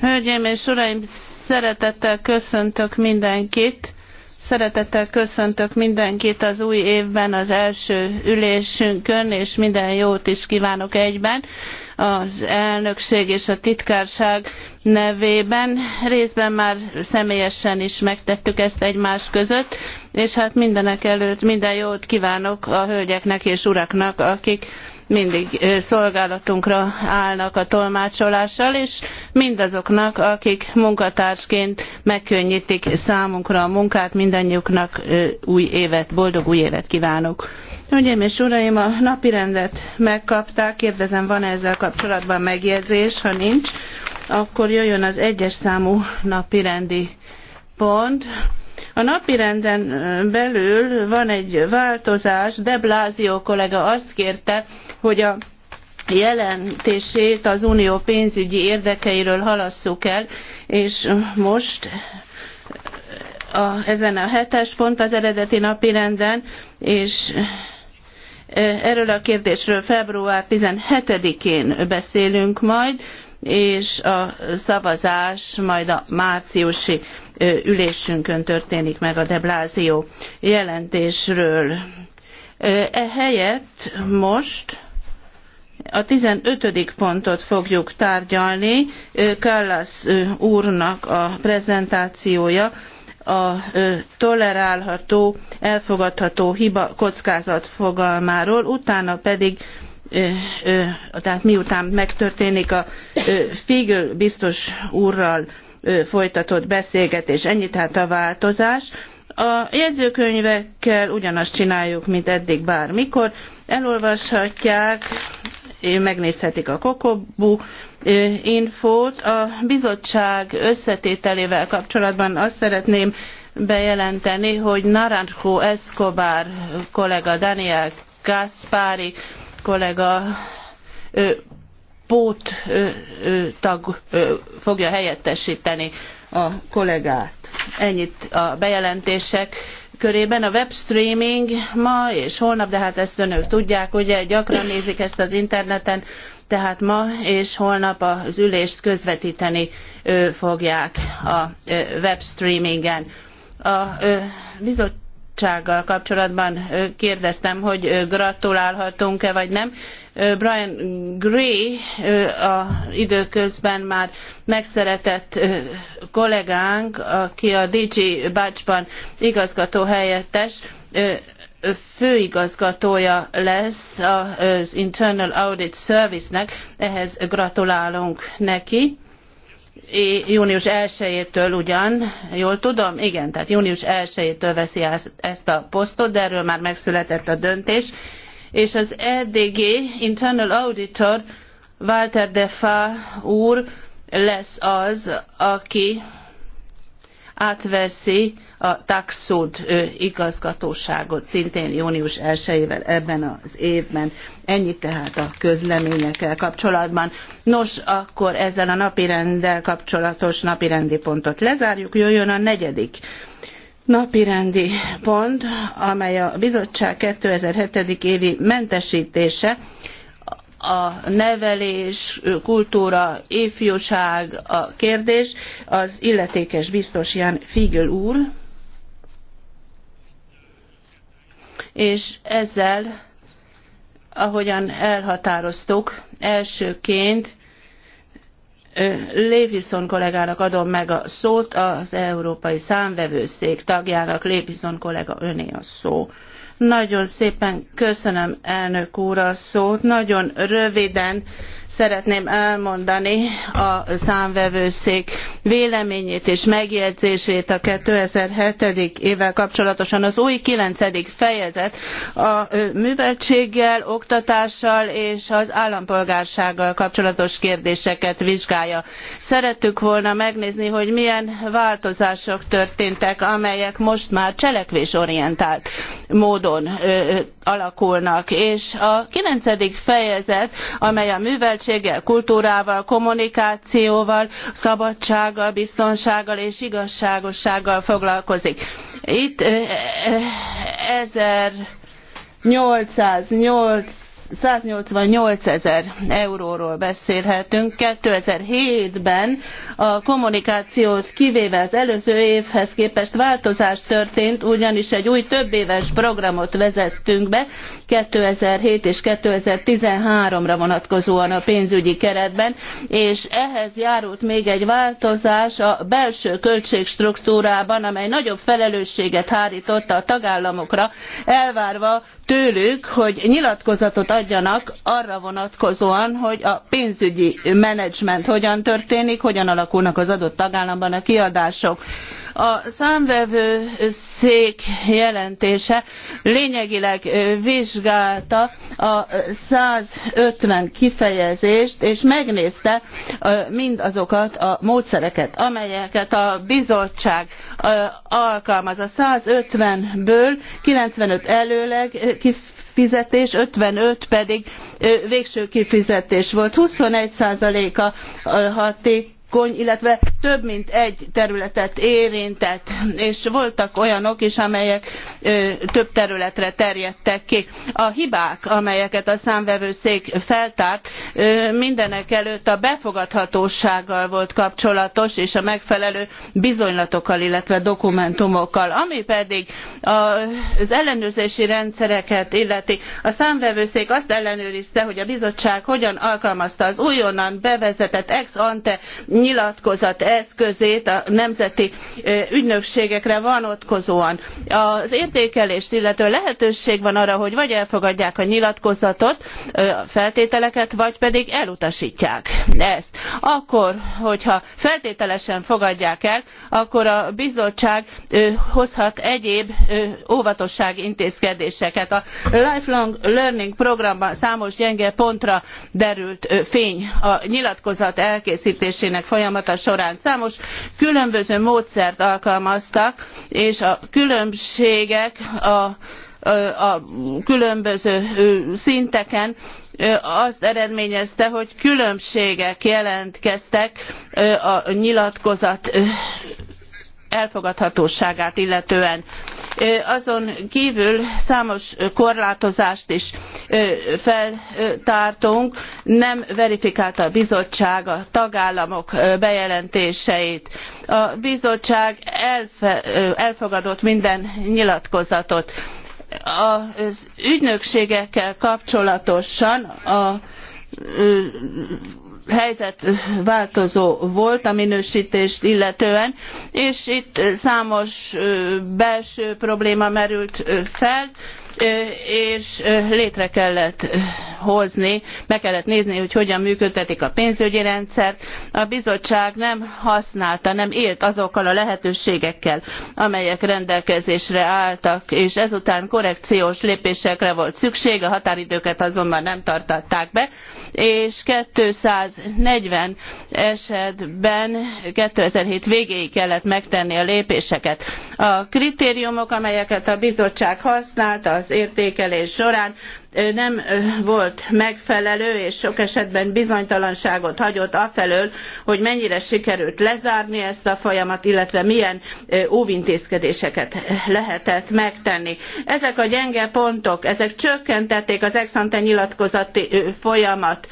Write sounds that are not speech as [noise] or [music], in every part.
Hölgyeim és uraim, szeretettel köszöntök mindenkit. Szeretettel köszöntök mindenkit az új évben az első ülésünkön, és minden jót is kívánok egyben az elnökség és a titkárság nevében. Részben már személyesen is megtettük ezt egymás között, és hát mindenekelőtt minden jót kívánok a hölgyeknek és uraknak, akik mindig szolgálatunkra állnak a tolmácsolással, és mindazoknak, akik munkatársként megkönnyítik számunkra a munkát, mindannyiuknak új évet, boldog új évet kívánok. Hölgyeim és uraim, a napirendet megkapták, kérdezem, van -e ezzel kapcsolatban megjegyzés, ha nincs, akkor jöjjön az egyes számú napirendi pont. A napirenden belül van egy változás, de Blázió kollega azt kérte, hogy a jelentését az unió pénzügyi érdekeiről halasszuk el, és most a, ezen a hetes pont az eredeti napirenden, és erről a kérdésről február 17-én beszélünk majd, és a szavazás majd a márciusi ülésünkön történik meg a Blasio jelentésről. Ehelyett most a 15. pontot fogjuk tárgyalni, Kallas úrnak a prezentációja, a tolerálható, elfogadható hiba kockázat fogalmáról, utána pedig tehát miután megtörténik a Figel biztos úrral folytatott beszélgetés. Ennyi tehát a változás. A jegyzőkönyvekkel ugyanazt csináljuk, mint eddig bármikor. Elolvashatják, megnézhetik a Kokobu infót. A bizottság összetételével kapcsolatban azt szeretném bejelenteni, hogy Naranjo Escobar kollega, Daniel Gaspari kollega ő póttag fogja helyettesíteni a kollégát. Ennyit a bejelentések körében. A webstreaming ma és holnap, de hát ezt önök tudják, ugye gyakran nézik ezt az interneten, tehát ma és holnap az ülést közvetíteni fogják a webstreamingen. A bizottsággal kapcsolatban kérdeztem, hogy gratulálhatunk-e vagy nem Brian Gray a időközben már megszeretett kollégánk, aki a DG Bácsban igazgató helyettes, főigazgatója lesz az Internal Audit Service-nek, ehhez gratulálunk neki. Június 1-től ugyan, jól tudom, igen, tehát június 1-től veszi ezt a posztot, de erről már megszületett a döntés és az EDG Internal Auditor Walter Defa úr lesz az, aki átveszi a Taxud igazgatóságot szintén június 1-ével ebben az évben. Ennyi tehát a közleményekkel kapcsolatban. Nos, akkor ezzel a napirenddel kapcsolatos napirendi pontot lezárjuk. Jöjjön a negyedik napirendi pont, amely a bizottság 2007. évi mentesítése, a nevelés, kultúra, ifjúság a kérdés, az illetékes biztos Ján Figel úr, és ezzel, ahogyan elhatároztuk, elsőként Lévison kollégának adom meg a szót, az Európai Számvevőszék tagjának Lévison kollega öné a szó. Nagyon szépen köszönöm elnök úr a szót, nagyon röviden szeretném elmondani a számvevőszék véleményét és megjegyzését a 2007. évvel kapcsolatosan. Az új 9. fejezet a műveltséggel, oktatással és az állampolgársággal kapcsolatos kérdéseket vizsgálja. Szerettük volna megnézni, hogy milyen változások történtek, amelyek most már cselekvésorientált módon alakulnak. És a kilencedik fejezet, amely a műveltséggel, kultúrával, kommunikációval, szabadsággal, biztonsággal és igazságossággal foglalkozik. Itt 1808 188 ezer euróról beszélhetünk. 2007-ben a kommunikációt kivéve az előző évhez képest változás történt, ugyanis egy új többéves programot vezettünk be 2007 és 2013-ra vonatkozóan a pénzügyi keretben, és ehhez járult még egy változás a belső költségstruktúrában, amely nagyobb felelősséget hárította a tagállamokra, elvárva tőlük, hogy nyilatkozatot adjanak arra vonatkozóan, hogy a pénzügyi menedzsment hogyan történik, hogyan alakulnak az adott tagállamban a kiadások a számvevő szék jelentése lényegileg vizsgálta a 150 kifejezést, és megnézte mindazokat a módszereket, amelyeket a bizottság alkalmaz. A 150-ből 95 előleg kifizetés, 55 pedig végső kifizetés volt. 21%-a hatékony, illetve több mint egy területet érintett, és voltak olyanok is, amelyek ö, több területre terjedtek ki. A hibák, amelyeket a számvevőszék feltárt, ö, mindenekelőtt a befogadhatósággal volt kapcsolatos, és a megfelelő bizonylatokkal, illetve dokumentumokkal. Ami pedig a, az ellenőrzési rendszereket illeti, a számvevőszék azt ellenőrizte, hogy a bizottság hogyan alkalmazta az újonnan bevezetett ex ante nyilatkozat eszközét a nemzeti ügynökségekre vonatkozóan. Az értékelést illető lehetőség van arra, hogy vagy elfogadják a nyilatkozatot, a feltételeket, vagy pedig elutasítják ezt. Akkor, hogyha feltételesen fogadják el, akkor a bizottság hozhat egyéb óvatossági intézkedéseket. A Lifelong Learning programban számos gyenge pontra derült fény a nyilatkozat elkészítésének folyamata során. Számos különböző módszert alkalmaztak, és a különbségek a a különböző szinteken azt eredményezte, hogy különbségek jelentkeztek a nyilatkozat elfogadhatóságát illetően. Azon kívül számos korlátozást is feltártunk, nem verifikálta a bizottság a tagállamok bejelentéseit. A bizottság elfogadott minden nyilatkozatot. Az ügynökségekkel kapcsolatosan a helyzet változó volt a minőstést illetően, és itt számos belső probléma merült fel, és létre kellett hozni, meg kellett nézni, hogy hogyan működtetik a pénzügyi rendszer. A bizottság nem használta, nem élt azokkal a lehetőségekkel, amelyek rendelkezésre álltak, és ezután korrekciós lépésekre volt szükség, a határidőket azonban nem tartatták be és 240 esetben 2007 végéig kellett megtenni a lépéseket. A kritériumok, amelyeket a bizottság használt az értékelés során, nem volt megfelelő, és sok esetben bizonytalanságot hagyott afelől, hogy mennyire sikerült lezárni ezt a folyamat, illetve milyen óvintézkedéseket lehetett megtenni. Ezek a gyenge pontok, ezek csökkentették az ex-ante nyilatkozati folyamat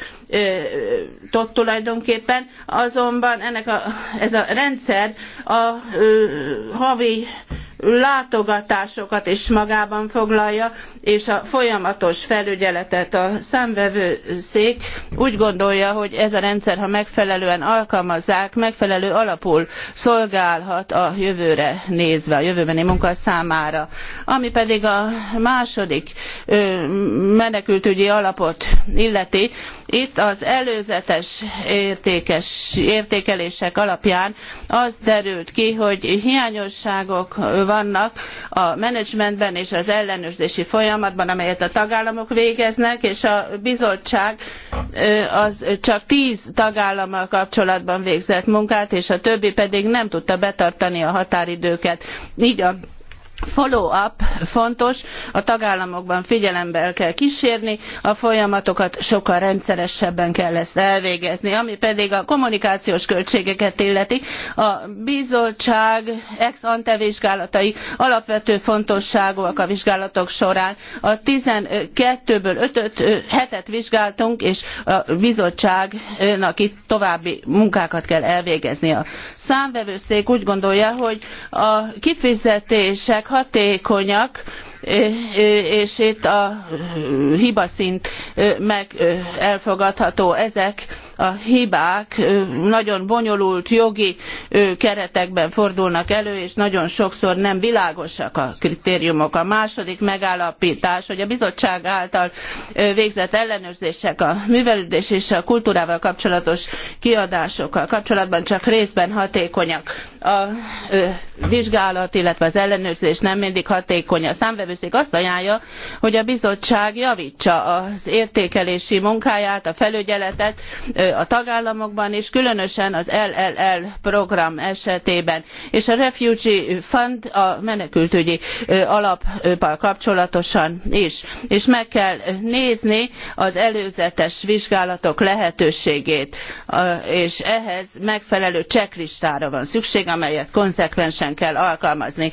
tot tulajdonképpen, azonban ennek a, ez a rendszer a, a havi látogatásokat is magában foglalja, és a folyamatos felügyeletet a számvevőszék úgy gondolja, hogy ez a rendszer, ha megfelelően alkalmazzák, megfelelő alapul szolgálhat a jövőre nézve, a jövőbeni munka számára. Ami pedig a második menekültügyi alapot illeti, itt az előzetes értékes, értékelések alapján az derült ki, hogy hiányosságok vannak a menedzsmentben és az ellenőrzési folyamatban, amelyet a tagállamok végeznek, és a bizottság az csak tíz tagállammal kapcsolatban végzett munkát, és a többi pedig nem tudta betartani a határidőket. Így a follow-up fontos, a tagállamokban figyelembe kell kísérni, a folyamatokat sokkal rendszeresebben kell ezt elvégezni. Ami pedig a kommunikációs költségeket illeti, a bizottság ex ante vizsgálatai alapvető fontosságúak a vizsgálatok során. A 12-ből 5 7-et vizsgáltunk, és a bizottságnak itt további munkákat kell elvégezni. A számvevőszék úgy gondolja, hogy a kifizetések hatékonyak, és itt a hibaszint meg elfogadható. Ezek a hibák nagyon bonyolult jogi keretekben fordulnak elő, és nagyon sokszor nem világosak a kritériumok. A második megállapítás, hogy a bizottság által végzett ellenőrzések a művelődés és a kultúrával kapcsolatos kiadásokkal kapcsolatban csak részben hatékonyak a vizsgálat, illetve az ellenőrzés nem mindig hatékony. A számvevőszék azt ajánlja, hogy a bizottság javtsa az értékelési munkáját, a felügyeletet a tagállamokban, és különösen az LLL program esetében. És a Refugee Fund a menekültügyi alappal kapcsolatosan is. És meg kell nézni az előzetes vizsgálatok lehetőségét, és ehhez megfelelő checklistára van szükség, kötelezettség, amelyet konzekvensen kell alkalmazni.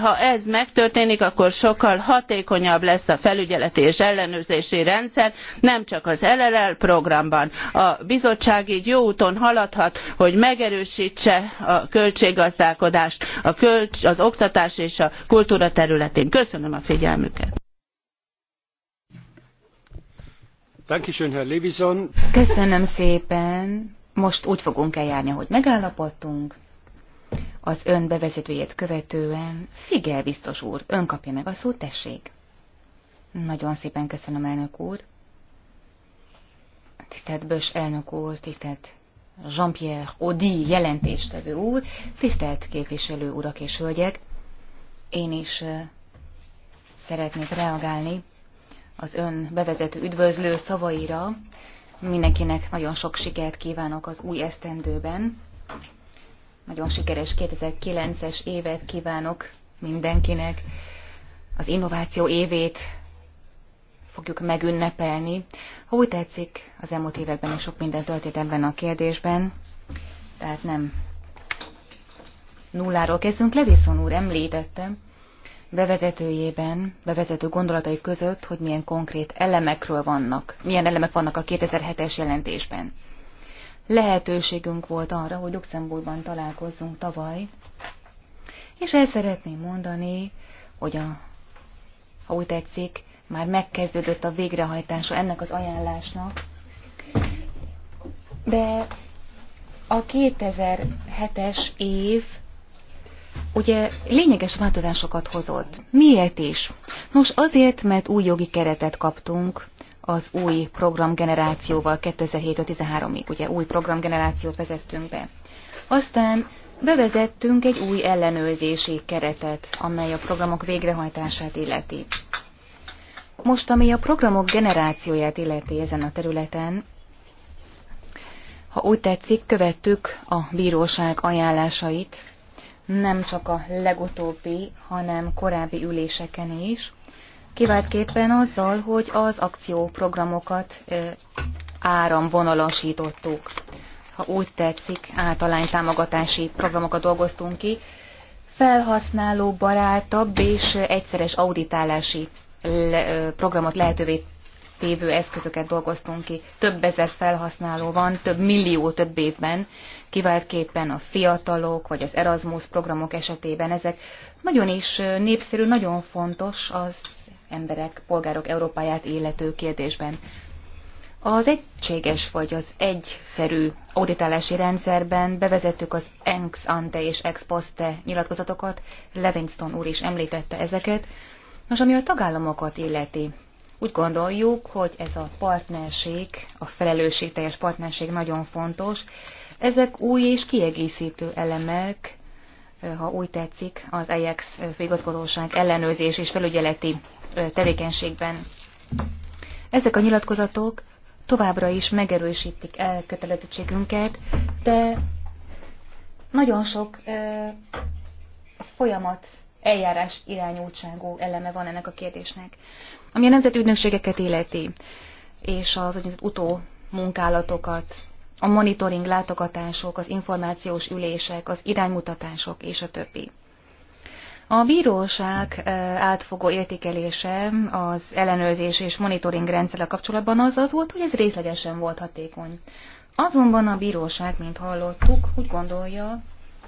Ha ez megtörténik, akkor sokkal hatékonyabb lesz a felügyeleti és ellenőrzési rendszer, nem csak az LLL programban. A bizottság így jó úton haladhat, hogy megerősítse a költséggazdálkodást a az oktatás és a kultúra területén. Köszönöm a figyelmüket. Köszönöm szépen. Most úgy fogunk eljárni, hogy megállapodtunk az ön bevezetőjét követően. Figyel, biztos úr, ön kapja meg a szót, tessék. Nagyon szépen köszönöm, elnök úr. Tisztelt Bös elnök úr, tisztelt Jean-Pierre Audi jelentéstevő úr, tisztelt képviselő urak és hölgyek, én is szeretnék reagálni az ön bevezető üdvözlő szavaira. Mindenkinek nagyon sok sikert kívánok az új esztendőben. Nagyon sikeres 2009-es évet kívánok mindenkinek. Az innováció évét fogjuk megünnepelni. Ha úgy tetszik, az elmúlt években is sok minden történt ebben a kérdésben, tehát nem nulláról kezdünk. Levison úr említette bevezetőjében, bevezető gondolatai között, hogy milyen konkrét elemekről vannak, milyen elemek vannak a 2007-es jelentésben lehetőségünk volt arra, hogy Luxemburgban találkozzunk tavaly, és el szeretném mondani, hogy a, ha úgy tetszik, már megkezdődött a végrehajtása ennek az ajánlásnak, de a 2007-es év ugye lényeges változásokat hozott. Miért is? Nos, azért, mert új jogi keretet kaptunk, az új programgenerációval 2007-13-ig, ugye új programgenerációt vezettünk be. Aztán bevezettünk egy új ellenőrzési keretet, amely a programok végrehajtását illeti. Most, ami a programok generációját illeti ezen a területen, ha úgy tetszik, követtük a bíróság ajánlásait, nem csak a legutóbbi, hanem korábbi üléseken is, kiváltképpen azzal, hogy az akcióprogramokat áramvonalasítottuk. Ha úgy tetszik, általány támogatási programokat dolgoztunk ki, felhasználó barátabb és egyszeres auditálási programot lehetővé tévő eszközöket dolgoztunk ki. Több ezer felhasználó van, több millió több évben, kiváltképpen a fiatalok vagy az Erasmus programok esetében ezek nagyon is népszerű, nagyon fontos az emberek, polgárok Európáját illető kérdésben. Az egységes vagy az egyszerű auditálási rendszerben bevezettük az ex ante és ex poste nyilatkozatokat, Levingston úr is említette ezeket. Most ami a tagállamokat illeti, úgy gondoljuk, hogy ez a partnerség, a felelősségteljes partnerség nagyon fontos. Ezek új és kiegészítő elemek ha úgy tetszik, az EJEX főigazgatóság ellenőrzés és felügyeleti tevékenységben. Ezek a nyilatkozatok továbbra is megerősítik elkötelezettségünket, de nagyon sok ö, folyamat, eljárás irányultságú eleme van ennek a kérdésnek, ami a nemzeti ügynökségeket illeti, és az az utó munkálatokat a monitoring látogatások, az információs ülések, az iránymutatások és a többi. A bíróság e, átfogó értékelése az ellenőrzés és monitoring rendszerrel kapcsolatban az az volt, hogy ez részlegesen volt hatékony. Azonban a bíróság, mint hallottuk, úgy gondolja,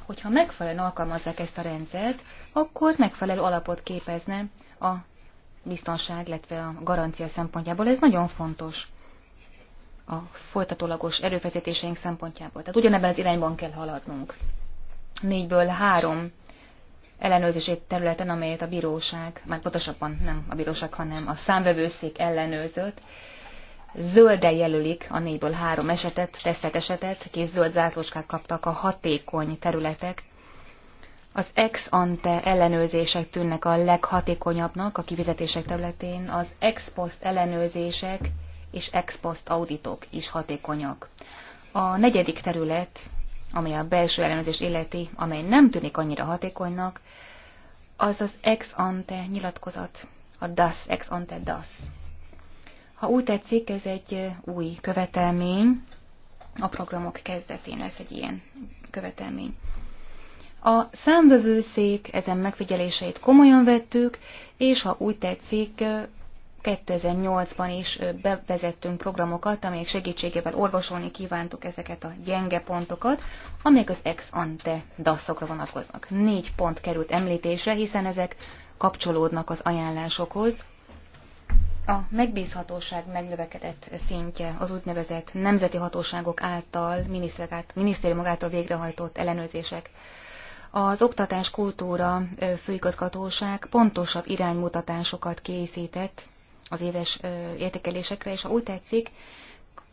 hogy ha megfelelően alkalmazzák ezt a rendszert, akkor megfelelő alapot képezne a biztonság, illetve a garancia szempontjából. Ez nagyon fontos a folytatólagos erőfeszítéseink szempontjából. Tehát ugyanebben az irányban kell haladnunk. Négyből három ellenőrzési területen, amelyet a bíróság, már pontosabban nem a bíróság, hanem a számvevőszék ellenőrzött, zölden jelölik a négyből három esetet, teszett esetet, kész zöld zászlóskát kaptak a hatékony területek. Az ex ante ellenőrzések tűnnek a leghatékonyabbnak a kifizetések területén, az ex post ellenőrzések és ex post auditok is hatékonyak. A negyedik terület, amely a belső ellenőrzés illeti, amely nem tűnik annyira hatékonynak, az az ex ante nyilatkozat, a DAS, ex ante DAS. Ha úgy tetszik, ez egy új követelmény, a programok kezdetén lesz egy ilyen követelmény. A számvevőszék ezen megfigyeléseit komolyan vettük, és ha úgy tetszik, 2008-ban is bevezettünk programokat, amelyek segítségével orvosolni kívántuk ezeket a gyenge pontokat, amelyek az ex ante daszokra vonatkoznak. Négy pont került említésre, hiszen ezek kapcsolódnak az ajánlásokhoz. A megbízhatóság megnövekedett szintje az úgynevezett nemzeti hatóságok által, miniszteri által végrehajtott ellenőrzések az Oktatás Kultúra Főigazgatóság pontosabb iránymutatásokat készített az éves értékelésekre, és ha úgy tetszik,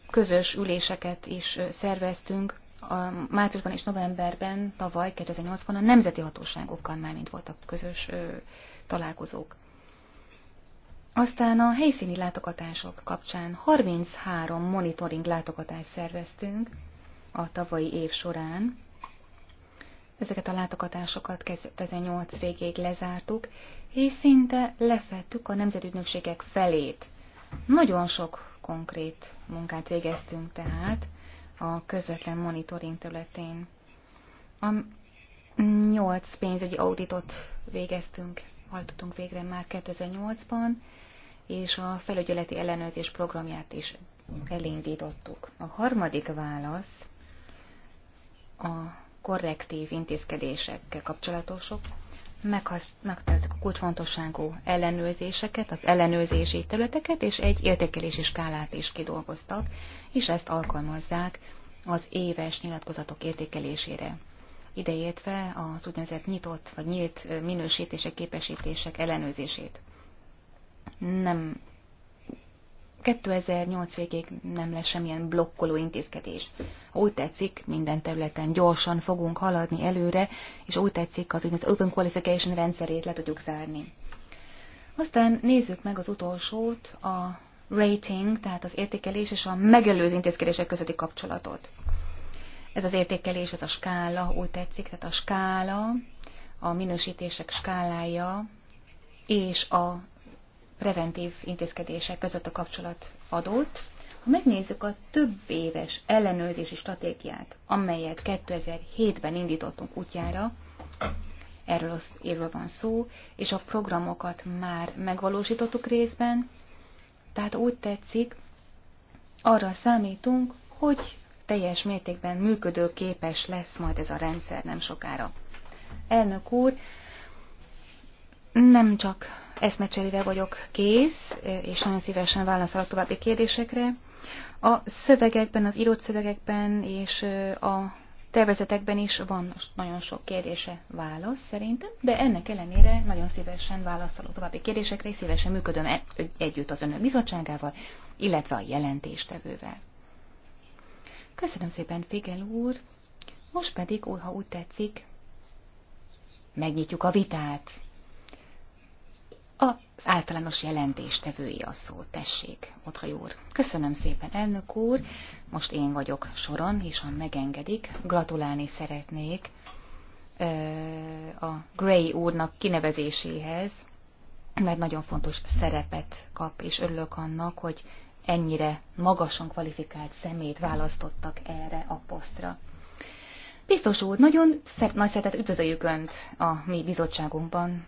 közös üléseket is szerveztünk a márciusban és novemberben, tavaly 2008-ban a nemzeti hatóságokkal már mint voltak közös találkozók. Aztán a helyszíni látogatások kapcsán 33 monitoring látogatást szerveztünk a tavalyi év során. Ezeket a látogatásokat 2008 végéig lezártuk, és szinte lefettük a nemzetügynökségek felét. Nagyon sok konkrét munkát végeztünk tehát a közvetlen monitoring területén. A nyolc pénzügyi auditot végeztünk, hajtottunk végre már 2008-ban, és a felügyeleti ellenőrzés programját is elindítottuk. A harmadik válasz a korrektív intézkedésekkel kapcsolatosok, megtartjuk a kulcsfontosságú ellenőrzéseket, az ellenőrzési területeket, és egy értékelési skálát is kidolgoztak, és ezt alkalmazzák az éves nyilatkozatok értékelésére. Ideértve az úgynevezett nyitott vagy nyílt minősítések, képesítések ellenőrzését. Nem 2008 végéig nem lesz semmilyen blokkoló intézkedés. Úgy tetszik, minden területen gyorsan fogunk haladni előre, és úgy tetszik, az úgynevezett Open Qualification rendszerét le tudjuk zárni. Aztán nézzük meg az utolsót, a rating, tehát az értékelés és a megelőző intézkedések közötti kapcsolatot. Ez az értékelés, ez a skála, úgy tetszik, tehát a skála, a minősítések skálája és a preventív intézkedések között a kapcsolat adót. Ha megnézzük a több éves ellenőrzési stratégiát, amelyet 2007-ben indítottunk útjára, erről az évről van szó, és a programokat már megvalósítottuk részben, tehát úgy tetszik, arra számítunk, hogy teljes mértékben működőképes lesz majd ez a rendszer nem sokára. Elnök úr, nem csak eszmecserére vagyok kész, és nagyon szívesen válaszolok további kérdésekre. A szövegekben, az írott szövegekben és a tervezetekben is van nagyon sok kérdése válasz szerintem, de ennek ellenére nagyon szívesen válaszolok további kérdésekre, és szívesen működöm e-, együtt az önök bizottságával, illetve a jelentéstevővel. Köszönöm szépen, Figel úr! Most pedig, ha úgy tetszik, megnyitjuk a vitát. Az általános jelentéstevői a szó, tessék, Othai úr. Köszönöm szépen, elnök úr. Most én vagyok soron, és ha megengedik, gratulálni szeretnék a Gray úrnak kinevezéséhez, mert nagyon fontos szerepet kap, és örülök annak, hogy ennyire magasan kvalifikált szemét választottak erre a posztra. Biztos úr, nagyon szert, nagy szeretet üdvözöljük Önt a mi bizottságunkban.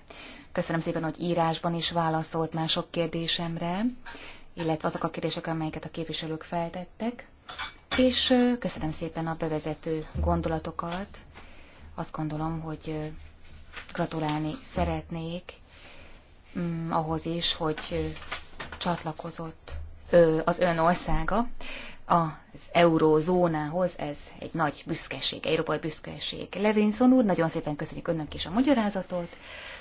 Köszönöm szépen, hogy írásban is válaszolt már sok kérdésemre, illetve azok a kérdések, amelyeket a képviselők feltettek. És köszönöm szépen a bevezető gondolatokat. Azt gondolom, hogy gratulálni szeretnék mm, ahhoz is, hogy csatlakozott az ön országa az eurózónához, ez egy nagy büszkeség, európai büszkeség. Levinson úr, nagyon szépen köszönjük önnek is a magyarázatot,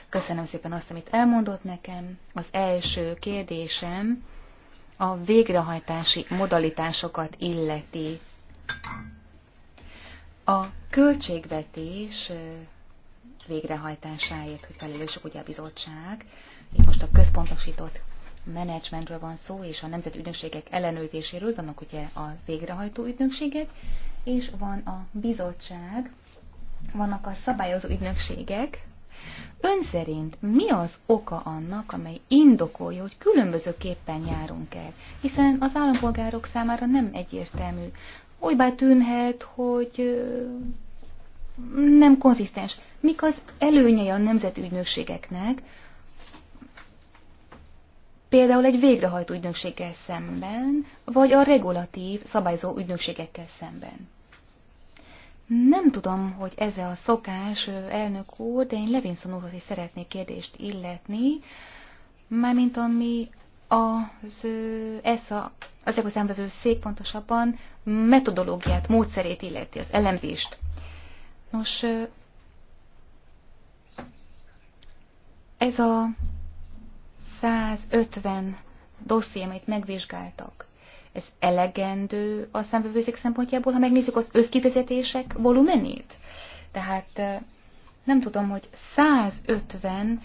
köszönöm szépen azt, amit elmondott nekem. Az első kérdésem a végrehajtási modalitásokat illeti. A költségvetés végrehajtásáért, hogy felelősök ugye a bizottság, itt most a központosított menedzsmentről van szó, és a nemzeti ügynökségek ellenőrzéséről vannak ugye a végrehajtó ügynökségek, és van a bizottság, vannak a szabályozó ügynökségek. Ön szerint mi az oka annak, amely indokolja, hogy különbözőképpen járunk el? Hiszen az állampolgárok számára nem egyértelmű. Olybá tűnhet, hogy nem konzisztens. Mik az előnyei a nemzetügynökségeknek, például egy végrehajtó ügynökséggel szemben, vagy a regulatív szabályzó ügynökségekkel szemben. Nem tudom, hogy ez a szokás, elnök úr, de én Levinson úrhoz is szeretnék kérdést illetni, mármint ami az a az EBO számvevő szék pontosabban metodológiát, módszerét illeti, az elemzést. Nos, ez a 150 dosszi, amit megvizsgáltak. Ez elegendő a számbevőzék szempontjából, ha megnézzük az összkifizetések volumenét. Tehát nem tudom, hogy 150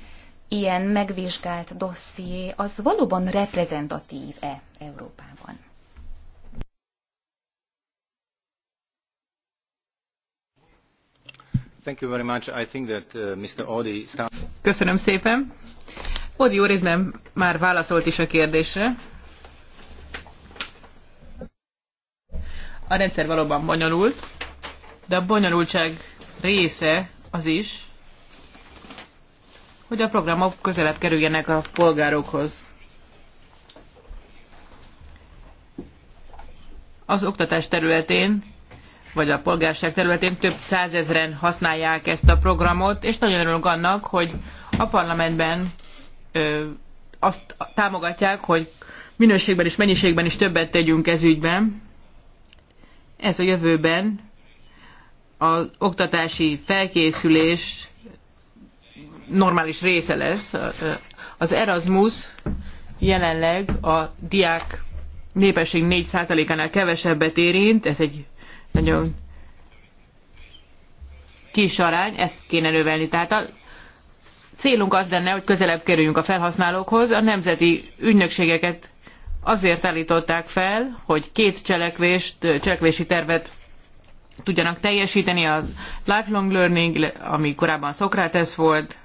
ilyen megvizsgált dosszié, az valóban reprezentatív-e Európában? Thank you very much. I think that, uh, Mr. Audi... Köszönöm szépen. Odi úr részben már válaszolt is a kérdésre. A rendszer valóban bonyolult, de a bonyolultság része az is, hogy a programok közelebb kerüljenek a polgárokhoz. Az oktatás területén, vagy a polgárság területén több százezren használják ezt a programot, és nagyon örülök annak, hogy a parlamentben azt támogatják, hogy minőségben és mennyiségben is többet tegyünk ez ügyben. Ez a jövőben az oktatási felkészülés normális része lesz. Az Erasmus jelenleg a diák népesség 4%-ánál kevesebbet érint, ez egy nagyon kis arány, ezt kéne növelni. Tehát a célunk az lenne, hogy közelebb kerüljünk a felhasználókhoz. A nemzeti ügynökségeket azért állították fel, hogy két cselekvést, cselekvési tervet tudjanak teljesíteni. A lifelong learning, ami korábban Socrates volt,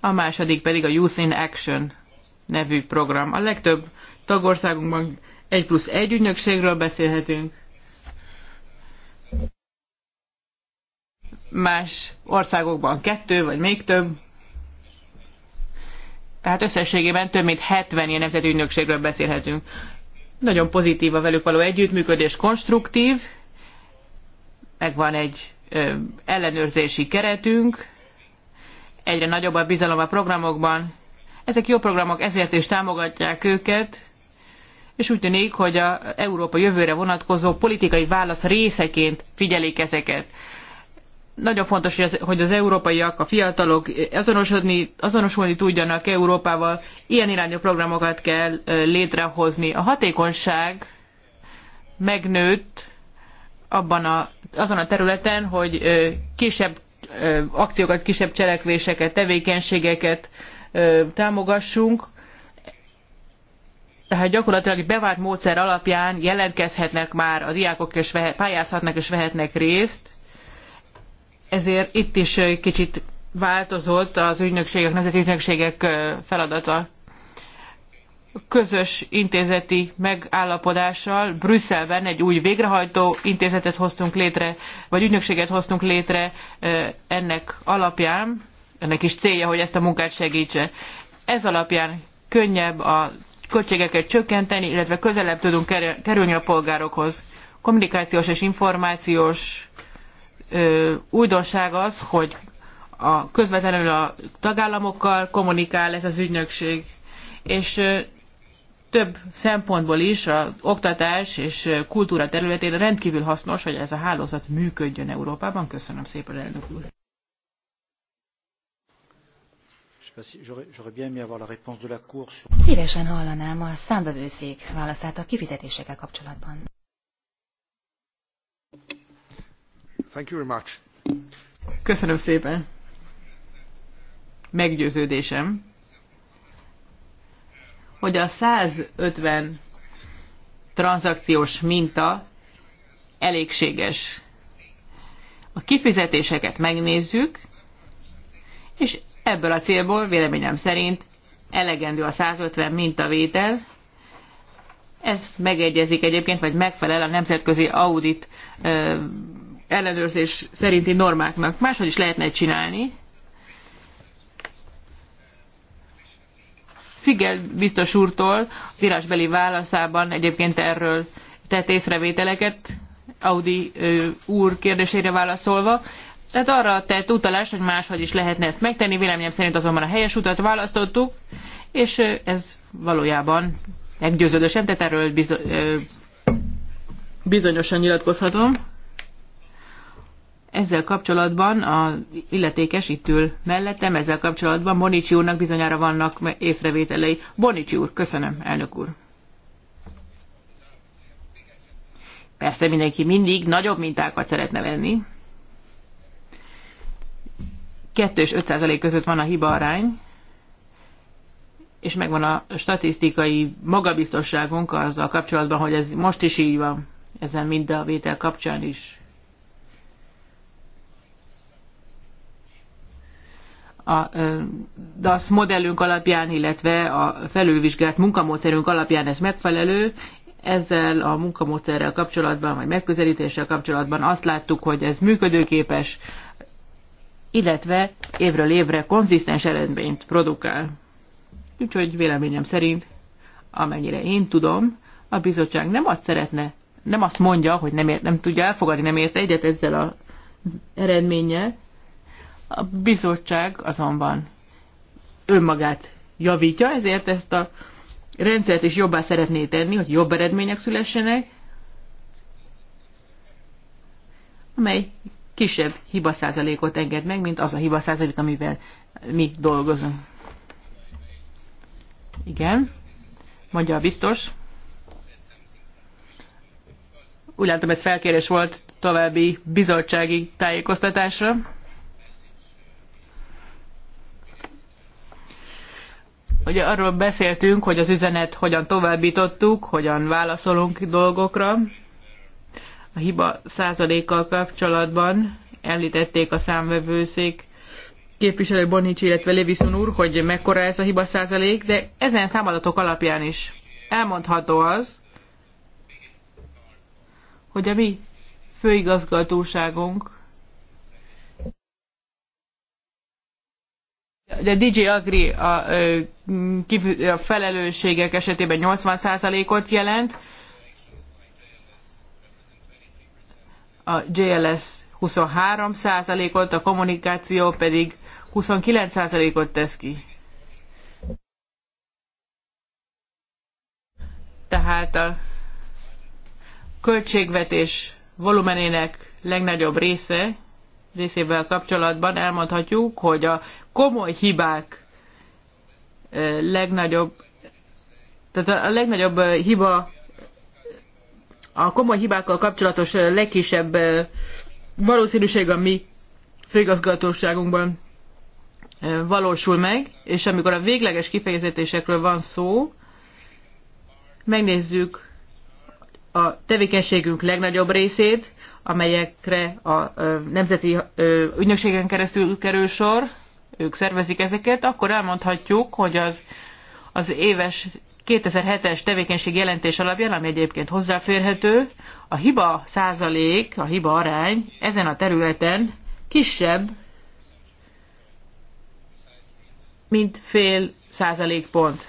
a második pedig a Youth in Action nevű program. A legtöbb tagországunkban egy plusz egy ügynökségről beszélhetünk. Más országokban kettő, vagy még több. Tehát összességében több mint 70 ilyen nemzeti ügynökségről beszélhetünk. Nagyon pozitív a velük való együttműködés, konstruktív, megvan egy ö, ellenőrzési keretünk, egyre nagyobb a bizalom a programokban. Ezek jó programok, ezért is támogatják őket, és úgy tűnik, hogy a Európa jövőre vonatkozó politikai válasz részeként figyelik ezeket. Nagyon fontos, hogy az, hogy az európaiak, a fiatalok azonosodni, azonosulni tudjanak Európával. Ilyen irányú programokat kell létrehozni. A hatékonyság megnőtt abban a, azon a területen, hogy kisebb akciókat, kisebb cselekvéseket, tevékenységeket támogassunk. Tehát gyakorlatilag egy bevált módszer alapján jelentkezhetnek már a diákok, és vehet, pályázhatnak és vehetnek részt ezért itt is kicsit változott az ügynökségek, nemzeti ügynökségek feladata. Közös intézeti megállapodással Brüsszelben egy új végrehajtó intézetet hoztunk létre, vagy ügynökséget hoztunk létre ennek alapján, ennek is célja, hogy ezt a munkát segítse. Ez alapján könnyebb a költségeket csökkenteni, illetve közelebb tudunk kerülni a polgárokhoz. Kommunikációs és információs újdonság az, hogy a közvetlenül a tagállamokkal kommunikál ez az ügynökség, és több szempontból is az oktatás és kultúra területén rendkívül hasznos, hogy ez a hálózat működjön Európában. Köszönöm szépen, elnök úr. Szívesen hallanám a számbevőszék válaszát a kifizetésekkel kapcsolatban. Thank you very much. Köszönöm szépen. Meggyőződésem, hogy a 150 tranzakciós minta elégséges. A kifizetéseket megnézzük, és ebből a célból véleményem szerint elegendő a 150 mintavétel. Ez megegyezik egyébként, vagy megfelel a nemzetközi audit ellenőrzés szerinti normáknak. Máshogy is lehetne csinálni. Figyel biztos úrtól az írásbeli válaszában egyébként erről tett észrevételeket, Audi úr kérdésére válaszolva. Tehát arra tett utalás, hogy máshogy is lehetne ezt megtenni, véleményem szerint azonban a helyes utat választottuk, és ez valójában meggyőződősen, tehát erről bizonyosan nyilatkozhatom ezzel kapcsolatban a illetékes itt ül mellettem, ezzel kapcsolatban Bonicsi úrnak bizonyára vannak észrevételei. Bonicsi úr, köszönöm, elnök úr. Persze mindenki mindig nagyobb mintákat szeretne venni. 2 és 5 százalék között van a hiba arány, és megvan a statisztikai magabiztosságunk azzal kapcsolatban, hogy ez most is így van, ezen mind a vétel kapcsán is a DASZ modellünk alapján, illetve a felülvizsgált munkamódszerünk alapján ez megfelelő. Ezzel a munkamódszerrel kapcsolatban, vagy megközelítéssel kapcsolatban azt láttuk, hogy ez működőképes, illetve évről évre konzisztens eredményt produkál. Úgyhogy véleményem szerint, amennyire én tudom, a bizottság nem azt szeretne, nem azt mondja, hogy nem, ért, nem tudja elfogadni, nem ért egyet ezzel az eredménnyel, a bizottság azonban önmagát javítja, ezért ezt a rendszert is jobbá szeretné tenni, hogy jobb eredmények szülessenek, amely kisebb hibaszázalékot enged meg, mint az a hibaszázalék, amivel mi dolgozunk. Igen, mondja a biztos. Úgy látom, ez felkérés volt további bizottsági tájékoztatásra. Ugye arról beszéltünk, hogy az üzenet hogyan továbbítottuk, hogyan válaszolunk dolgokra. A hiba százalékkal kapcsolatban említették a számvevőszék képviselő Bonics, illetve Levison úr, hogy mekkora ez a hiba százalék, de ezen számadatok alapján is elmondható az, hogy a mi főigazgatóságunk A DJ Agri a, a felelősségek esetében 80%-ot jelent, a JLS 23%-ot, a kommunikáció pedig 29%-ot tesz ki. Tehát a költségvetés volumenének legnagyobb része részével kapcsolatban elmondhatjuk, hogy a komoly hibák legnagyobb, tehát a legnagyobb hiba, a komoly hibákkal kapcsolatos legkisebb valószínűség a mi főigazgatóságunkban valósul meg, és amikor a végleges kifejezésekről van szó, megnézzük a tevékenységünk legnagyobb részét, amelyekre a nemzeti ügynökségen keresztül kerül sor, ők szervezik ezeket, akkor elmondhatjuk, hogy az, az éves 2007-es tevékenység jelentés alapján, ami egyébként hozzáférhető, a hiba százalék, a hiba arány ezen a területen kisebb, mint fél százalékpont.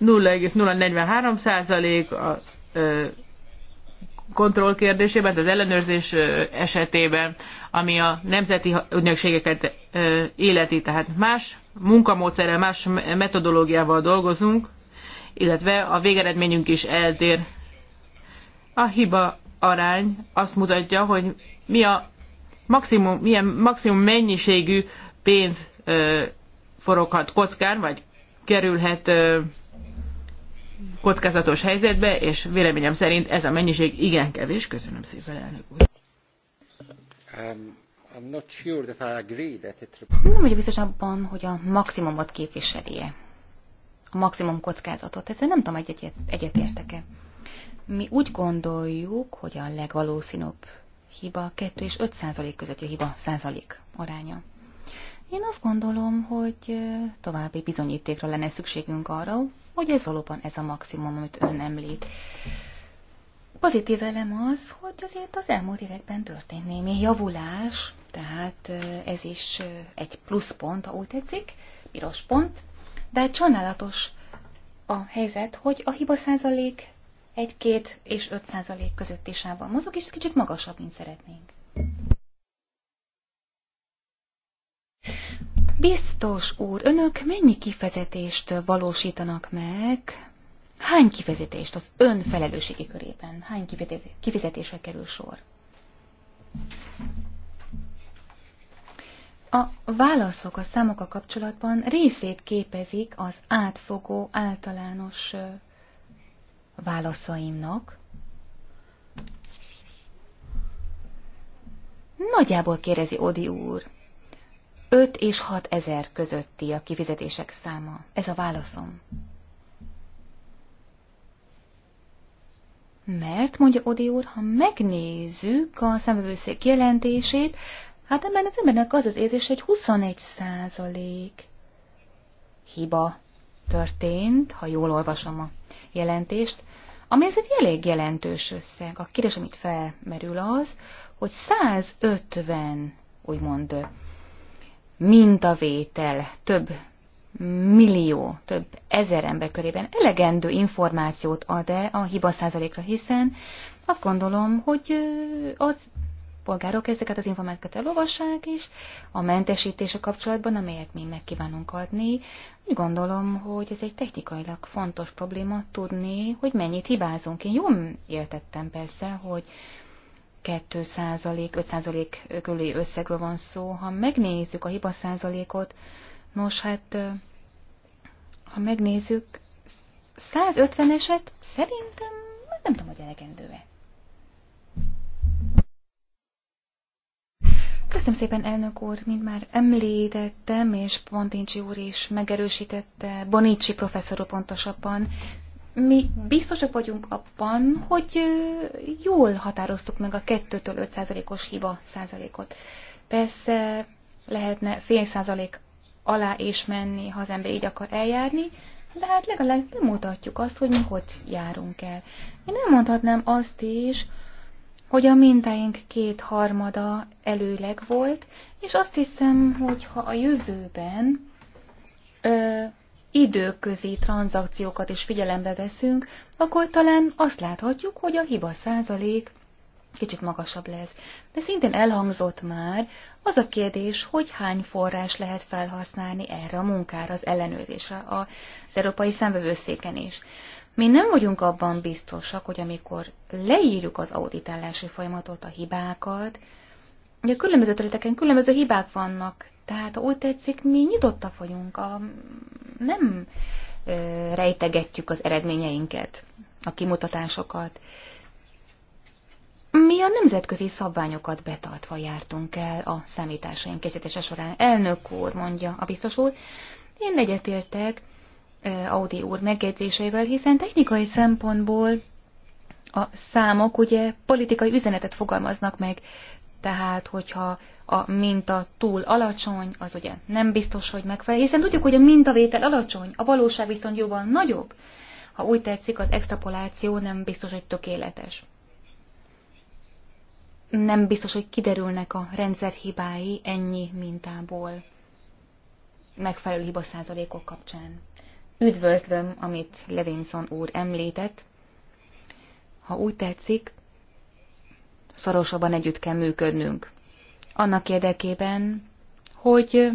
0,043 százalék a kontroll kérdésében, az ellenőrzés esetében, ami a nemzeti ügynökségeket életi, tehát más munkamódszerrel, más metodológiával dolgozunk, illetve a végeredményünk is eltér. A hiba arány azt mutatja, hogy mi a maximum, milyen maximum mennyiségű pénz foroghat kockán, vagy kerülhet kockázatos helyzetbe, és véleményem szerint ez a mennyiség igen kevés. Köszönöm szépen, elnök úr. Um, nem vagyok biztos abban, hogy a maximumot képviselje. A maximum kockázatot. Ezzel nem tudom, egyetértek-e. Mi úgy gondoljuk, hogy a legvalószínűbb hiba 2 és 5 százalék közötti hiba százalék aránya. Én azt gondolom, hogy további bizonyítékra lenne szükségünk arra, hogy ez valóban ez a maximum, amit ön említ. Pozitív elem az, hogy azért az elmúlt években történt némi javulás, tehát ez is egy plusz pont, ha úgy tetszik, piros pont, de csodálatos a helyzet, hogy a hiba százalék 1-2 és 5 százalék közötti sávban mozog, és ez kicsit magasabb, mint szeretnénk. Biztos úr, önök mennyi kifezetést valósítanak meg? Hány kifizetést az ön felelősségi körében? Hány kifizetésre kerül sor? A válaszok a számok a kapcsolatban részét képezik az átfogó általános válaszaimnak. Nagyjából kérdezi Odi úr, 5 és 6 ezer közötti a kifizetések száma. Ez a válaszom. Mert, mondja Odi úr, ha megnézzük a szemövőszék jelentését, hát ebben az embernek az az érzés, hogy 21 százalék hiba történt, ha jól olvasom a jelentést, ami ez egy elég jelentős összeg. A kérdés, amit felmerül az, hogy 150, úgymond, mintavétel több millió, több ezer ember körében elegendő információt ad-e a hiba százalékra, hiszen azt gondolom, hogy az polgárok ezeket az információkat elolvassák, és a mentesítése kapcsolatban, amelyet mi megkívánunk adni, úgy gondolom, hogy ez egy technikailag fontos probléma tudni, hogy mennyit hibázunk. Én jól értettem persze, hogy 2%-5% körüli összegről van szó. Ha megnézzük a hiba százalékot, nos hát, ha megnézzük, 150 eset szerintem nem tudom, hogy elegendő-e. Köszönöm szépen, elnök úr, mint már említettem, és Pontincsi úr is megerősítette, Bonicsi professzor pontosabban, mi biztosak vagyunk abban, hogy jól határoztuk meg a 2-től 5%-os hiba százalékot. Persze lehetne fél százalék alá is menni, ha az ember így akar eljárni, de hát legalább bemutatjuk azt, hogy mi hogy járunk el. Én nem mondhatnám azt is, hogy a mintáink kétharmada előleg volt, és azt hiszem, hogy ha a jövőben ö, időközi tranzakciókat is figyelembe veszünk, akkor talán azt láthatjuk, hogy a hiba százalék kicsit magasabb lesz. De szintén elhangzott már az a kérdés, hogy hány forrás lehet felhasználni erre a munkára, az ellenőrzésre, az európai Szemvevőszéken is. Mi nem vagyunk abban biztosak, hogy amikor leírjuk az auditálási folyamatot, a hibákat, ugye a különböző területeken különböző hibák vannak, tehát, ha úgy tetszik, mi nyitottak vagyunk, a, nem ö, rejtegetjük az eredményeinket, a kimutatásokat. Mi a nemzetközi szabványokat betartva jártunk el a számításaink kezdetese során. Elnök úr, mondja a biztos úr, én egyetértek Audi úr megjegyzéseivel, hiszen technikai szempontból a számok ugye politikai üzenetet fogalmaznak meg, tehát hogyha a minta túl alacsony, az ugye nem biztos, hogy megfelel, hiszen tudjuk, hogy a mintavétel alacsony, a valóság viszont jóval nagyobb. Ha úgy tetszik, az extrapoláció nem biztos, hogy tökéletes. Nem biztos, hogy kiderülnek a rendszer hibái ennyi mintából megfelelő hiba százalékok kapcsán. Üdvözlöm, amit Levinson úr említett. Ha úgy tetszik, szorosabban együtt kell működnünk annak érdekében, hogy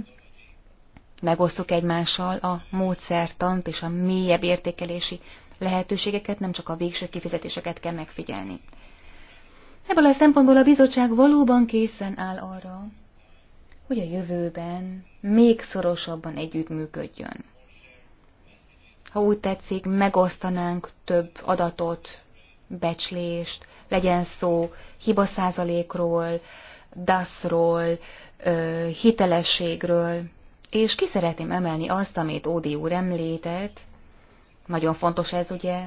megosszuk egymással a módszertant és a mélyebb értékelési lehetőségeket, nem csak a végső kifizetéseket kell megfigyelni. Ebből a szempontból a bizottság valóban készen áll arra, hogy a jövőben még szorosabban együttműködjön. Ha úgy tetszik, megosztanánk több adatot, becslést, legyen szó hibaszázalékról, daszról, hitelességről, és ki szeretném emelni azt, amit Ódi úr említett, nagyon fontos ez ugye,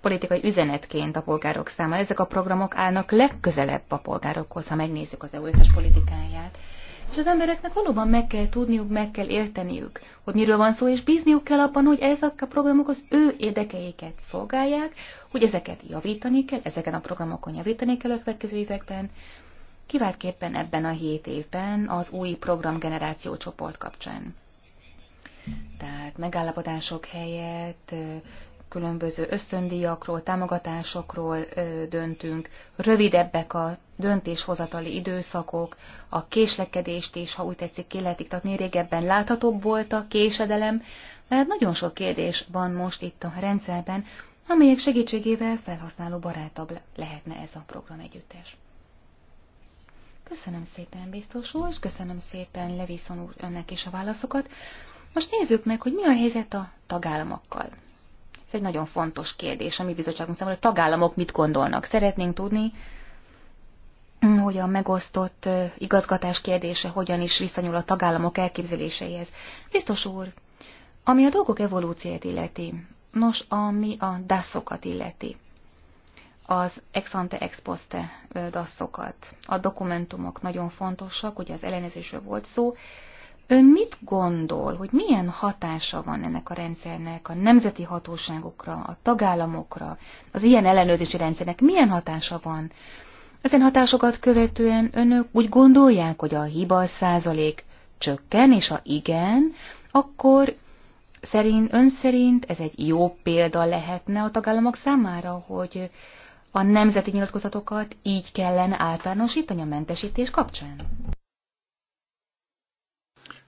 politikai üzenetként a polgárok számára. Ezek a programok állnak legközelebb a polgárokhoz, ha megnézzük az EU összes politikáját. És az embereknek valóban meg kell tudniuk, meg kell érteniük, hogy miről van szó, és bízniuk kell abban, hogy ezek a programok az ő érdekeiket szolgálják, hogy ezeket javítani kell, ezeken a programokon javítani kell a következő években, kiváltképpen ebben a hét évben az új programgeneráció csoport kapcsán. Tehát megállapodások helyett különböző ösztöndíjakról, támogatásokról döntünk, rövidebbek a döntéshozatali időszakok, a késlekedést is, ha úgy tetszik, ki tehát még régebben láthatóbb volt a késedelem, mert nagyon sok kérdés van most itt a rendszerben, amelyek segítségével felhasználó barátabb lehetne ez a program együttes. Köszönöm szépen, biztos úr, és köszönöm szépen Levison úr önnek is a válaszokat. Most nézzük meg, hogy mi a helyzet a tagállamokkal. Ez egy nagyon fontos kérdés a mi bizottságunk számára, hogy a tagállamok mit gondolnak. Szeretnénk tudni, hogy a megosztott igazgatás kérdése hogyan is viszonyul a tagállamok elképzeléseihez. Biztos úr, ami a dolgok evolúcióját illeti, nos, ami a daszokat illeti az ex ante ex poste dasszokat. A dokumentumok nagyon fontosak, ugye az ellenezésről volt szó. Ön mit gondol, hogy milyen hatása van ennek a rendszernek a nemzeti hatóságokra, a tagállamokra, az ilyen ellenőrzési rendszernek milyen hatása van? Ezen hatásokat követően önök úgy gondolják, hogy a hiba százalék csökken, és ha igen, akkor szerint, ön szerint ez egy jó példa lehetne a tagállamok számára, hogy a nemzeti nyilatkozatokat így kellene általánosítani a mentesítés kapcsán?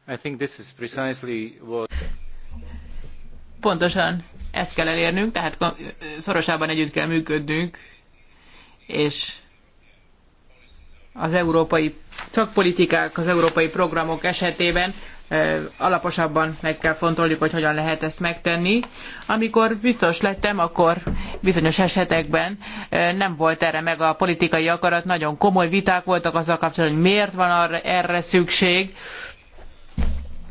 I think this is precisely what... Pontosan ezt kell elérnünk, tehát szorosában együtt kell működnünk, és az európai szakpolitikák, az európai programok esetében alaposabban meg kell fontoljuk, hogy hogyan lehet ezt megtenni. Amikor biztos lettem, akkor bizonyos esetekben nem volt erre meg a politikai akarat, nagyon komoly viták voltak azzal kapcsolatban, hogy miért van arra, erre szükség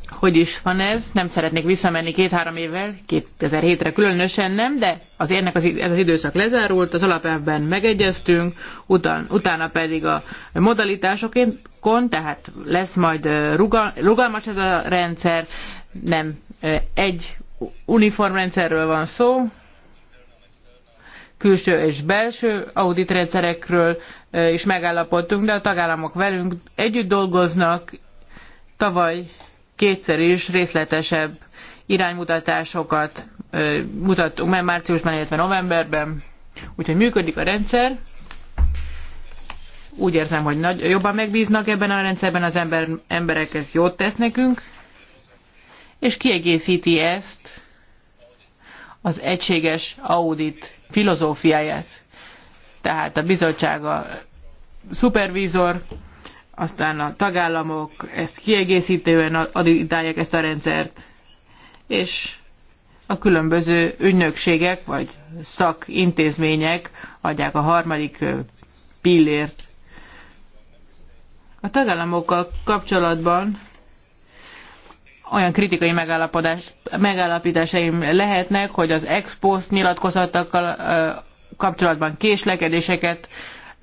hogy is van ez, nem szeretnék visszamenni két-három évvel, 2007-re különösen nem, de az ennek az, ez az időszak lezárult, az alapelvben megegyeztünk, után, utána pedig a modalitásokon, tehát lesz majd rugal, rugalmas ez a rendszer, nem egy uniform rendszerről van szó, külső és belső auditrendszerekről is megállapodtunk, de a tagállamok velünk együtt dolgoznak, tavaly kétszer is részletesebb iránymutatásokat mutattunk meg márciusban, illetve novemberben. Úgyhogy működik a rendszer. Úgy érzem, hogy nagy, jobban megbíznak ebben a rendszerben az ember, emberek, ez jót tesz nekünk. És kiegészíti ezt az egységes audit filozófiáját. Tehát a bizottság a szupervízor, aztán a tagállamok ezt kiegészítően adítálják ezt a rendszert, és a különböző ügynökségek vagy szakintézmények adják a harmadik pillért. A tagállamokkal kapcsolatban olyan kritikai megállapodás, megállapításaim lehetnek, hogy az ex post nyilatkozatokkal kapcsolatban késlekedéseket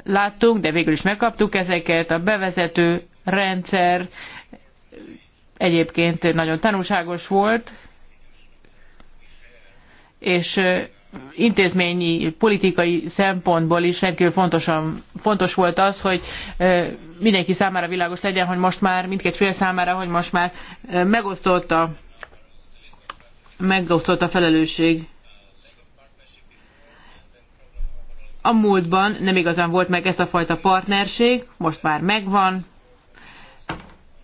láttunk, de végül is megkaptuk ezeket, a bevezető rendszer egyébként nagyon tanulságos volt, és intézményi, politikai szempontból is rendkívül fontosan, fontos volt az, hogy mindenki számára világos legyen, hogy most már mindkét fél számára, hogy most már megosztotta a, megosztott a felelősség. a múltban nem igazán volt meg ez a fajta partnerség, most már megvan,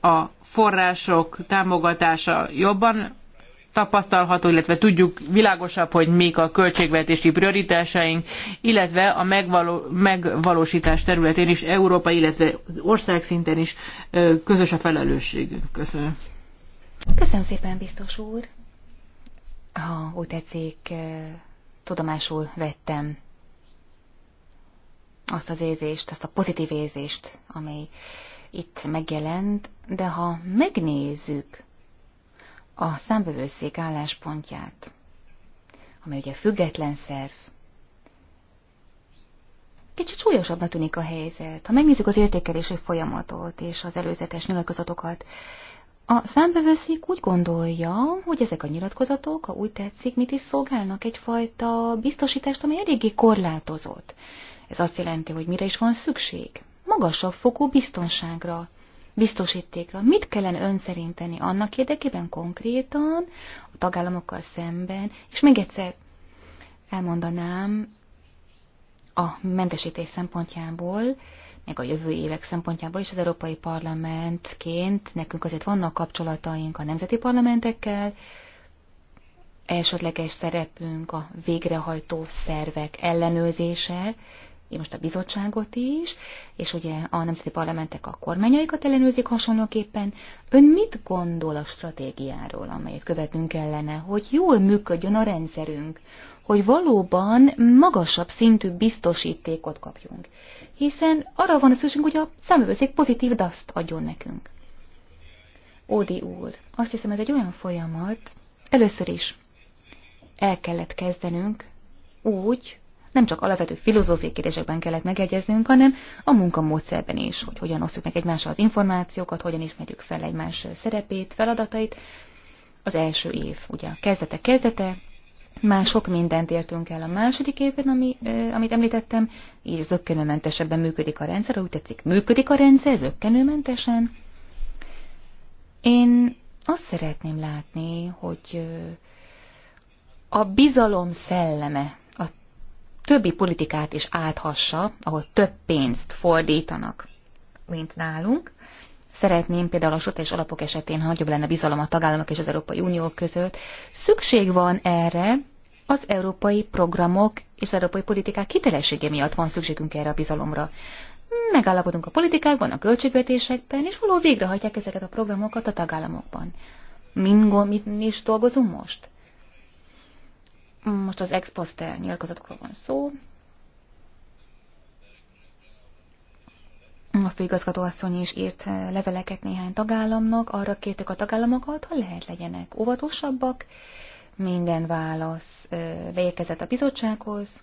a források támogatása jobban tapasztalható, illetve tudjuk világosabb, hogy mik a költségvetési prioritásaink, illetve a megvaló, megvalósítás területén is Európa, illetve országszinten is közös a felelősségünk. Köszönöm. Köszönöm szépen, biztos úr. Ha úgy tetszik, tudomásul vettem azt az érzést, azt a pozitív érzést, amely itt megjelent, de ha megnézzük a számbevőszék álláspontját, amely ugye független szerv, kicsit súlyosabbnak tűnik a helyzet. Ha megnézzük az értékelési folyamatot és az előzetes nyilatkozatokat, a számbevőszék úgy gondolja, hogy ezek a nyilatkozatok, ha úgy tetszik, mit is szolgálnak, egyfajta biztosítást, ami eléggé korlátozott. Ez azt jelenti, hogy mire is van szükség? Magasabb fokú biztonságra, biztosítékra. Mit kellene ön szerinteni annak érdekében konkrétan a tagállamokkal szemben? És még egyszer elmondanám a mentesítés szempontjából, meg a jövő évek szempontjából is az Európai Parlamentként nekünk azért vannak kapcsolataink a nemzeti parlamentekkel, elsődleges szerepünk a végrehajtó szervek ellenőrzése, most a bizottságot is, és ugye a nemzeti parlamentek a kormányaikat ellenőrzik hasonlóképpen. Ön mit gondol a stratégiáról, amelyet követnünk kellene, hogy jól működjön a rendszerünk, hogy valóban magasabb szintű biztosítékot kapjunk? Hiszen arra van a szükségünk, hogy a számövőszék pozitív daszt adjon nekünk. Ódi úr, azt hiszem ez egy olyan folyamat, először is el kellett kezdenünk úgy, nem csak alapvető filozófiai kérdésekben kellett megegyeznünk, hanem a munkamódszerben is, hogy hogyan osztjuk meg egymással az információkat, hogyan ismerjük fel egymás szerepét, feladatait. Az első év, ugye a kezdete kezdete, már sok mindent értünk el a második évben, ami, eh, amit említettem, így zöggenőmentesebben működik a rendszer, úgy tetszik, működik a rendszer zöggenőmentesen. Én azt szeretném látni, hogy a bizalom szelleme többi politikát is áthassa, ahol több pénzt fordítanak, mint nálunk. Szeretném például a sotés alapok esetén, ha nagyobb lenne bizalom a tagállamok és az Európai Unió között, szükség van erre, az európai programok és az európai politikák kitelessége miatt van szükségünk erre a bizalomra. Megállapodunk a politikákban, a költségvetésekben, és való végrehajtják ezeket a programokat a tagállamokban. Mind, min is dolgozunk most? Most az ex post nyilatkozatokról van szó. A főigazgató asszony is írt eh, leveleket néhány tagállamnak, arra kértük a tagállamokat, ha lehet legyenek óvatosabbak. Minden válasz eh, beérkezett a bizottsághoz.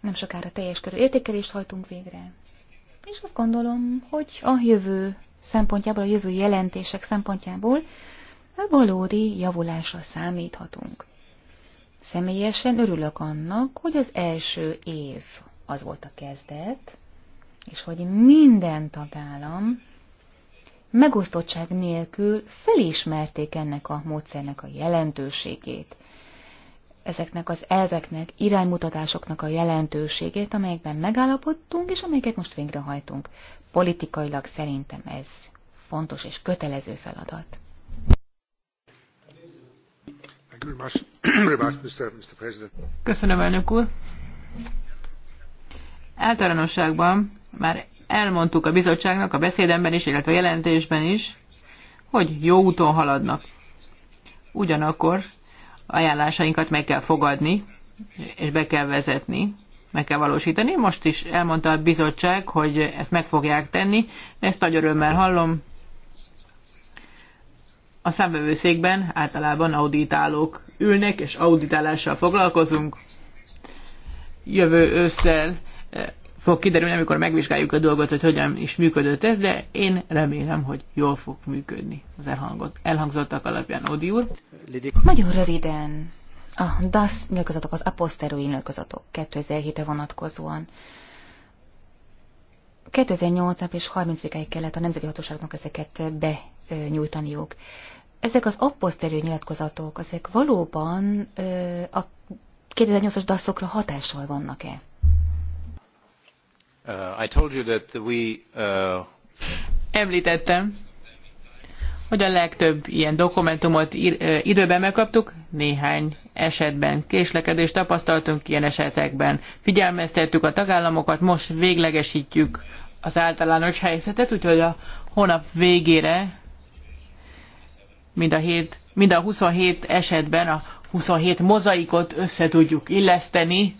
Nem sokára teljes körű értékelést hajtunk végre. És azt gondolom, hogy a jövő szempontjából, a jövő jelentések szempontjából valódi javulásra számíthatunk. Személyesen örülök annak, hogy az első év az volt a kezdet, és hogy minden tagállam megosztottság nélkül felismerték ennek a módszernek a jelentőségét, ezeknek az elveknek, iránymutatásoknak a jelentőségét, amelyekben megállapodtunk, és amelyeket most végrehajtunk. Politikailag szerintem ez fontos és kötelező feladat. [clears throat] Köszönöm, Általánosságban már elmondtuk a bizottságnak a beszédemben is, illetve a jelentésben is, hogy jó úton haladnak. Ugyanakkor ajánlásainkat meg kell fogadni, és be kell vezetni, meg kell valósítani. Most is elmondta a bizottság, hogy ezt meg fogják tenni, ezt nagy örömmel hallom, a számvevőszékben általában auditálók ülnek, és auditálással foglalkozunk. Jövő ősszel eh, fog kiderülni, amikor megvizsgáljuk a dolgot, hogy hogyan is működött ez, de én remélem, hogy jól fog működni az elhangot. elhangzottak alapján. Odi úr? Nagyon röviden. A DASZ nyilkozatok, az aposzterói nyilkozatok 2007-re vonatkozóan. 2008 és 30 ig kellett a nemzeti hatóságnak ezeket be nyújtaniuk. Ezek az apposzterű nyilatkozatok, ezek valóban a 2008-as daszokra hatással vannak-e? Uh, I told you that we, uh... Említettem, hogy a legtöbb ilyen dokumentumot időben megkaptuk, néhány esetben késlekedést tapasztaltunk ilyen esetekben. Figyelmeztettük a tagállamokat, most véglegesítjük az általános helyzetet, úgyhogy a hónap végére mind a, 7, mind a 27 esetben a 27 mozaikot össze tudjuk illeszteni.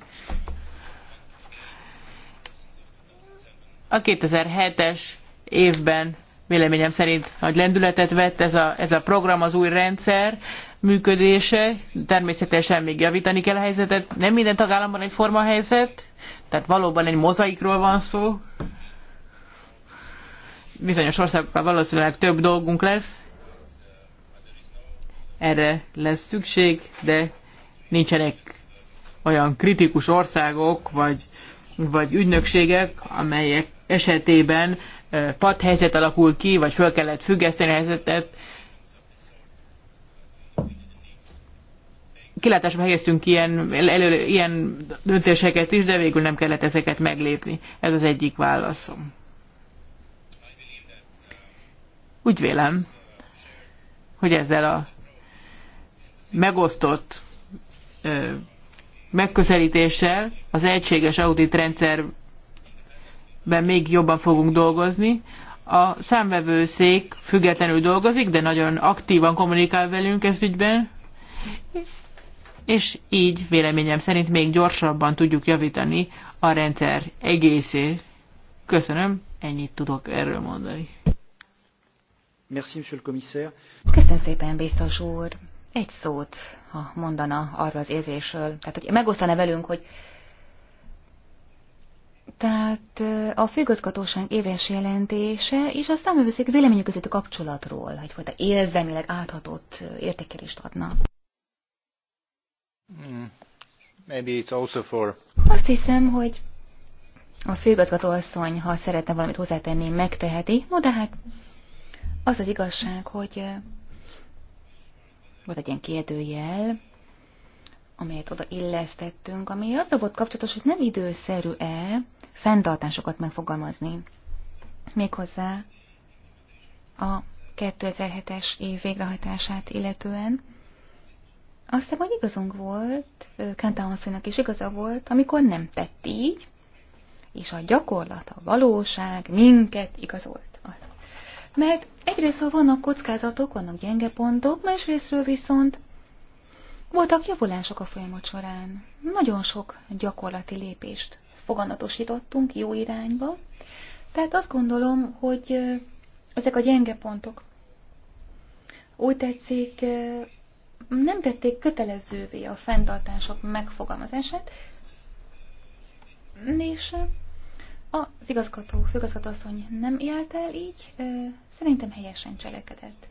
A 2007-es évben véleményem szerint nagy lendületet vett ez a, ez a program, az új rendszer működése. Természetesen még javítani kell a helyzetet. Nem minden tagállamban egyforma forma helyzet, tehát valóban egy mozaikról van szó. Bizonyos országokkal valószínűleg több dolgunk lesz, erre lesz szükség, de nincsenek olyan kritikus országok, vagy, vagy ügynökségek, amelyek esetében padhelyzet alakul ki, vagy föl kellett függeszteni a helyzetet. Kilátásba helyeztünk ilyen, elő, ilyen döntéseket is, de végül nem kellett ezeket meglépni. Ez az egyik válaszom. Úgy vélem, hogy ezzel a megosztott megközelítéssel az egységes audit rendszerben még jobban fogunk dolgozni. A számvevőszék függetlenül dolgozik, de nagyon aktívan kommunikál velünk ez ügyben, és így véleményem szerint még gyorsabban tudjuk javítani a rendszer egészét. Köszönöm, ennyit tudok erről mondani. Merci, monsieur le commissaire. Köszönöm szépen, biztos úr egy szót, ha mondana arra az érzésről, tehát hogy megosztaná velünk, hogy tehát a főgazgatóság éves jelentése és a számövőszék véleményük közötti kapcsolatról egyfajta érzelmileg áthatott értékelést adna. Mm. Maybe it's also for... Azt hiszem, hogy a főgazgató asszony, ha szeretne valamit hozzátenni, megteheti. No, de hát az az igazság, hogy volt egy ilyen kérdőjel, amelyet oda illesztettünk, ami azzal volt kapcsolatos, hogy nem időszerű-e fenntartásokat megfogalmazni. Méghozzá a 2007-es év végrehajtását illetően. Azt hiszem, hogy igazunk volt, Kenta asszonynak is igaza volt, amikor nem tett így, és a gyakorlat, a valóság minket igazolt. Mert egyrészt vannak kockázatok, vannak gyenge pontok, másrésztről viszont voltak javulások a folyamat során. Nagyon sok gyakorlati lépést foganatosítottunk jó irányba. Tehát azt gondolom, hogy ezek a gyenge pontok úgy tetszik, nem tették kötelezővé a fenntartások megfogalmazását, és az igazgató, főgazgatóasszony nem élt el így, szerintem helyesen cselekedett.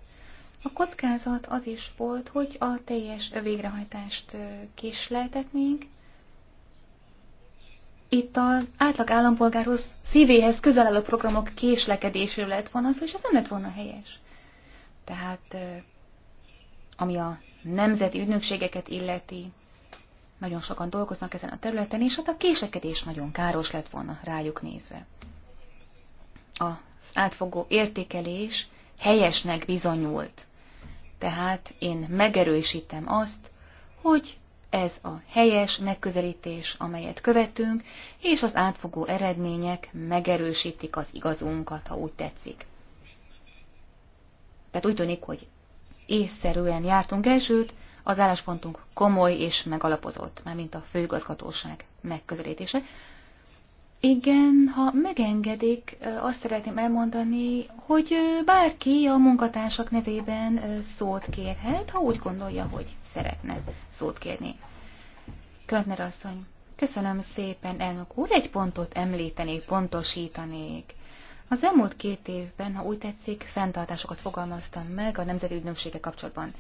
A kockázat az is volt, hogy a teljes végrehajtást késleltetnénk. Itt az átlag állampolgárhoz szívéhez közel álló programok késlekedéséről lett volna szó, és ez nem lett volna helyes. Tehát ami a nemzeti ügynökségeket illeti, nagyon sokan dolgoznak ezen a területen, és hát a késekedés nagyon káros lett volna rájuk nézve. Az átfogó értékelés helyesnek bizonyult. Tehát én megerősítem azt, hogy ez a helyes megközelítés, amelyet követünk, és az átfogó eredmények megerősítik az igazunkat, ha úgy tetszik. Tehát úgy tűnik, hogy észszerűen jártunk elsőt. Az álláspontunk komoly és megalapozott, már mint a főigazgatóság megközelítése. Igen, ha megengedik, azt szeretném elmondani, hogy bárki a munkatársak nevében szót kérhet, ha úgy gondolja, hogy szeretne szót kérni. Körner asszony, köszönöm szépen, elnök úr, egy pontot említenék, pontosítanék. Az elmúlt két évben, ha úgy tetszik, fenntartásokat fogalmaztam meg a nemzeti Ügynökségek kapcsolatban.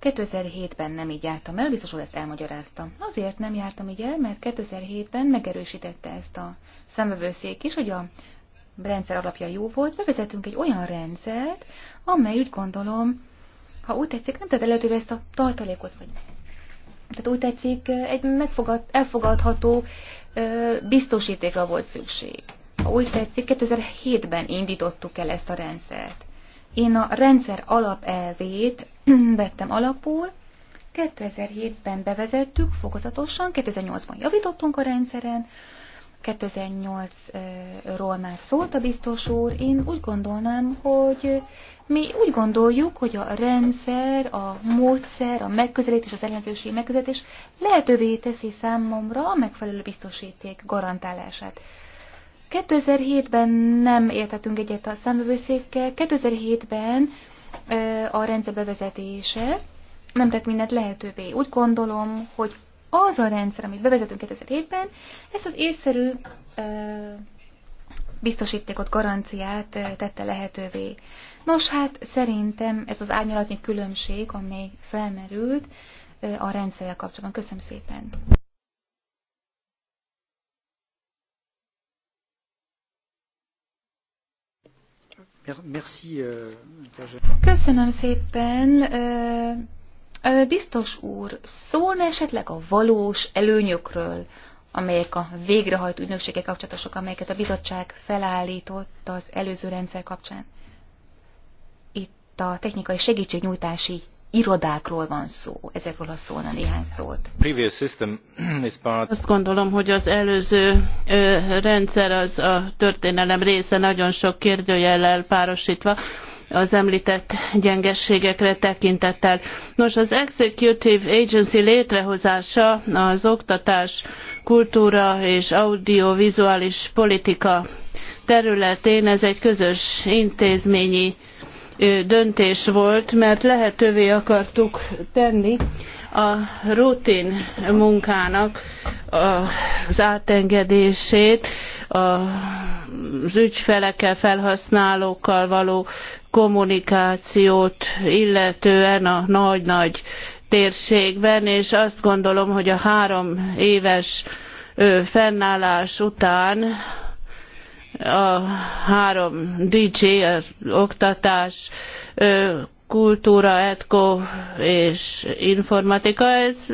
2007-ben nem így jártam el, biztos hogy ezt elmagyarázta. Azért nem jártam így el, mert 2007-ben megerősítette ezt a szemövőszék is, hogy a rendszer alapja jó volt, bevezetünk egy olyan rendszert, amely úgy gondolom, ha úgy tetszik, nem tett előtt, ezt a tartalékot, vagy tehát úgy tetszik, egy megfogad, elfogadható ö, biztosítékra volt szükség. Ha úgy tetszik, 2007-ben indítottuk el ezt a rendszert. Én a rendszer alapelvét [clears throat] vettem alapul, 2007-ben bevezettük fokozatosan, 2008-ban javítottunk a rendszeren, 2008-ról már szólt a biztos úr, én úgy gondolnám, hogy mi úgy gondoljuk, hogy a rendszer, a módszer, a megközelítés, az ellenzőség megközelítés lehetővé teszi számomra a megfelelő biztosíték garantálását. 2007-ben nem értettünk egyet a számvevőszékkel, 2007-ben a rendszer bevezetése nem tett mindent lehetővé. Úgy gondolom, hogy az a rendszer, amit bevezetünk 2007-ben, ezt az észszerű biztosítékot, garanciát tette lehetővé. Nos, hát szerintem ez az árnyalatnyi különbség, amely felmerült a rendszerrel kapcsolatban. Köszönöm szépen! Euh, Köszönöm szépen. Euh, euh, biztos úr, szólna esetleg a valós előnyökről, amelyek a végrehajt ügynökségek kapcsolatosok, amelyeket a bizottság felállított az előző rendszer kapcsán? Itt a technikai segítségnyújtási irodákról van szó. Ezekről, a szólna néhány szót. Azt gondolom, hogy az előző rendszer az a történelem része nagyon sok kérdőjellel párosítva az említett gyengeségekre tekintettel. Nos, az Executive Agency létrehozása az oktatás, kultúra és audiovizuális politika területén ez egy közös intézményi döntés volt, mert lehetővé akartuk tenni a rutin munkának az átengedését, az ügyfelekkel, felhasználókkal való kommunikációt illetően a nagy-nagy térségben, és azt gondolom, hogy a három éves fennállás után a három DG, az oktatás, kultúra, etko és informatika, ez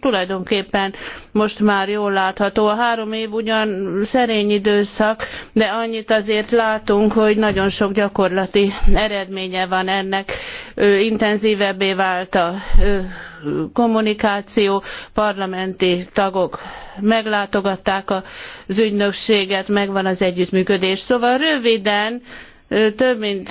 tulajdonképpen most már jól látható. A három év ugyan szerény időszak, de annyit azért látunk, hogy nagyon sok gyakorlati eredménye van ennek. Ő intenzívebbé vált a kommunikáció, parlamenti tagok meglátogatták az ügynökséget, megvan az együttműködés. Szóval röviden több mint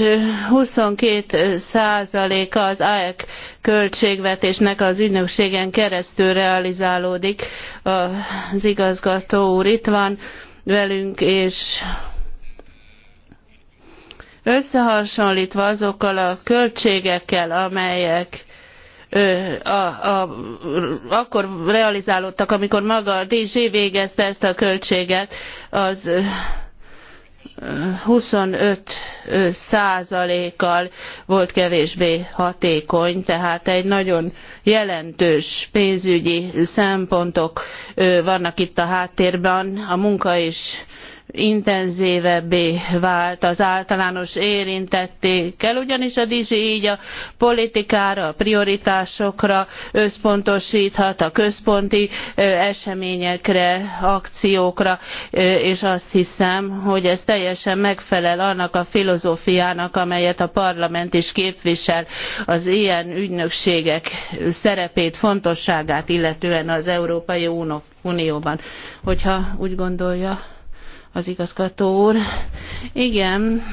22 százaléka az AEK költségvetésnek az ügynökségen keresztül realizálódik. Az igazgató úr itt van velünk, és összehasonlítva azokkal a költségekkel, amelyek a, a, akkor realizálódtak, amikor maga a DG végezte ezt a költséget, az 25 százalékkal volt kevésbé hatékony, tehát egy nagyon jelentős pénzügyi szempontok vannak itt a háttérben, a munka és intenzívebbé vált az általános érintettékkel, ugyanis a DIZSI így a politikára, a prioritásokra összpontosíthat, a központi eseményekre, akciókra, és azt hiszem, hogy ez teljesen megfelel annak a filozófiának, amelyet a parlament is képvisel az ilyen ügynökségek szerepét, fontosságát, illetően az Európai Unióban. Hogyha úgy gondolja, az igazgató úr. Igen,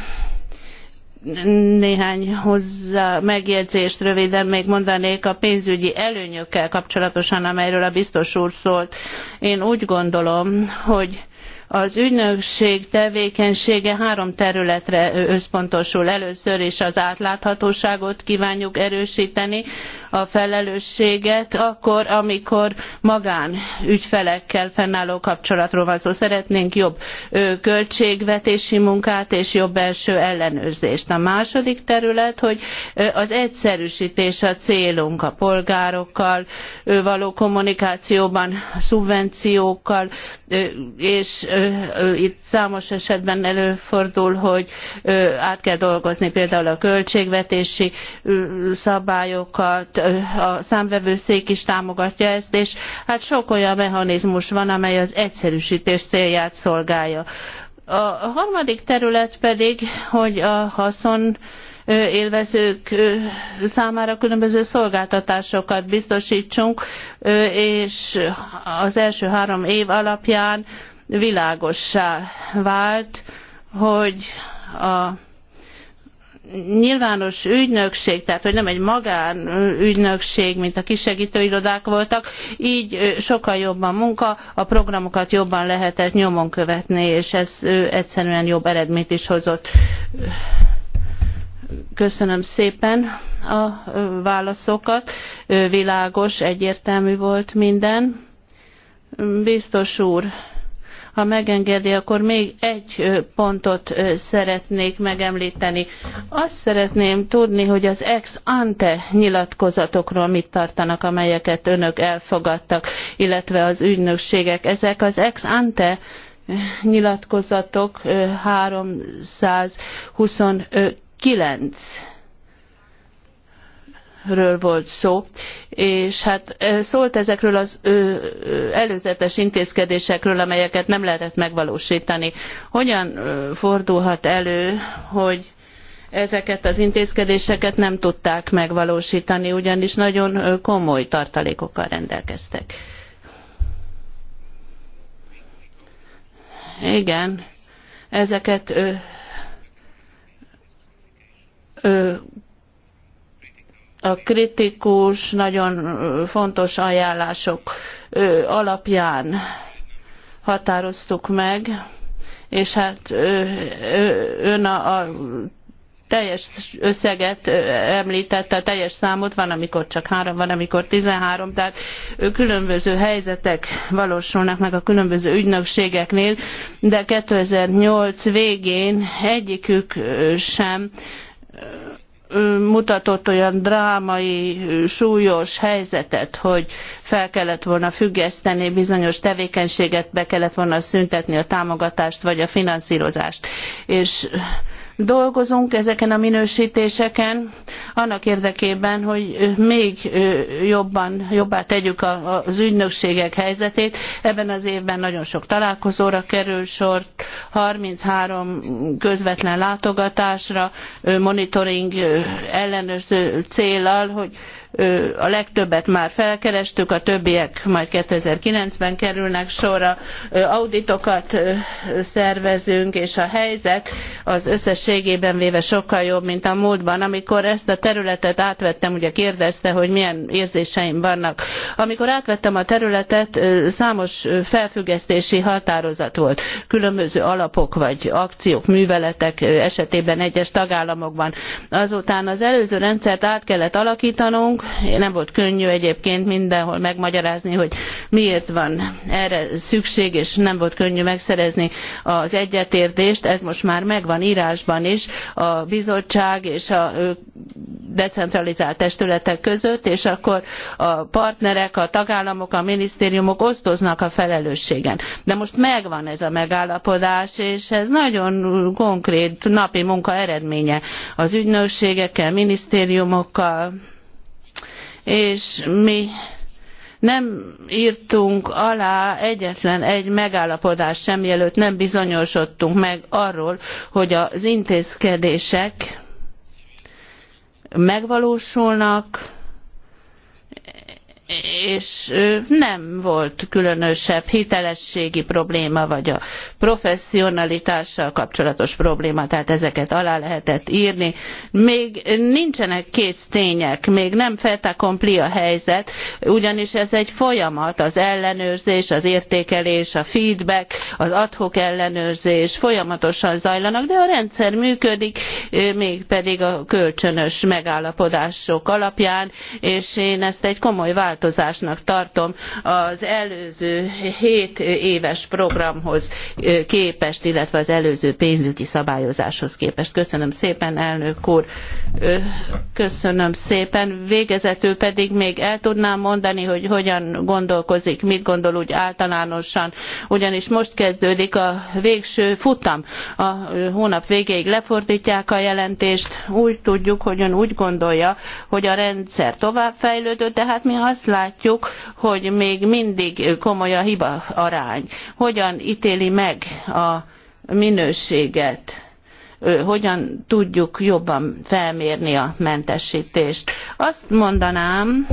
néhány hozzá megjegyzést röviden még mondanék a pénzügyi előnyökkel kapcsolatosan, amelyről a biztos úr szólt. Én úgy gondolom, hogy az ügynökség tevékenysége három területre összpontosul. Először is az átláthatóságot kívánjuk erősíteni, a felelősséget akkor, amikor magánügyfelekkel fennálló kapcsolatról van szó. szeretnénk jobb költségvetési munkát és jobb belső ellenőrzést. A második terület, hogy az egyszerűsítés a célunk a polgárokkal való kommunikációban, a szubvenciókkal, és itt számos esetben előfordul, hogy át kell dolgozni például a költségvetési szabályokat, a számvevőszék is támogatja ezt, és hát sok olyan mechanizmus van, amely az egyszerűsítés célját szolgálja. A harmadik terület pedig, hogy a haszon élvezők számára különböző szolgáltatásokat biztosítsunk, és az első három év alapján világossá vált, hogy a nyilvános ügynökség, tehát hogy nem egy magán ügynökség, mint a kisegítő irodák voltak, így sokkal jobban munka, a programokat jobban lehetett nyomon követni, és ez egyszerűen jobb eredményt is hozott. Köszönöm szépen a válaszokat, világos, egyértelmű volt minden. Biztos úr, ha megengedi, akkor még egy pontot szeretnék megemlíteni. Azt szeretném tudni, hogy az ex ante nyilatkozatokról mit tartanak, amelyeket önök elfogadtak, illetve az ügynökségek. Ezek az ex ante nyilatkozatok 329 ről volt szó, és hát szólt ezekről az előzetes intézkedésekről, amelyeket nem lehetett megvalósítani. Hogyan fordulhat elő, hogy ezeket az intézkedéseket nem tudták megvalósítani, ugyanis nagyon komoly tartalékokkal rendelkeztek. Igen, ezeket ö, ö, a kritikus, nagyon fontos ajánlások alapján határoztuk meg, és hát ön a, a teljes összeget említette, a teljes számot, van, amikor csak három, van, amikor 13, tehát különböző helyzetek valósulnak meg a különböző ügynökségeknél, de 2008 végén egyikük sem mutatott olyan drámai, súlyos helyzetet, hogy fel kellett volna függeszteni, bizonyos tevékenységet be kellett volna szüntetni, a támogatást vagy a finanszírozást. És Dolgozunk ezeken a minősítéseken annak érdekében, hogy még jobban, jobbá tegyük az ügynökségek helyzetét. Ebben az évben nagyon sok találkozóra kerül sor, 33 közvetlen látogatásra, monitoring ellenőrző célal, hogy a legtöbbet már felkerestük, a többiek majd 2009-ben kerülnek sorra. Auditokat szervezünk, és a helyzet az összességében véve sokkal jobb, mint a múltban. Amikor ezt a területet átvettem, ugye kérdezte, hogy milyen érzéseim vannak. Amikor átvettem a területet, számos felfüggesztési határozat volt. Különböző alapok vagy akciók, műveletek esetében egyes tagállamokban. Azután az előző rendszert át kellett alakítanunk, dolgoztunk. Nem volt könnyű egyébként mindenhol megmagyarázni, hogy miért van erre szükség, és nem volt könnyű megszerezni az egyetértést. Ez most már megvan írásban is a bizottság és a decentralizált testületek között, és akkor a partnerek, a tagállamok, a minisztériumok osztoznak a felelősségen. De most megvan ez a megállapodás, és ez nagyon konkrét napi munka eredménye az ügynökségekkel, minisztériumokkal, és mi nem írtunk alá egyetlen egy megállapodást sem, mielőtt nem bizonyosodtunk meg arról, hogy az intézkedések megvalósulnak, és nem volt különösebb hitelességi probléma, vagy a professzionalitással kapcsolatos probléma, tehát ezeket alá lehetett írni. Még nincsenek kész tények, még nem feta kompli a helyzet, ugyanis ez egy folyamat, az ellenőrzés, az értékelés, a feedback, az adhok ellenőrzés folyamatosan zajlanak, de a rendszer működik, Még pedig a kölcsönös megállapodások alapján, és én ezt egy komoly vált korlátozásnak tartom az előző 7 éves programhoz képest, illetve az előző pénzügyi szabályozáshoz képest. Köszönöm szépen, elnök úr. Köszönöm szépen. Végezetül pedig még el tudnám mondani, hogy hogyan gondolkozik, mit gondol úgy általánosan, ugyanis most kezdődik a végső futam. A hónap végéig lefordítják a jelentést, úgy tudjuk, hogy ön úgy gondolja, hogy a rendszer továbbfejlődött, de hát mi azt látjuk, hogy még mindig komoly a hiba arány. Hogyan ítéli meg a minőséget? Hogyan tudjuk jobban felmérni a mentesítést? Azt mondanám,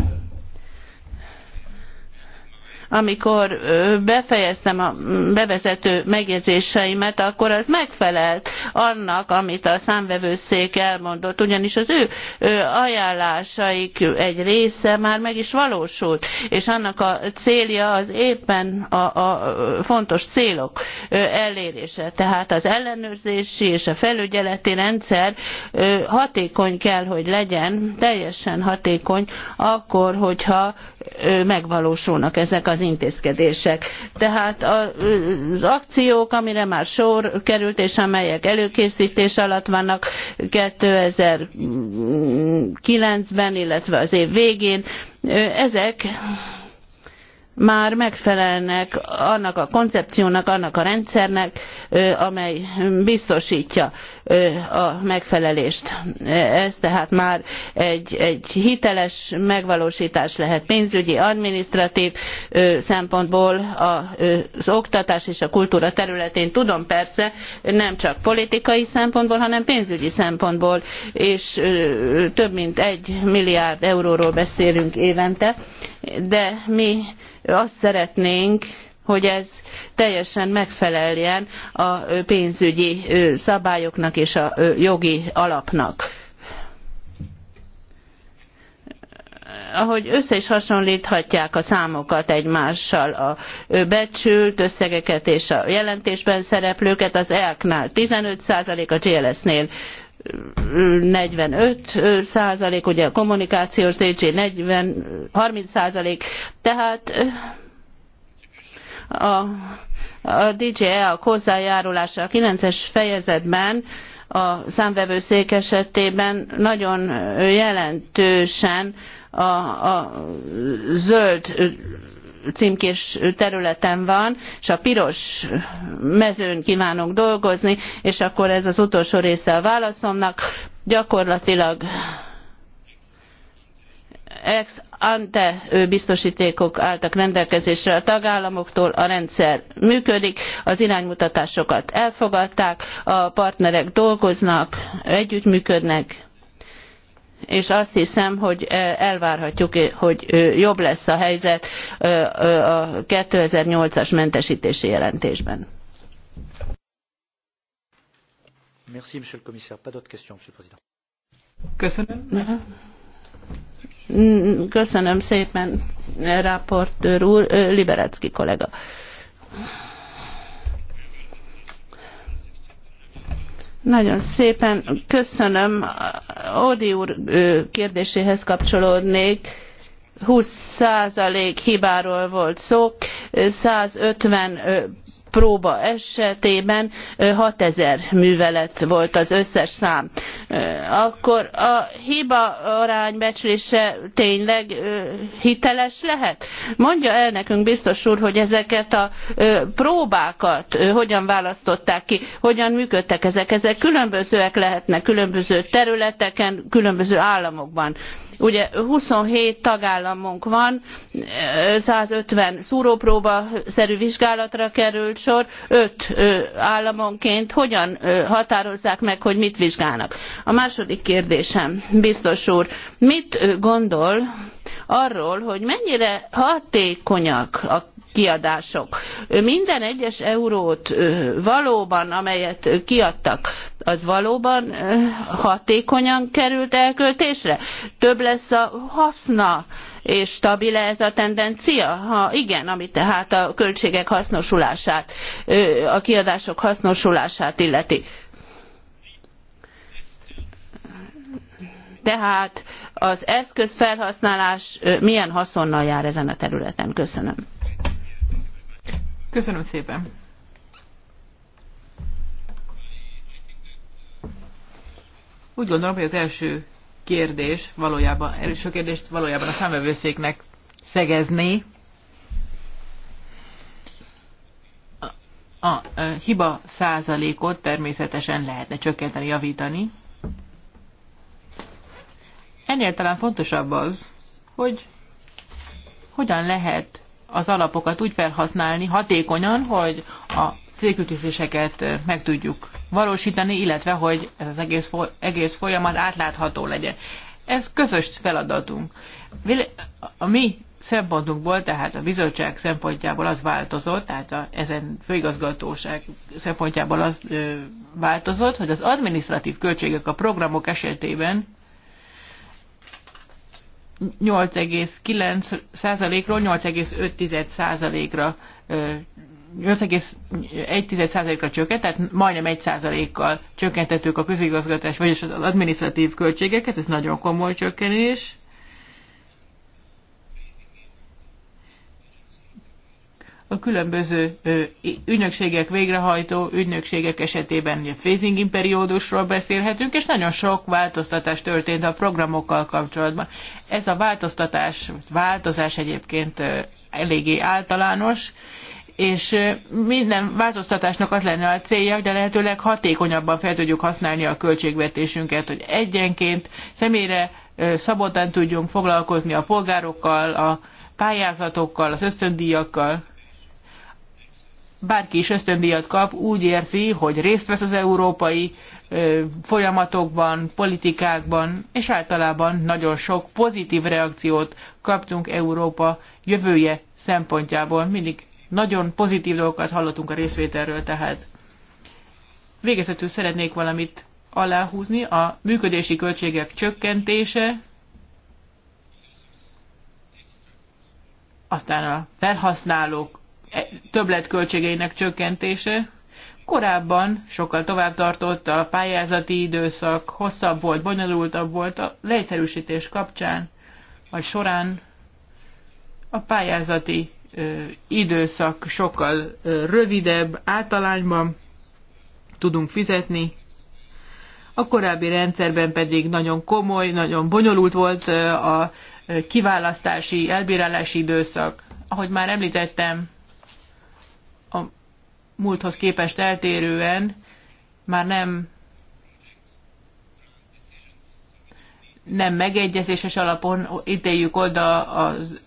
amikor befejeztem a bevezető megjegyzéseimet, akkor az megfelelt annak, amit a számvevőszék elmondott, ugyanis az ő ajánlásaik egy része már meg is valósult, és annak a célja az éppen a, a fontos célok elérése. Tehát az ellenőrzési és a felügyeleti rendszer hatékony kell, hogy legyen, teljesen hatékony, akkor, hogyha megvalósulnak ezek az az intézkedések. Tehát az akciók, amire már sor került, és amelyek előkészítés alatt vannak 2009-ben, illetve az év végén, ezek már megfelelnek annak a koncepciónak, annak a rendszernek, amely biztosítja a megfelelést. Ez tehát már egy, egy hiteles megvalósítás lehet pénzügyi, adminisztratív szempontból az oktatás és a kultúra területén tudom persze, nem csak politikai szempontból, hanem pénzügyi szempontból, és több mint egy milliárd euróról beszélünk évente, de mi azt szeretnénk, hogy ez teljesen megfeleljen a pénzügyi szabályoknak és a jogi alapnak. ahogy össze is hasonlíthatják a számokat egymással, a becsült összegeket és a jelentésben szereplőket, az EAK-nál 15%, a GLS-nél 45 százalék, ugye a kommunikációs DG 40, 30 százalék, tehát a, a DGE-ak hozzájárulása a 9-es fejezetben a számvevőszék esetében nagyon jelentősen a, a zöld címkés területen van, és a piros mezőn kívánunk dolgozni, és akkor ez az utolsó része a válaszomnak. Gyakorlatilag ex ante biztosítékok álltak rendelkezésre a tagállamoktól a rendszer működik az iránymutatásokat elfogadták a partnerek dolgoznak együttműködnek és azt hiszem, hogy elvárhatjuk, hogy jobb lesz a helyzet a 2008-as mentesítési jelentésben. Merci, monsieur le commissaire. Pas d'autres questions, monsieur le président. Köszönöm. Mm, köszönöm szépen, raportőr úr, Liberecki kollega. Nagyon szépen köszönöm. Ódi úr kérdéséhez kapcsolódnék. 20% hibáról volt szó, 150 próba esetében 6000 művelet volt az összes szám. Akkor a hiba arány becslése tényleg hiteles lehet? Mondja el nekünk biztos úr, hogy ezeket a próbákat hogyan választották ki, hogyan működtek ezek. Ezek különbözőek lehetnek különböző területeken, különböző államokban ugye 27 tagállamunk van, 150 szúrópróba szerű vizsgálatra került, került sor, öt államonként hogyan határozzák meg, hogy mit vizsgálnak. A második kérdésem, biztos úr, mit gondol arról, hogy mennyire hatékonyak a kiadások. Minden egyes eurót valóban, amelyet kiadtak, az valóban hatékonyan került elköltésre? Több lesz a haszna és stabil -e ez a tendencia? Ha igen, ami tehát a költségek hasznosulását, a kiadások hasznosulását illeti. Tehát az eszköz felhasználás milyen haszonnal jár ezen a területen? Köszönöm. Köszönöm szépen. Úgy gondolom, hogy az első kérdés valójában, első kérdést valójában a számvevőszéknek szegezné. A, a hiba százalékot természetesen lehetne csökkenteni, javítani. Ennél talán fontosabb az, hogy hogyan lehet az alapokat úgy felhasználni hatékonyan, hogy a célkütőzéseket meg tudjuk valósítani, illetve hogy ez az egész, egész folyamat átlátható legyen. Ez közös feladatunk. A mi szempontunkból, tehát a bizottság szempontjából az változott, tehát a, ezen főigazgatóság szempontjából az ö, változott, hogy az administratív költségek a programok esetében 8,9%-ról 8,5%-ra 8,1%-ra csökkent, tehát majdnem 1%-kal csökkentettük a közigazgatás, vagyis az adminisztratív költségeket, ez nagyon komoly csökkenés. a különböző ügynökségek végrehajtó ügynökségek esetében a phasing periódusról beszélhetünk, és nagyon sok változtatás történt a programokkal kapcsolatban. Ez a változtatás, változás egyébként eléggé általános, és minden változtatásnak az lenne a célja, hogy a lehető leghatékonyabban fel tudjuk használni a költségvetésünket, hogy egyenként személyre szabottan tudjunk foglalkozni a polgárokkal, a pályázatokkal, az ösztöndíjakkal bárki is ösztöndíjat kap, úgy érzi, hogy részt vesz az európai folyamatokban, politikákban, és általában nagyon sok pozitív reakciót kaptunk Európa jövője szempontjából. Mindig nagyon pozitív dolgokat hallottunk a részvételről, tehát végezetül szeretnék valamit aláhúzni. A működési költségek csökkentése, aztán a felhasználók E, többletköltségeinek csökkentése. Korábban sokkal tovább tartott a pályázati időszak, hosszabb volt, bonyolultabb volt a leegyszerűsítés kapcsán, vagy során a pályázati időszak sokkal rövidebb, általányban tudunk fizetni. A korábbi rendszerben pedig nagyon komoly, nagyon bonyolult volt a kiválasztási, elbírálási időszak. Ahogy már említettem, múlthoz képest eltérően már nem nem megegyezéses alapon ítéljük oda az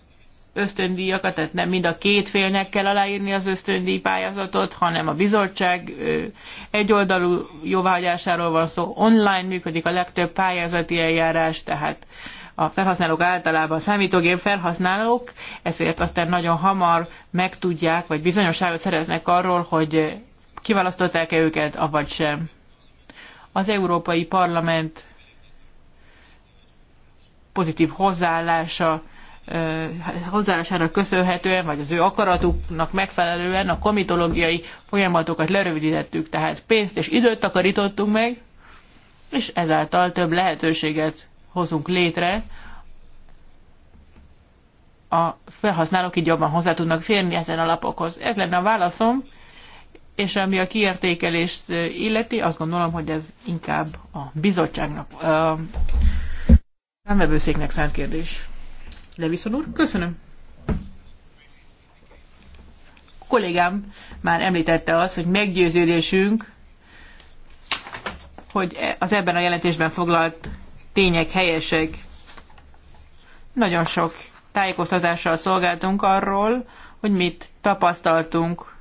ösztöndíjakat, tehát nem mind a két félnek kell aláírni az ösztöndíj pályázatot, hanem a bizottság egyoldalú jóváhagyásáról van szó. Online működik a legtöbb pályázati eljárás, tehát a felhasználók általában a számítógép felhasználók, ezért aztán nagyon hamar megtudják, vagy bizonyosságot szereznek arról, hogy kiválasztották-e őket, avagy sem. Az Európai Parlament pozitív hozzáállása hozzáállására köszönhetően, vagy az ő akaratuknak megfelelően a komitológiai folyamatokat lerövidítettük, tehát pénzt és időt takarítottunk meg, és ezáltal több lehetőséget hozunk létre, a felhasználók így jobban hozzá tudnak férni ezen lapokhoz. Ez lenne a válaszom, és ami a kiértékelést illeti, azt gondolom, hogy ez inkább a bizottságnak, a vevőszéknek szánt kérdés. Leviszon úr, köszönöm. A kollégám már említette azt, hogy meggyőződésünk, hogy e- az ebben a jelentésben foglalt tények helyesek. Nagyon sok tájékoztatással szolgáltunk arról, hogy mit tapasztaltunk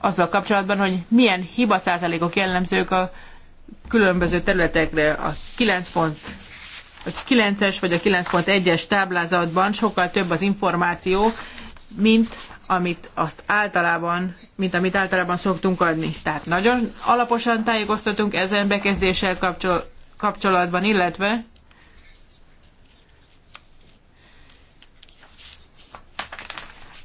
azzal kapcsolatban, hogy milyen hiba százalékok jellemzők a különböző területekre. A 9 pont a 9-es vagy a 9.1-es táblázatban sokkal több az információ, mint amit azt általában, mint amit általában szoktunk adni. Tehát nagyon alaposan tájékoztatunk ezen bekezdéssel kapcsol, kapcsolatban, illetve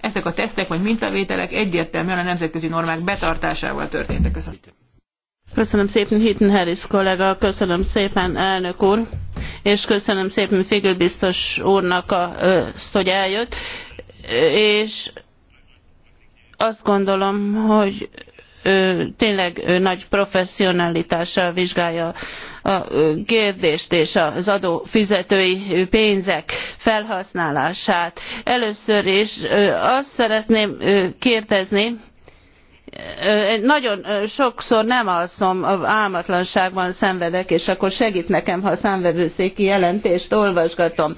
ezek a tesztek vagy mintavételek egyértelműen a nemzetközi normák betartásával történtek. Köszönöm. Köszönöm szépen Hitten Harris kollega, köszönöm szépen elnök úr, és köszönöm szépen Figül biztos úrnak, a, azt, hogy eljött, és azt gondolom, hogy tényleg nagy professzionalitással vizsgálja a kérdést és az adófizetői pénzek felhasználását. Először is azt szeretném kérdezni, nagyon sokszor nem alszom, álmatlanságban szenvedek, és akkor segít nekem, ha a számvevőszéki jelentést olvasgatom.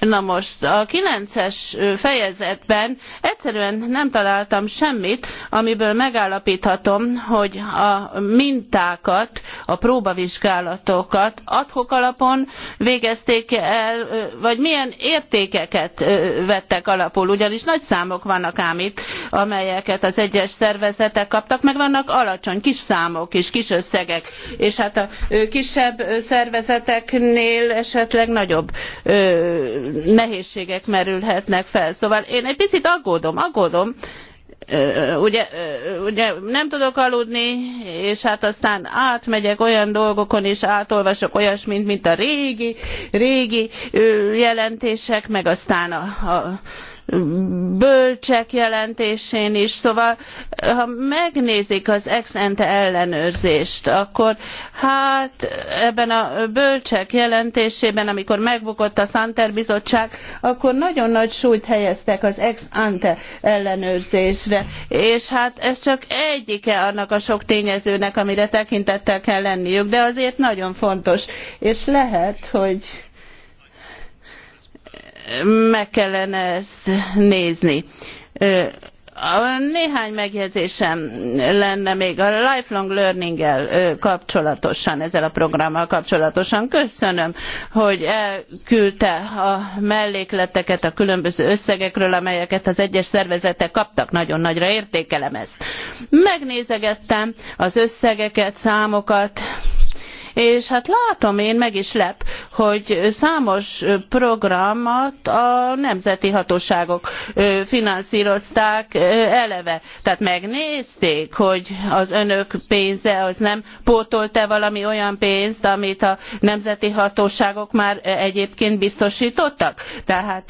Na most a kilences fejezetben egyszerűen nem találtam semmit, amiből megállapíthatom, hogy a mintákat, a próbavizsgálatokat adhok alapon végezték el, vagy milyen értékeket vettek alapul, ugyanis nagy számok vannak ám itt, amelyeket az egyes szervezetek kaptak, meg vannak alacsony kis számok és kis összegek, és hát a kisebb szervezeteknél esetleg nagyobb nehézségek merülhetnek fel. Szóval én egy picit aggódom, aggódom, ugye, ugye nem tudok aludni, és hát aztán átmegyek olyan dolgokon, és átolvasok olyasmit, mint a régi, régi jelentések, meg aztán a, a bölcsek jelentésén is, szóval ha megnézik az ex ante ellenőrzést, akkor hát ebben a bölcsek jelentésében, amikor megbukott a Santer bizottság, akkor nagyon nagy súlyt helyeztek az ex ante ellenőrzésre, és hát ez csak egyike annak a sok tényezőnek, amire tekintettel kell lenniük, de azért nagyon fontos, és lehet, hogy meg kellene ezt nézni. Néhány megjegyzésem lenne még a lifelong learning-el kapcsolatosan, ezzel a programmal kapcsolatosan. Köszönöm, hogy elküldte a mellékleteket a különböző összegekről, amelyeket az egyes szervezetek kaptak. Nagyon nagyra értékelem ezt. Megnézegettem az összegeket, számokat, és hát látom én, meg is lep, hogy számos programot a nemzeti hatóságok finanszírozták eleve. Tehát megnézték, hogy az önök pénze az nem pótolt-e valami olyan pénzt, amit a nemzeti hatóságok már egyébként biztosítottak. Tehát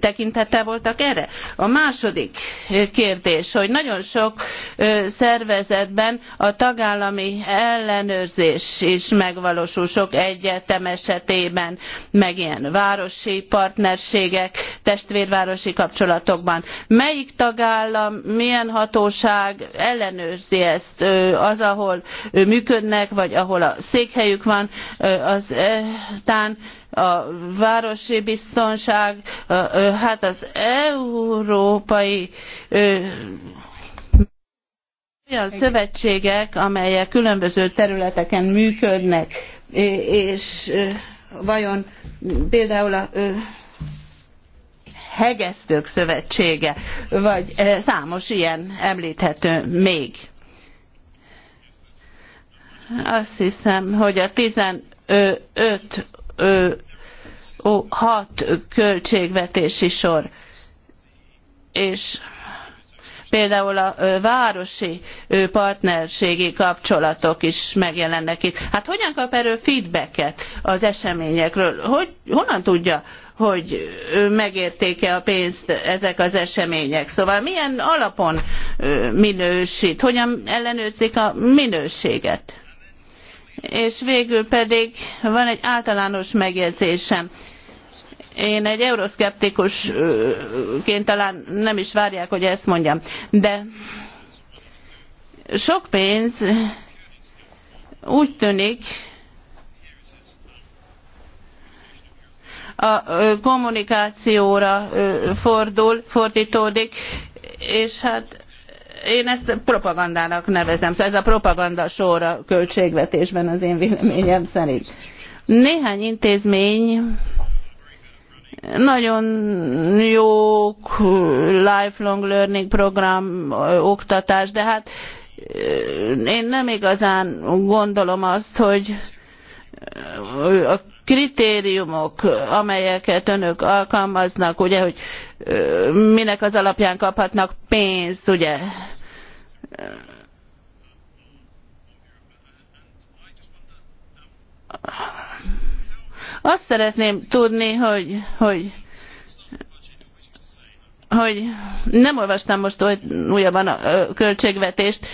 tekintettel voltak erre. A második kérdés, hogy nagyon sok szervezetben a tagállami ellenőrzés is is megvalósul sok egyetem esetében, meg ilyen városi partnerségek, testvérvárosi kapcsolatokban. Melyik tagállam, milyen hatóság ellenőrzi ezt? Az, ahol működnek, vagy ahol a székhelyük van, az tán a városi biztonság, hát az európai olyan szövetségek, amelyek különböző területeken működnek, és vajon például a hegesztők szövetsége, vagy számos ilyen említhető még. Azt hiszem, hogy a 15 6 költségvetési sor, és Például a városi partnerségi kapcsolatok is megjelennek itt. Hát hogyan kap erről feedbacket az eseményekről? Hogy, honnan tudja, hogy megértéke a pénzt ezek az események? Szóval milyen alapon minősít? Hogyan ellenőrzik a minőséget? És végül pedig van egy általános megjegyzésem én egy euroszkeptikusként talán nem is várják, hogy ezt mondjam. De sok pénz úgy tűnik, a kommunikációra fordul, fordítódik, és hát én ezt propagandának nevezem, szóval ez a propaganda sor a költségvetésben az én véleményem szerint. Néhány intézmény nagyon jó lifelong learning program, oktatás, de hát eh, én nem igazán gondolom azt, hogy eh, a kritériumok, amelyeket önök alkalmaznak, ugye, hogy eh, minek az alapján kaphatnak pénzt, ugye, Uh azt szeretném tudni, hogy, hogy hogy nem olvastam most újabban a költségvetést,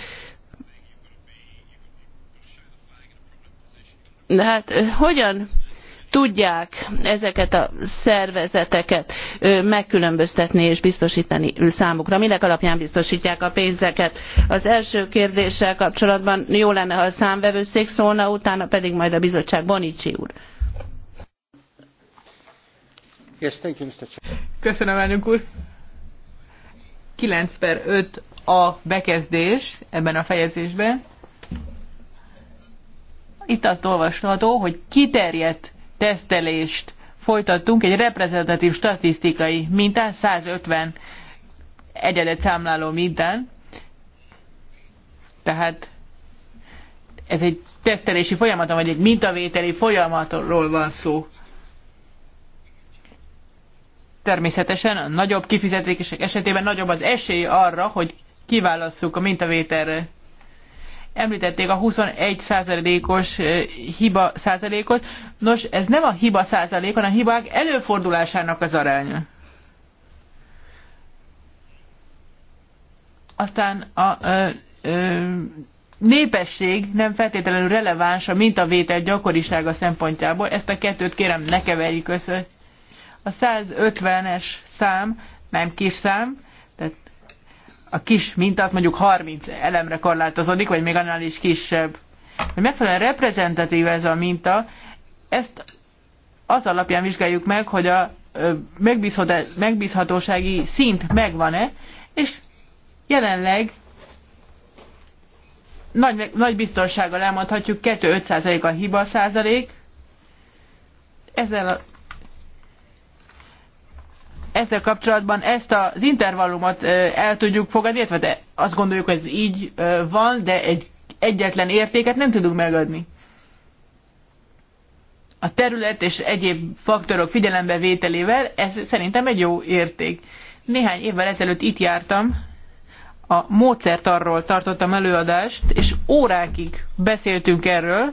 de hát hogyan tudják ezeket a szervezeteket megkülönböztetni és biztosítani számukra? Minek alapján biztosítják a pénzeket? Az első kérdéssel kapcsolatban jó lenne, ha a számvevőszék szólna, utána pedig majd a bizottság Bonicsi úr. Yes, thank you, Mr. Köszönöm, elnök úr. 9 per 5 a bekezdés ebben a fejezésben. Itt azt olvasható, hogy kiterjedt tesztelést folytattunk egy reprezentatív statisztikai mintán, 150 egyedet számláló mintán. Tehát ez egy tesztelési folyamaton, vagy egy mintavételi folyamatról van szó természetesen a nagyobb kifizetések esetében nagyobb az esély arra, hogy kiválasszuk a mintavételre. Említették a 21%-os hiba százalékot. Nos, ez nem a hiba százalék, hanem a hibák előfordulásának az aránya. Aztán a ö, ö, népesség nem feltétlenül releváns a mintavétel gyakorisága szempontjából. Ezt a kettőt kérem ne keverjük össze. A 150-es szám nem kis szám, tehát a kis mint az mondjuk 30 elemre korlátozódik, vagy még annál is kisebb. Hogy megfelelően reprezentatív ez a minta, ezt az alapján vizsgáljuk meg, hogy a megbízhatósági szint megvan-e, és jelenleg nagy, nagy biztonsággal elmondhatjuk, 2-5 a hiba százalék. Ezzel a ezzel kapcsolatban ezt az intervallumot el tudjuk fogadni, illetve azt gondoljuk, hogy ez így van, de egy egyetlen értéket nem tudunk megadni. A terület és egyéb faktorok vételével ez szerintem egy jó érték. Néhány évvel ezelőtt itt jártam, a arról tartottam előadást, és órákig beszéltünk erről,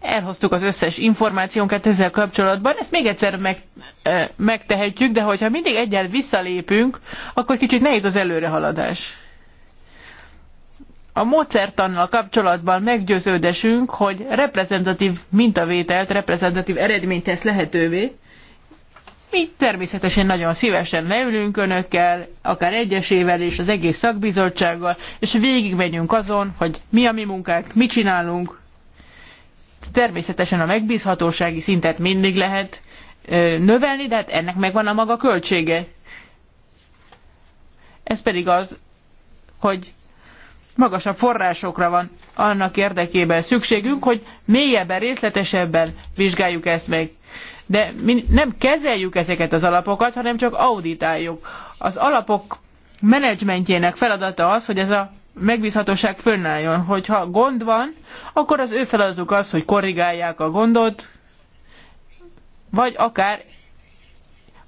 elhoztuk az összes információnkat ezzel kapcsolatban, ezt még egyszer meg, e, megtehetjük, de hogyha mindig egyel visszalépünk, akkor kicsit nehéz az előrehaladás. A módszertannal kapcsolatban meggyőződésünk, hogy reprezentatív mintavételt, reprezentatív eredményt tesz lehetővé. Mi természetesen nagyon szívesen leülünk önökkel, akár egyesével és az egész szakbizottsággal, és végigmegyünk azon, hogy mi a mi munkánk, mit csinálunk, természetesen a megbízhatósági szintet mindig lehet növelni, de hát ennek megvan a maga költsége. Ez pedig az, hogy magasabb forrásokra van annak érdekében szükségünk, hogy mélyebben, részletesebben vizsgáljuk ezt meg. De mi nem kezeljük ezeket az alapokat, hanem csak auditáljuk. Az alapok menedzsmentjének feladata az, hogy ez a megbízhatóság fönnálljon. Hogyha gond van, akkor az ő feladatuk az, hogy korrigálják a gondot, vagy akár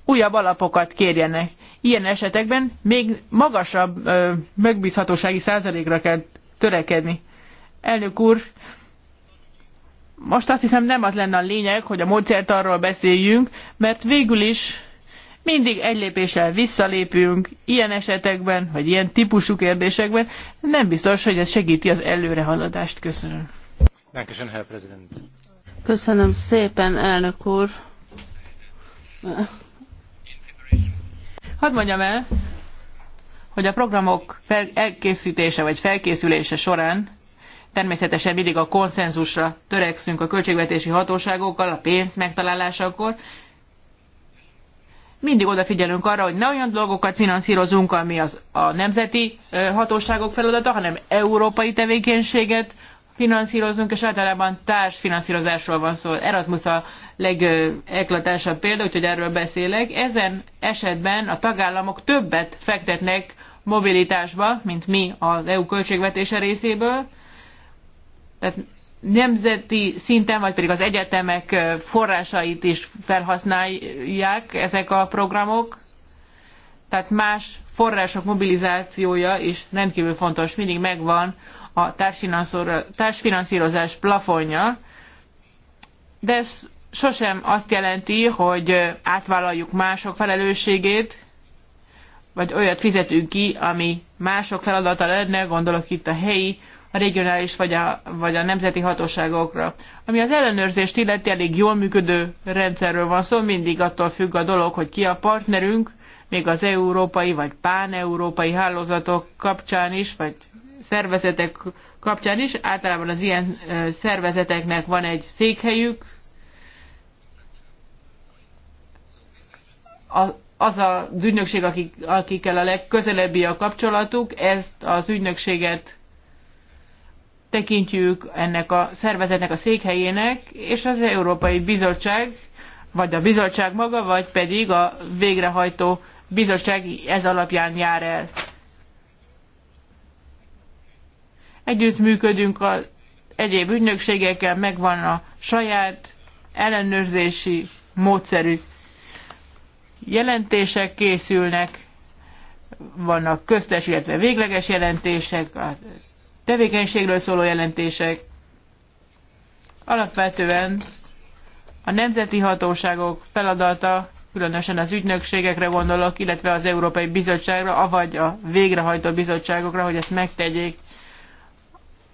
újabb alapokat kérjenek. Ilyen esetekben még magasabb ö, megbízhatósági százalékra kell törekedni. Elnök úr, most azt hiszem nem az lenne a lényeg, hogy a módszert arról beszéljünk, mert végül is mindig egy lépéssel visszalépünk ilyen esetekben, vagy ilyen típusú kérdésekben. Nem biztos, hogy ez segíti az előrehaladást. Köszönöm. Köszönöm szépen, elnök úr. Hadd mondjam el, hogy a programok elkészítése vagy felkészülése során természetesen mindig a konszenzusra törekszünk a költségvetési hatóságokkal a pénz megtalálásakor, mindig odafigyelünk arra, hogy ne olyan dolgokat finanszírozunk, ami az, a nemzeti hatóságok feladata, hanem európai tevékenységet finanszírozunk, és általában társfinanszírozásról van szó. Erasmus a legeklatásabb példa, úgyhogy erről beszélek. Ezen esetben a tagállamok többet fektetnek mobilitásba, mint mi az EU költségvetése részéből. Tehát nemzeti szinten, vagy pedig az egyetemek forrásait is felhasználják ezek a programok, tehát más források mobilizációja is rendkívül fontos. Mindig megvan a társfinanszírozás plafonja, de ez sosem azt jelenti, hogy átvállaljuk mások felelősségét, vagy olyat fizetünk ki, ami mások feladata lenne, gondolok itt a helyi a regionális vagy a, vagy a nemzeti hatóságokra. Ami az ellenőrzést illeti, elég jól működő rendszerről van szó, mindig attól függ a dolog, hogy ki a partnerünk, még az európai vagy páneurópai hálózatok kapcsán is, vagy szervezetek kapcsán is. Általában az ilyen szervezeteknek van egy székhelyük. A, az az ügynökség, akik, akikkel a legközelebbi a kapcsolatuk, ezt az ügynökséget tekintjük ennek a szervezetnek a székhelyének, és az Európai Bizottság, vagy a bizottság maga, vagy pedig a végrehajtó bizottság ez alapján jár el. Együttműködünk az egyéb ügynökségekkel, megvan a saját ellenőrzési módszerük. Jelentések készülnek, vannak köztes, illetve végleges jelentések, a tevékenységről szóló jelentések. Alapvetően a nemzeti hatóságok feladata, különösen az ügynökségekre gondolok, illetve az Európai Bizottságra, avagy a végrehajtó bizottságokra, hogy ezt megtegyék.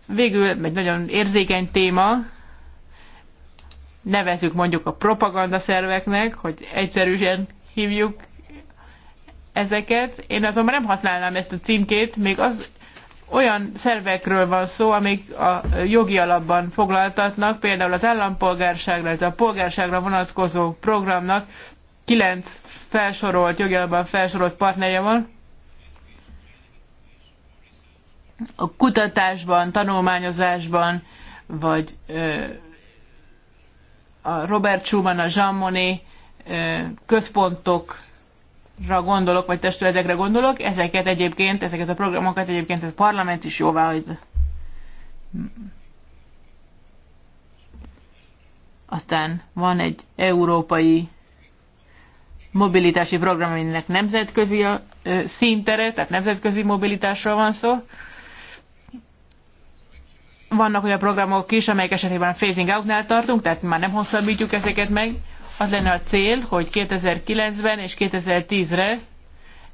Végül egy nagyon érzékeny téma, nevezük mondjuk a propaganda szerveknek, hogy egyszerűen hívjuk ezeket. Én azonban nem használnám ezt a címkét, még az olyan szervekről van szó, amik a jogi alapban foglaltatnak, például az állampolgárságra, ez a polgárságra vonatkozó programnak kilenc felsorolt, jogi alapban felsorolt partnerje van. A kutatásban, tanulmányozásban, vagy a Robert Schumann, a Jean Monnet központok gondolok, vagy testületekre gondolok, ezeket egyébként, ezeket a programokat egyébként a parlament is jóvá hagy. Aztán van egy európai mobilitási program, aminek nemzetközi a, színtere, tehát nemzetközi mobilitásról van szó. Vannak olyan programok is, amelyek esetében a phasing outnál tartunk, tehát már nem hosszabbítjuk ezeket meg. Az lenne a cél, hogy 2009-ben és 2010-re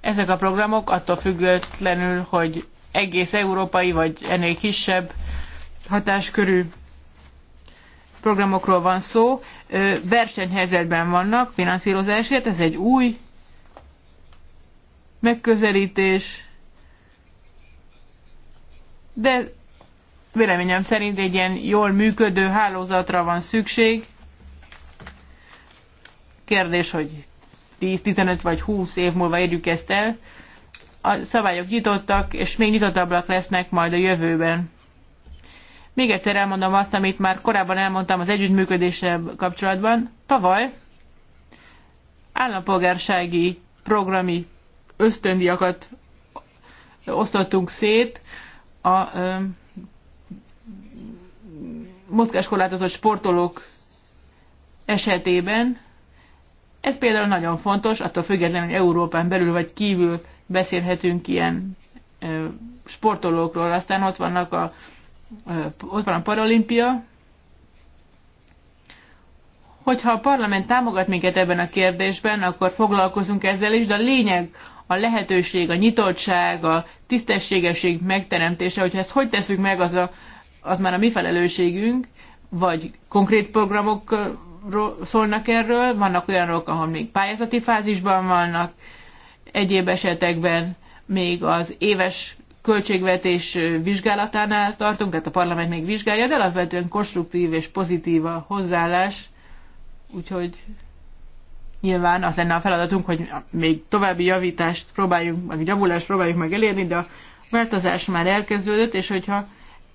ezek a programok attól függetlenül, hogy egész európai vagy ennél kisebb hatáskörű programokról van szó, versenyhelyzetben vannak finanszírozásért, ez egy új megközelítés, de véleményem szerint egy ilyen jól működő hálózatra van szükség, Kérdés, hogy 10-15 vagy 20 év múlva érjük ezt el. A szabályok nyitottak, és még nyitottabbak lesznek majd a jövőben. Még egyszer elmondom azt, amit már korábban elmondtam az együttműködéssel kapcsolatban. Tavaly állampolgársági programi ösztöndiakat osztottunk szét a ö, mozgáskorlátozott sportolók esetében. Ez például nagyon fontos, attól függetlenül, hogy Európán belül vagy kívül beszélhetünk ilyen sportolókról. Aztán ott, vannak a, ott van a paralimpia. Hogyha a parlament támogat minket ebben a kérdésben, akkor foglalkozunk ezzel is, de a lényeg a lehetőség, a nyitottság, a tisztességesség megteremtése, hogyha ezt hogy teszünk meg, az, a, az már a mi felelősségünk, vagy konkrét programok szólnak erről, vannak olyanok, ahol még pályázati fázisban vannak, egyéb esetekben még az éves költségvetés vizsgálatánál tartunk, tehát a parlament még vizsgálja, de alapvetően konstruktív és pozitív a hozzáállás, úgyhogy nyilván az lenne a feladatunk, hogy még további javítást próbáljunk, meg javulást próbáljuk meg elérni, de a változás már elkezdődött, és hogyha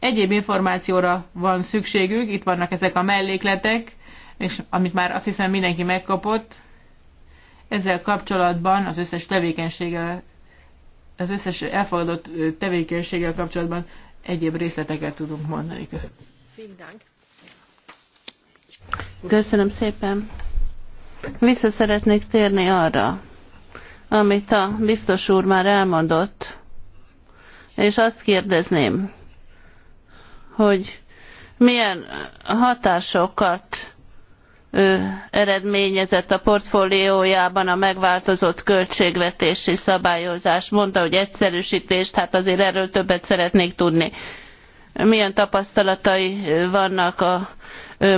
Egyéb információra van szükségük, itt vannak ezek a mellékletek, és amit már azt hiszem mindenki megkapott, ezzel kapcsolatban az összes tevékenységgel, az összes elfogadott tevékenységgel kapcsolatban egyéb részleteket tudunk mondani. Köszönöm. Köszönöm szépen. Vissza szeretnék térni arra, amit a biztos úr már elmondott, és azt kérdezném, hogy milyen hatásokat eredményezett a portfóliójában a megváltozott költségvetési szabályozás. Mondta, hogy egyszerűsítést, hát azért erről többet szeretnék tudni. Milyen tapasztalatai vannak a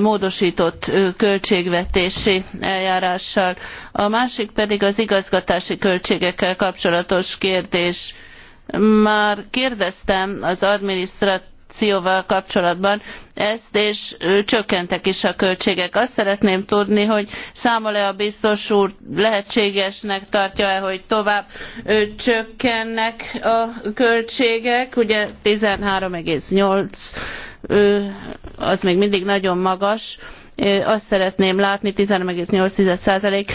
módosított költségvetési eljárással. A másik pedig az igazgatási költségekkel kapcsolatos kérdés. Már kérdeztem az adminisztrat korrupcióval kapcsolatban ezt, és csökkentek is a költségek. Azt szeretném tudni, hogy számol-e a biztos úr lehetségesnek tartja-e, hogy tovább csökkennek a költségek, ugye 13,8 az még mindig nagyon magas, azt szeretném látni 13,8%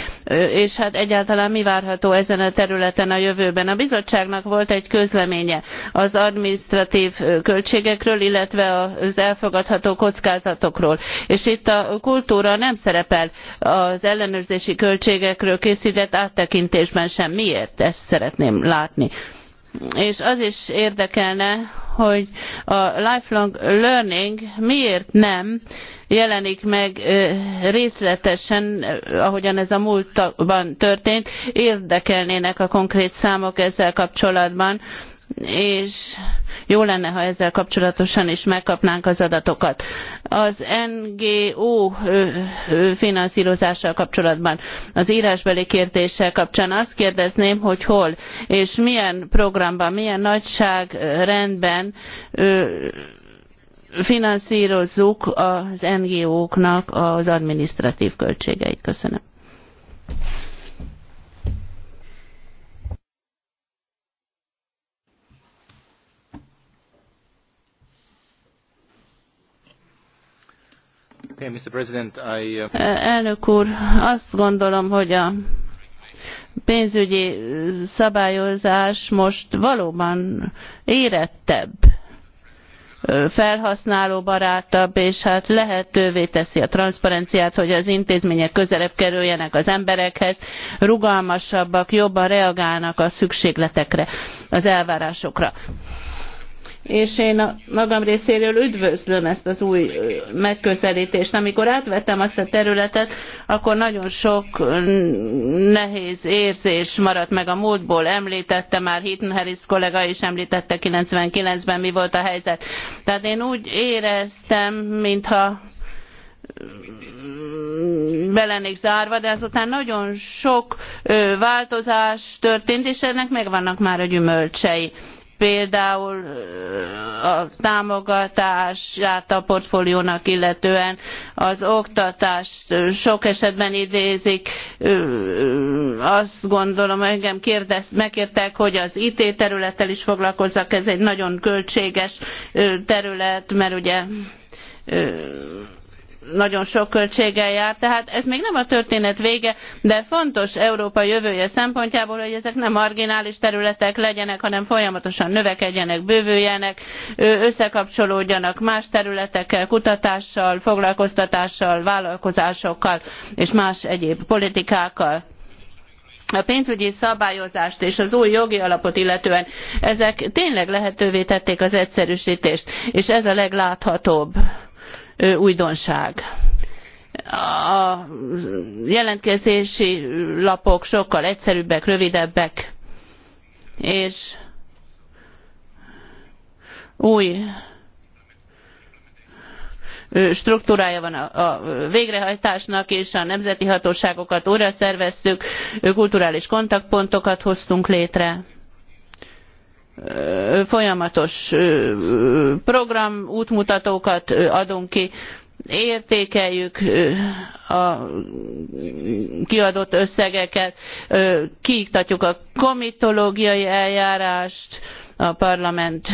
és hát egyáltalán mi várható ezen a területen a jövőben. A bizottságnak volt egy közleménye az administratív költségekről, illetve az elfogadható kockázatokról. És itt a kultúra nem szerepel az ellenőrzési költségekről készített áttekintésben sem. Miért? Ezt szeretném látni és az is érdekelne, hogy a lifelong learning miért nem jelenik meg részletesen, ahogyan ez a múltban történt, érdekelnének a konkrét számok ezzel kapcsolatban és jó lenne, ha ezzel kapcsolatosan is megkapnánk az adatokat. Az NGO finanszírozással kapcsolatban, az írásbeli kérdéssel kapcsán azt kérdezném, hogy hol és milyen programban, milyen nagyságrendben finanszírozzuk az NGO-knak az administratív költségeit. Köszönöm. Uh, eh, elnök úr, azt gondolom, hogy a pénzügyi szabályozás most valóban érettebb felhasználóbarátabb, és hát lehetővé teszi a transzparenciát, hogy az intézmények közelebb kerüljenek az emberekhez, rugalmasabbak, jobban reagálnak a szükségletekre, az elvárásokra és én a magam részéről üdvözlöm ezt az új megközelítést. Amikor átvettem azt a területet, akkor nagyon sok nehéz érzés maradt meg a múltból. Említette már Hitten Harris kollega is említette 99-ben mi volt a helyzet. Tehát én úgy éreztem, mintha belenék zárva, de azután nagyon sok változás történt, és ennek megvannak már a gyümölcsei például a támogatását a portfóliónak illetően az oktatást sok esetben idézik. Azt gondolom, engem kérdez, megkértek, hogy az IT területtel is foglalkozzak, ez egy nagyon költséges terület, mert ugye nagyon sok költséggel jár, tehát ez még nem a történet vége, de fontos Európa jövője szempontjából, hogy ezek nem marginális területek legyenek, hanem folyamatosan növekedjenek, bővüljenek, összekapcsolódjanak más területekkel, kutatással, foglalkoztatással, vállalkozásokkal és más egyéb politikákkal a pénzügyi szabályozást és az új jogi alapot illetően ezek tényleg lehetővé tették az egyszerűsítést, és ez a legláthatóbb újdonság a jelentkezési lapok sokkal egyszerűbbek, rövidebbek, és új struktúrája van a végrehajtásnak és a nemzeti hatóságokat újra szerveztük kulturális kontaktpontokat hoztunk létre folyamatos program, útmutatókat adunk ki, értékeljük a kiadott összegeket, kiiktatjuk a komitológiai eljárást, a parlament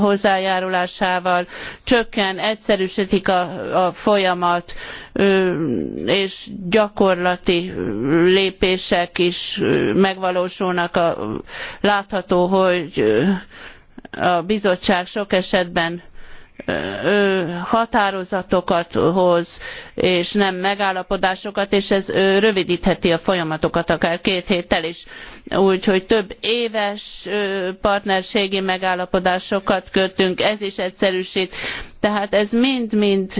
hozzájárulásával csökken, egyszerűsítik a, a folyamat, és gyakorlati lépések is megvalósulnak. A, látható, hogy a bizottság sok esetben határozatokat hoz, és nem megállapodásokat, és ez rövidítheti a folyamatokat akár két héttel is. Úgyhogy több éves partnerségi megállapodásokat kötünk, ez is egyszerűsít. Tehát ez mind-mind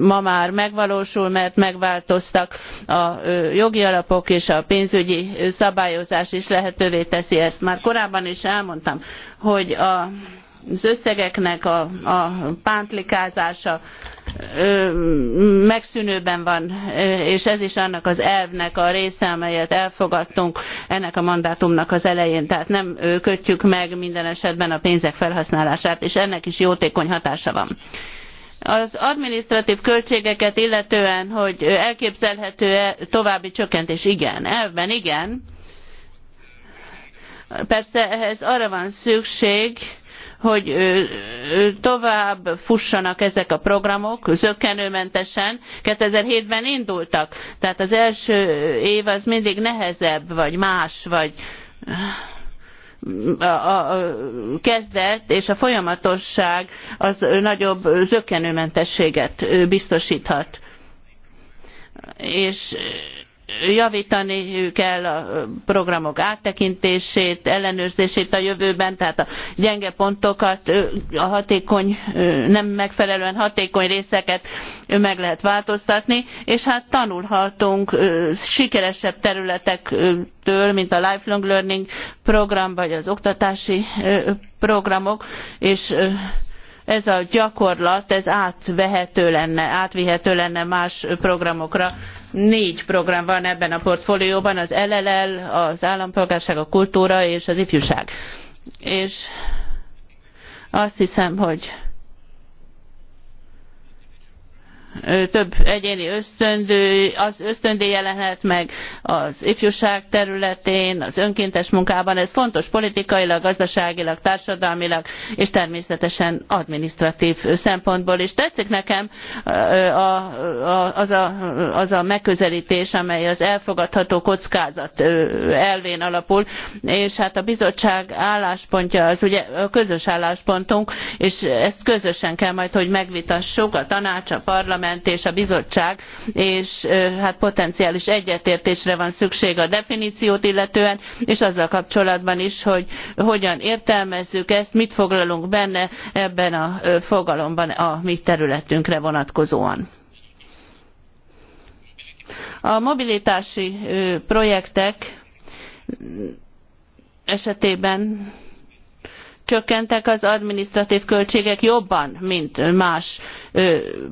ma már megvalósul, mert megváltoztak a jogi alapok és a pénzügyi szabályozás is lehetővé teszi ezt. Már korábban is elmondtam, hogy a az összegeknek a, a pántlikázása megszűnőben van, és ez is annak az elvnek a része, amelyet elfogadtunk ennek a mandátumnak az elején. Tehát nem kötjük meg minden esetben a pénzek felhasználását, és ennek is jótékony hatása van az administratív költségeket illetően, hogy elképzelhető-e további csökkentés? Igen, elvben igen. Persze ehhez arra van szükség, hogy tovább fussanak ezek a programok zökkenőmentesen. 2007-ben indultak, tehát az első év az mindig nehezebb, vagy más, vagy a, kezdet és a folyamatosság az nagyobb zökkenőmentességet biztosíthat. És javítani kell a programok áttekintését, ellenőrzését a jövőben, tehát a gyenge pontokat, a hatékony, nem megfelelően hatékony részeket meg lehet változtatni, és hát tanulhatunk sikeresebb területektől, mint a lifelong learning program, vagy az oktatási programok, és ez a gyakorlat ez átvehető lenne, átvihető lenne más programokra Négy program van ebben a portfólióban, az LLL, az állampolgárság, a kultúra és az ifjúság. És azt hiszem, hogy több egyéni ösztöndő, az ösztöndé jelenhet meg az ifjúság területén, az önkéntes munkában. Ez fontos politikailag, gazdaságilag, társadalmilag és természetesen adminisztratív szempontból is. Tetszik nekem az, a, az a megközelítés, amely az elfogadható kockázat elvén alapul, és hát a bizottság álláspontja az ugye a közös álláspontunk, és ezt közösen kell majd, hogy megvitassuk a tanács, a parlament, parlament és a bizottság, és hát potenciális egyetértésre van szükség a definíciót illetően, és azzal kapcsolatban is, hogy hogyan értelmezzük ezt, mit foglalunk benne ebben a fogalomban a mi területünkre vonatkozóan. A mobilitási projektek esetében csökkentek az adminisztratív költségek jobban, mint más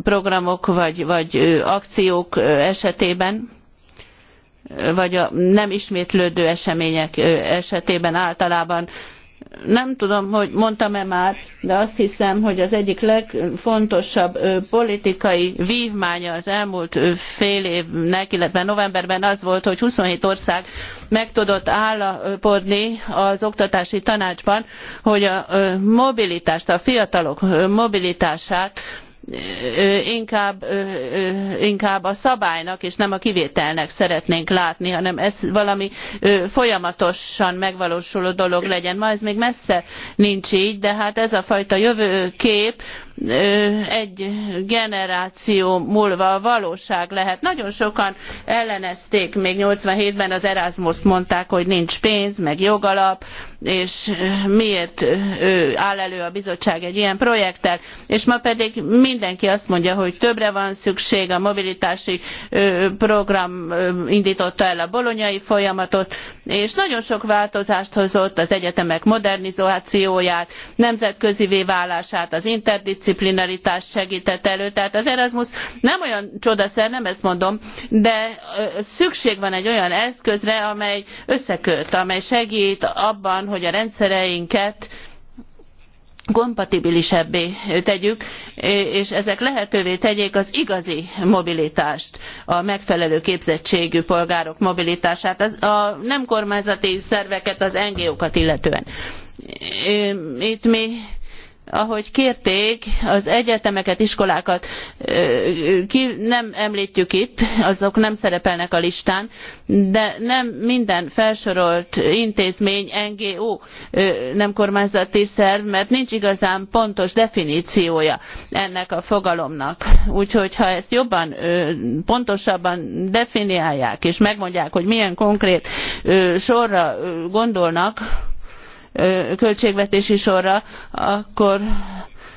programok vagy, vagy akciók esetében vagy a nem ismétlődő események esetében általában nem tudom, hogy mondtam-e már, de azt hiszem, hogy az egyik legfontosabb politikai vívmánya az elmúlt fél évnek, illetve novemberben az volt, hogy 27 ország meg tudott állapodni az oktatási tanácsban, hogy a mobilitást, a fiatalok mobilitását inkább, inkább a szabálynak és nem a kivételnek szeretnénk látni, hanem ez valami folyamatosan megvalósuló dolog legyen. Ma ez még messze nincs így, de hát ez a fajta jövőkép egy generáció múlva a valóság lehet. Nagyon sokan ellenezték még 87-ben az Erasmus-t, mondták, hogy nincs pénz, meg jogalap, és miért áll elő a bizottság egy ilyen projekttel, és ma pedig mindenki azt mondja, hogy többre van szükség, a mobilitási program indította el a bolonyai folyamatot, és nagyon sok változást hozott az egyetemek modernizációját, nemzetközivé válását, az interdisciplinaritást segített elő, tehát az Erasmus nem olyan csodaszer, nem ezt mondom, de szükség van egy olyan eszközre, amely összeköt, amely segít abban, hogy a rendszereinket kompatibilisebbé tegyük, és ezek lehetővé tegyék az igazi mobilitást, a megfelelő képzettségű polgárok mobilitását, a nem kormányzati szerveket, az NGO-kat illetően. Itt mi ahogy kérték, az egyetemeket, iskolákat ki nem említjük itt, azok nem szerepelnek a listán, de nem minden felsorolt intézmény, NGO nem kormányzati szerv, mert nincs igazán pontos definíciója ennek a fogalomnak. Úgyhogy ha ezt jobban, pontosabban definiálják, és megmondják, hogy milyen konkrét sorra gondolnak, költségvetési sorra, akkor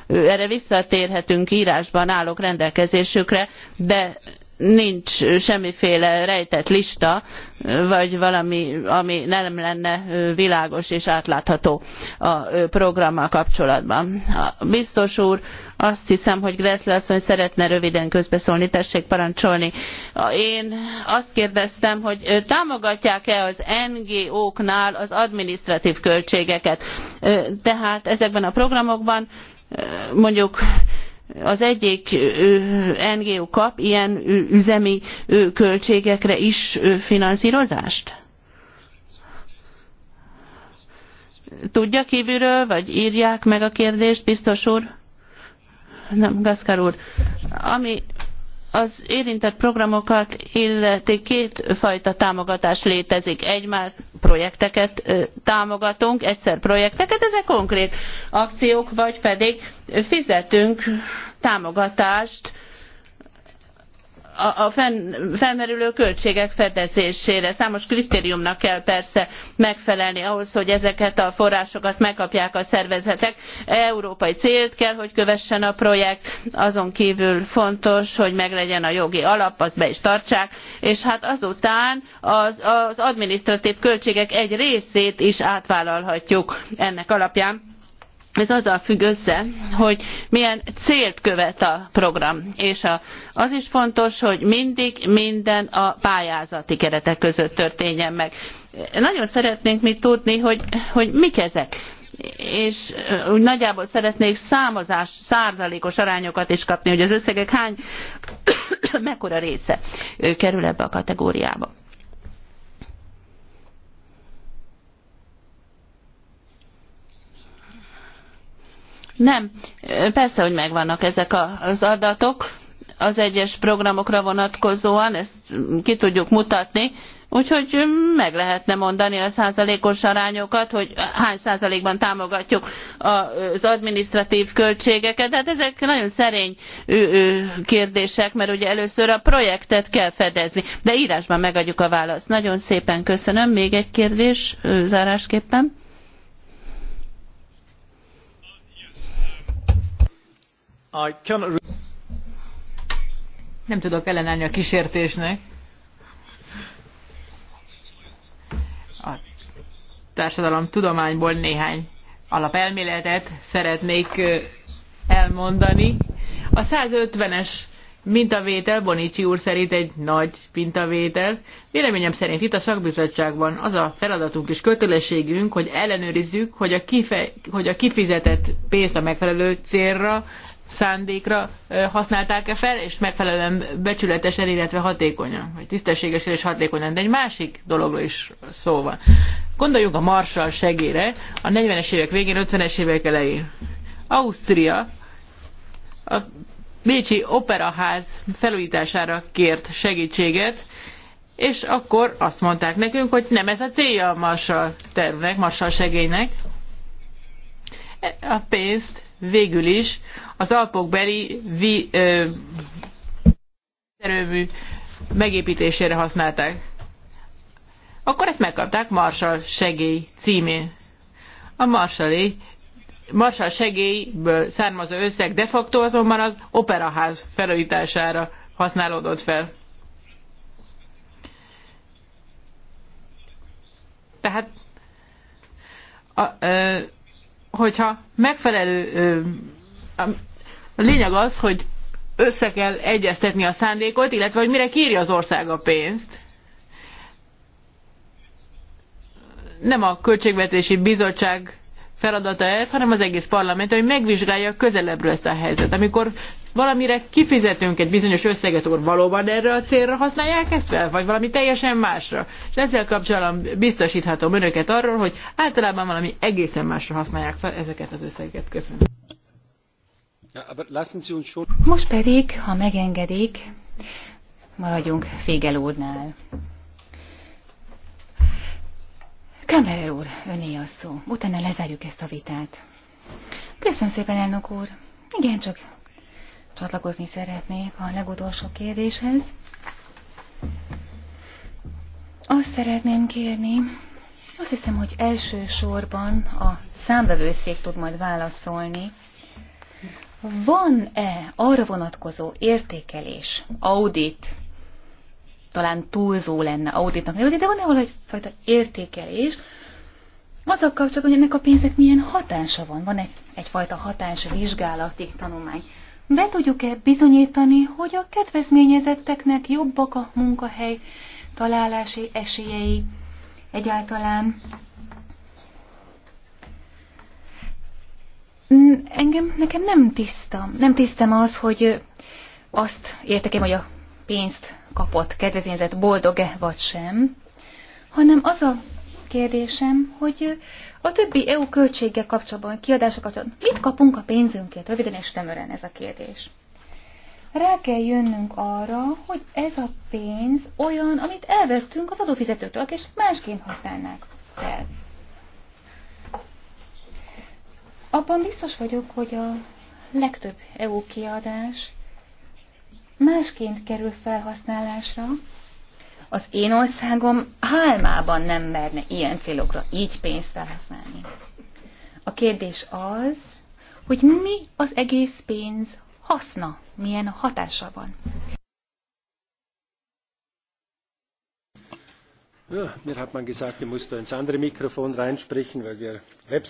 erre visszatérhetünk írásban állok rendelkezésükre, de nincs semmiféle rejtett lista, vagy valami, ami nem lenne világos és átlátható a programmal kapcsolatban. Biztos úr, azt hiszem, hogy Gressler asszony szeretne röviden közbeszólni, tessék parancsolni. Én azt kérdeztem, hogy támogatják-e az NGO-knál az administratív költségeket. Tehát ezekben a programokban mondjuk az egyik NGO kap ilyen üzemi költségekre is finanszírozást? Tudja kívülről, vagy írják meg a kérdést, biztos úr? Nem, Gaszkár úr. Ami az érintett programokat illeti kétfajta támogatás létezik. Egy már projekteket támogatunk, egyszer projekteket, ezek konkrét akciók, vagy pedig fizetünk támogatást a, fenn, felmerülő költségek fedezésére. Számos kritériumnak kell persze megfelelni ahhoz, hogy ezeket a forrásokat megkapják a szervezetek. Európai célt kell, hogy kövessen a projekt, azon kívül fontos, hogy meglegyen a jogi alap, azt be is tartsák, és hát azután az, az administratív költségek egy részét is átvállalhatjuk ennek alapján ez azzal függ össze, hogy milyen célt követ a program. És a, az is fontos, hogy mindig minden a pályázati keretek között történjen meg. Nagyon szeretnénk mi tudni, hogy, hogy mik ezek és úgy nagyjából szeretnék számozás, százalékos arányokat is kapni, hogy az összegek hány, [coughs] mekkora része kerül ebbe a kategóriába. Nem, persze, hogy megvannak ezek az adatok az egyes programokra vonatkozóan, ezt ki tudjuk mutatni, Úgyhogy meg lehetne mondani a százalékos arányokat, hogy hány százalékban támogatjuk az adminisztratív költségeket. Hát ezek nagyon szerény kérdések, mert ugye először a projektet kell fedezni. De írásban megadjuk a választ. Nagyon szépen köszönöm. Még egy kérdés zárásképpen. Nem tudok ellenállni a kísértésnek. A társadalom tudományból néhány alapelméletet szeretnék elmondani. A 150-es mintavétel, Bonici úr szerint egy nagy mintavétel. Véleményem szerint itt a szakbizottságban az a feladatunk és kötelességünk, hogy ellenőrizzük, hogy a, kife, hogy a kifizetett pénzt a megfelelő célra szándékra használták-e fel, és megfelelően becsületesen, illetve hatékonyan, vagy tisztességesen és hatékonyan. De egy másik dologról is szó van. Gondoljunk a Marshall segére, a 40-es évek végén, 50-es évek elején. Ausztria a Bécsi Operaház felújítására kért segítséget, és akkor azt mondták nekünk, hogy nem ez a célja a Marshall tervnek, Marshall segélynek. E, a pénzt végül is az alpokbeli erőmű megépítésére használták. Akkor ezt megkapták Marshall segély címén. A Marshall Marshall segélyből származó összeg de facto azonban az operaház felújítására használódott fel. Tehát a, ö, hogyha megfelelő a lényeg az, hogy össze kell egyeztetni a szándékot, illetve hogy mire kírja az ország a pénzt. Nem a Költségvetési Bizottság feladata ez, hanem az egész parlament, hogy megvizsgálja közelebbről ezt a helyzet. Amikor valamire kifizetünk egy bizonyos összeget, akkor valóban erre a célra használják ezt fel, vagy valami teljesen másra. És ezzel kapcsolatban biztosíthatom önöket arról, hogy általában valami egészen másra használják fel ezeket az összegeket. Köszönöm. Most pedig, ha megengedik, maradjunk Fégel úrnál. Kamerer úr, öné a szó. Utána lezárjuk ezt a vitát. Köszönöm szépen, elnök úr. Igen, csak csatlakozni szeretnék a legutolsó kérdéshez. Azt szeretném kérni, azt hiszem, hogy elsősorban a számbevőszék tud majd válaszolni. Van-e arra vonatkozó értékelés, audit, talán túlzó lenne auditnak de van-e valahogy fajta értékelés, azzal kapcsolatban, hogy ennek a pénzek milyen hatása van? Van egy, egyfajta hatásvizsgálati tanulmány. Be tudjuk-e bizonyítani, hogy a kedvezményezetteknek jobbak a munkahely találási esélyei egyáltalán? Engem, nekem nem tiszta. Nem tisztem az, hogy azt én, hogy a pénzt kapott kedvezményezett boldog-e vagy sem, hanem az a kérdésem, hogy a többi EU költséggel kapcsolatban, kiadása kapcsolatban, mit kapunk a pénzünkért? Röviden és tömören ez a kérdés. Rá kell jönnünk arra, hogy ez a pénz olyan, amit elvettünk az adófizetőtől, és másként használnák fel. Abban biztos vagyok, hogy a legtöbb EU kiadás másként kerül felhasználásra, az én országom álmában nem merne ilyen célokra így pénzt felhasználni. A kérdés az, hogy mi az egész pénz haszna, milyen hatása van.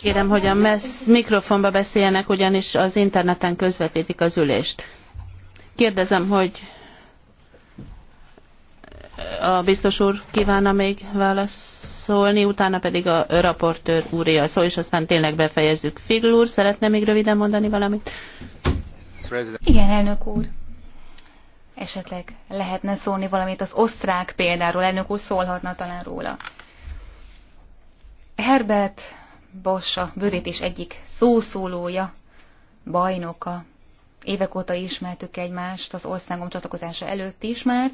Kérem, hogy a messz mikrofonba beszéljenek, ugyanis az interneten közvetítik az ülést. Kérdezem, hogy a biztos úr kívánna még válaszolni, utána pedig a raportőr úré a szó, és aztán tényleg befejezzük. Figl úr, szeretne még röviden mondani valamit? Igen, elnök úr. Esetleg lehetne szólni valamit az osztrák példáról, elnök úr szólhatna talán róla. Herbert Bosch a bővítés egyik szószólója, bajnoka. Évek óta ismertük egymást, az országom csatlakozása előtt is már,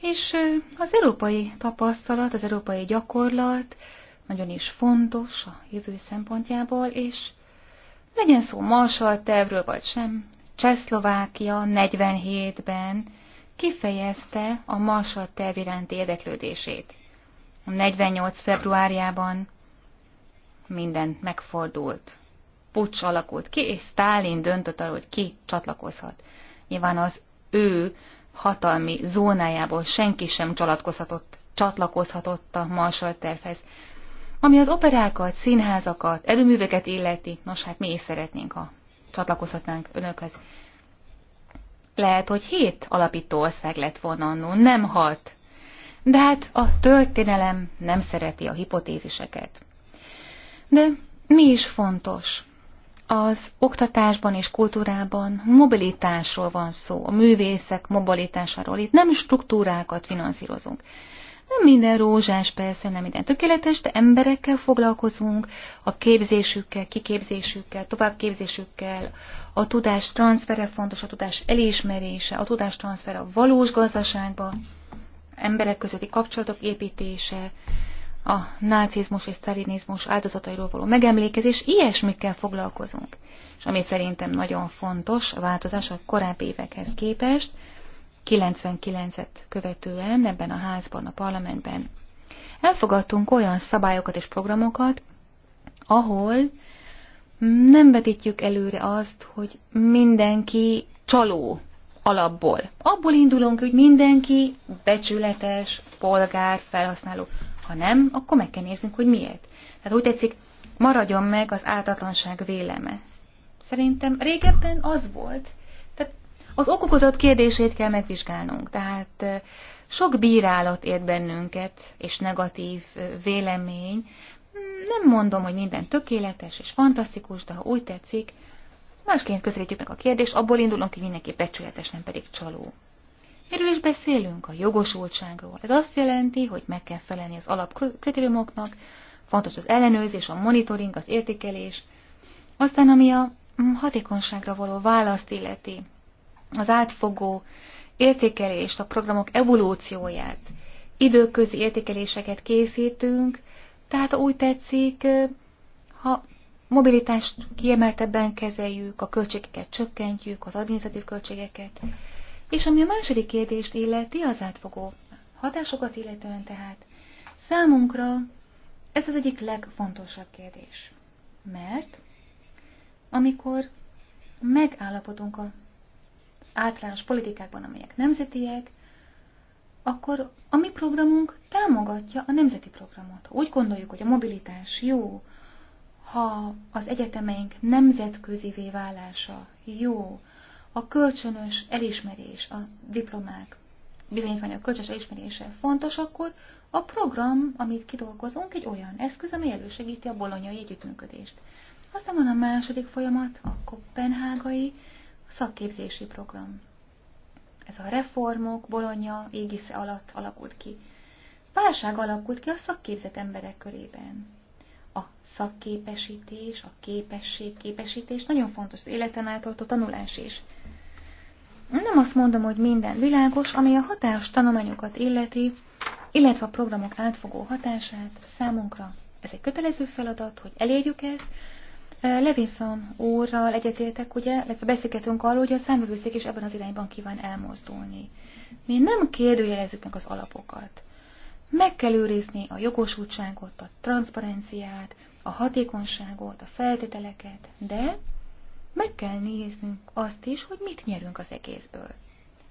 és az európai tapasztalat, az európai gyakorlat nagyon is fontos a jövő szempontjából, és legyen szó Marshall tervről vagy sem, Csehszlovákia 47-ben kifejezte a Marshall terv iránti érdeklődését. A 48 februárjában minden megfordult. Pucs alakult ki, és Stálin döntött arról, hogy ki csatlakozhat. Nyilván az ő hatalmi zónájából senki sem csalatkozhatott, csatlakozhatott a Marshall tervhez. Ami az operákat, színházakat, erőműveket illeti, nos hát mi is szeretnénk, ha csatlakozhatnánk Önökhez, Lehet, hogy hét alapító ország lett volna annó, nem hat. De hát a történelem nem szereti a hipotéziseket. De mi is fontos? az oktatásban és kultúrában mobilitásról van szó, a művészek mobilitásáról. Itt nem struktúrákat finanszírozunk. Nem minden rózsás, persze, nem minden tökéletes, de emberekkel foglalkozunk, a képzésükkel, kiképzésükkel, továbbképzésükkel, a tudás transfere fontos, a tudás elismerése, a tudás transfer a valós gazdaságba, emberek közötti kapcsolatok építése, a nácizmus és sztalinizmus áldozatairól való megemlékezés, ilyesmikkel foglalkozunk. És ami szerintem nagyon fontos, a változás a korábbi évekhez képest, 99-et követően ebben a házban, a parlamentben elfogadtunk olyan szabályokat és programokat, ahol nem vetítjük előre azt, hogy mindenki csaló alapból. Abból indulunk, hogy mindenki becsületes, polgár, felhasználó. Ha nem, akkor meg kell néznünk, hogy miért. Tehát úgy tetszik, maradjon meg az áltatlanság véleme. Szerintem régebben az volt. Tehát az okokozat kérdését kell megvizsgálnunk. Tehát sok bírálat ért bennünket, és negatív vélemény. Nem mondom, hogy minden tökéletes és fantasztikus, de ha úgy tetszik, másként közelítjük meg a kérdést, abból indulunk, hogy mindenki becsületes, nem pedig csaló. Erről is beszélünk, a jogosultságról. Ez azt jelenti, hogy meg kell felelni az alapkritériumoknak, fontos az ellenőrzés, a monitoring, az értékelés, aztán ami a mm, hatékonyságra való választ illeti, az átfogó értékelést, a programok evolúcióját, időközi értékeléseket készítünk, tehát úgy tetszik, ha mobilitást kiemeltebben kezeljük, a költségeket csökkentjük, az adminisztratív költségeket, és ami a második kérdést illeti, az átfogó hatásokat illetően tehát, számunkra ez az egyik legfontosabb kérdés. Mert amikor megállapodunk a általános politikákban, amelyek nemzetiek, akkor a mi programunk támogatja a nemzeti programot. Úgy gondoljuk, hogy a mobilitás jó, ha az egyetemeink nemzetközivé válása jó, a kölcsönös elismerés, a diplomák bizonyítványok kölcsönös elismerése fontos, akkor a program, amit kidolgozunk, egy olyan eszköz, ami elősegíti a bolonyai együttműködést. Aztán van a második folyamat, a kopenhágai szakképzési program. Ez a reformok bolonya égisze alatt alakult ki. Válság alakult ki a szakképzett emberek körében a szakképesítés, a képességképesítés nagyon fontos az életen átoltó tanulás is. Nem azt mondom, hogy minden világos, ami a hatás tanulmányokat illeti, illetve a programok átfogó hatását számunkra. Ez egy kötelező feladat, hogy elérjük ezt. Levinson úrral egyetértek, ugye, illetve beszélgetünk arról, hogy a számvevőszék is ebben az irányban kíván elmozdulni. Mi nem kérdőjelezzük meg az alapokat. Meg kell őrizni a jogosultságot, a transzparenciát, a hatékonyságot, a feltételeket, de meg kell néznünk azt is, hogy mit nyerünk az egészből.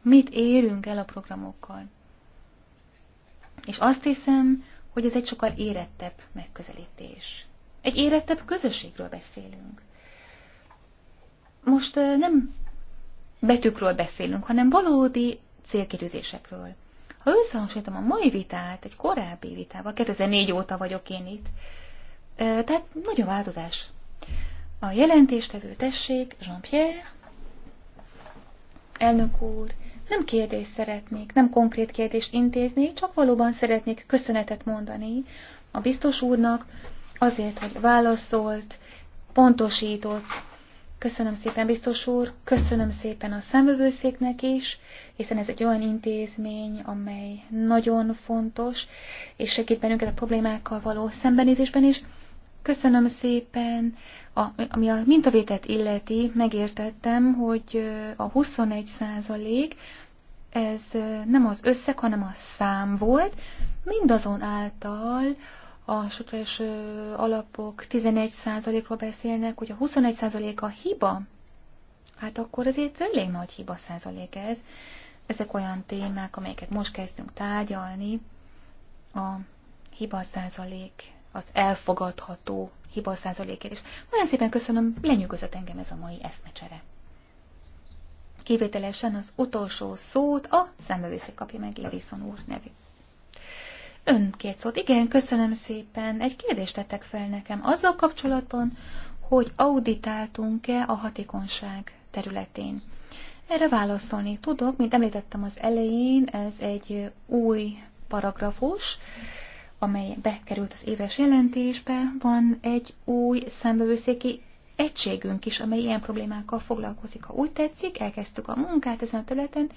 Mit érünk el a programokkal. És azt hiszem, hogy ez egy sokkal érettebb megközelítés. Egy érettebb közösségről beszélünk. Most nem betűkről beszélünk, hanem valódi célkitűzésekről. Ha összehasonlítom a mai vitát, egy korábbi vitával, 2004 óta vagyok én itt, tehát nagy a változás. A jelentéstevő tessék, Jean-Pierre, elnök úr, nem kérdést szeretnék, nem konkrét kérdést intézni, csak valóban szeretnék köszönetet mondani a biztos úrnak azért, hogy válaszolt, pontosított, Köszönöm szépen, biztos úr, köszönöm szépen a szemövőszéknek is, hiszen ez egy olyan intézmény, amely nagyon fontos, és segít bennünket a problémákkal való szembenézésben is. Köszönöm szépen, a, ami a mintavételt illeti, megértettem, hogy a 21 százalék, ez nem az összeg, hanem a szám volt, mindazon által, a struktúrás alapok 11%-ról beszélnek, hogy a 21% a hiba, hát akkor azért elég nagy hiba százalék ez. Ezek olyan témák, amelyeket most kezdünk tárgyalni. A hiba százalék, az elfogadható hiba százalékért. És nagyon szépen köszönöm, lenyűgözött engem ez a mai eszmecsere. Kivételesen az utolsó szót a szemövőszék kapja meg Levison úr nevét. Ön két szót. Igen, köszönöm szépen. Egy kérdést tettek fel nekem azzal kapcsolatban, hogy auditáltunk-e a hatékonyság területén. Erre válaszolni tudok, mint említettem az elején, ez egy új paragrafus, amely bekerült az éves jelentésbe, van egy új szembevőszéki egységünk is, amely ilyen problémákkal foglalkozik. Ha úgy tetszik, elkezdtük a munkát ezen a területen,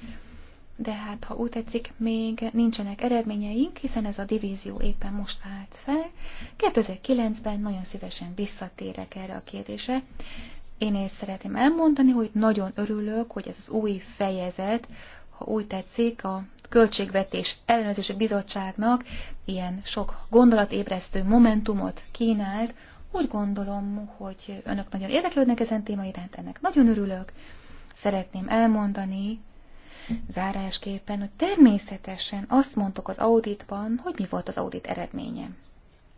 de hát ha úgy tetszik, még nincsenek eredményeink, hiszen ez a divízió éppen most állt fel. 2009-ben nagyon szívesen visszatérek erre a kérdésre. Én is szeretném elmondani, hogy nagyon örülök, hogy ez az új fejezet, ha úgy tetszik, a Költségvetés Ellenőrzési Bizottságnak ilyen sok gondolatébresztő momentumot kínált. Úgy gondolom, hogy önök nagyon érdeklődnek ezen téma iránt, ennek nagyon örülök. Szeretném elmondani, zárásképpen, hogy természetesen azt mondtuk az auditban, hogy mi volt az audit eredménye.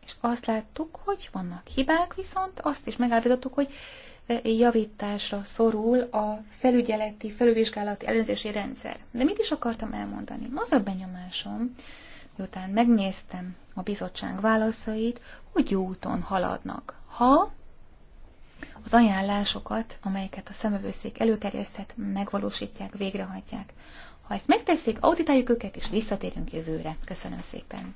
És azt láttuk, hogy vannak hibák, viszont azt is megállapítottuk, hogy e, javításra szorul a felügyeleti, felülvizsgálati ellenőrzési rendszer. De mit is akartam elmondani? Az a benyomásom, miután megnéztem a bizottság válaszait, hogy jó úton haladnak. Ha az ajánlásokat, amelyeket a szemövőszék előterjesztett, megvalósítják, végrehajtják. Ha ezt megteszik, auditáljuk őket, és visszatérünk jövőre. Köszönöm szépen!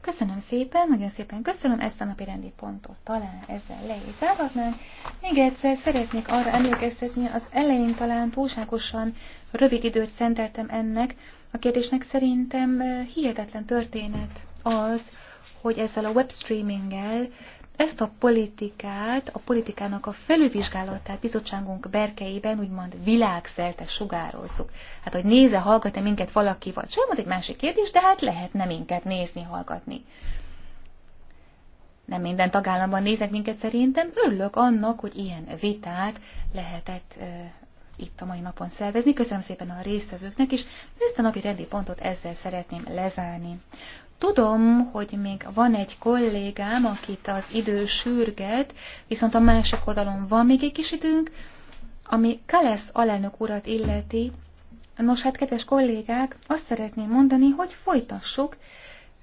Köszönöm szépen, nagyon szépen köszönöm ezt a napi rendi pontot. Talán ezzel le is zárhatnánk. Még egyszer szeretnék arra emlékeztetni, az elején talán túlságosan rövid időt szenteltem ennek. A kérdésnek szerintem eh, hihetetlen történet az, hogy ezzel a webstreaminggel ezt a politikát, a politikának a felülvizsgálatát bizottságunk berkeiben úgymond világszerte sugározzuk. Hát, hogy néze, hallgat-e minket valaki, vagy sem, az egy másik kérdés, de hát lehetne minket nézni, hallgatni. Nem minden tagállamban nézek minket szerintem. Örülök annak, hogy ilyen vitát lehetett e, itt a mai napon szervezni. Köszönöm szépen a résztvevőknek, és ezt a napi rendi pontot ezzel szeretném lezárni. Tudom, hogy még van egy kollégám, akit az idő sürget, viszont a másik oldalon van még egy kis időnk, ami Kalesz alelnök urat illeti. Nos, hát kedves kollégák, azt szeretném mondani, hogy folytassuk,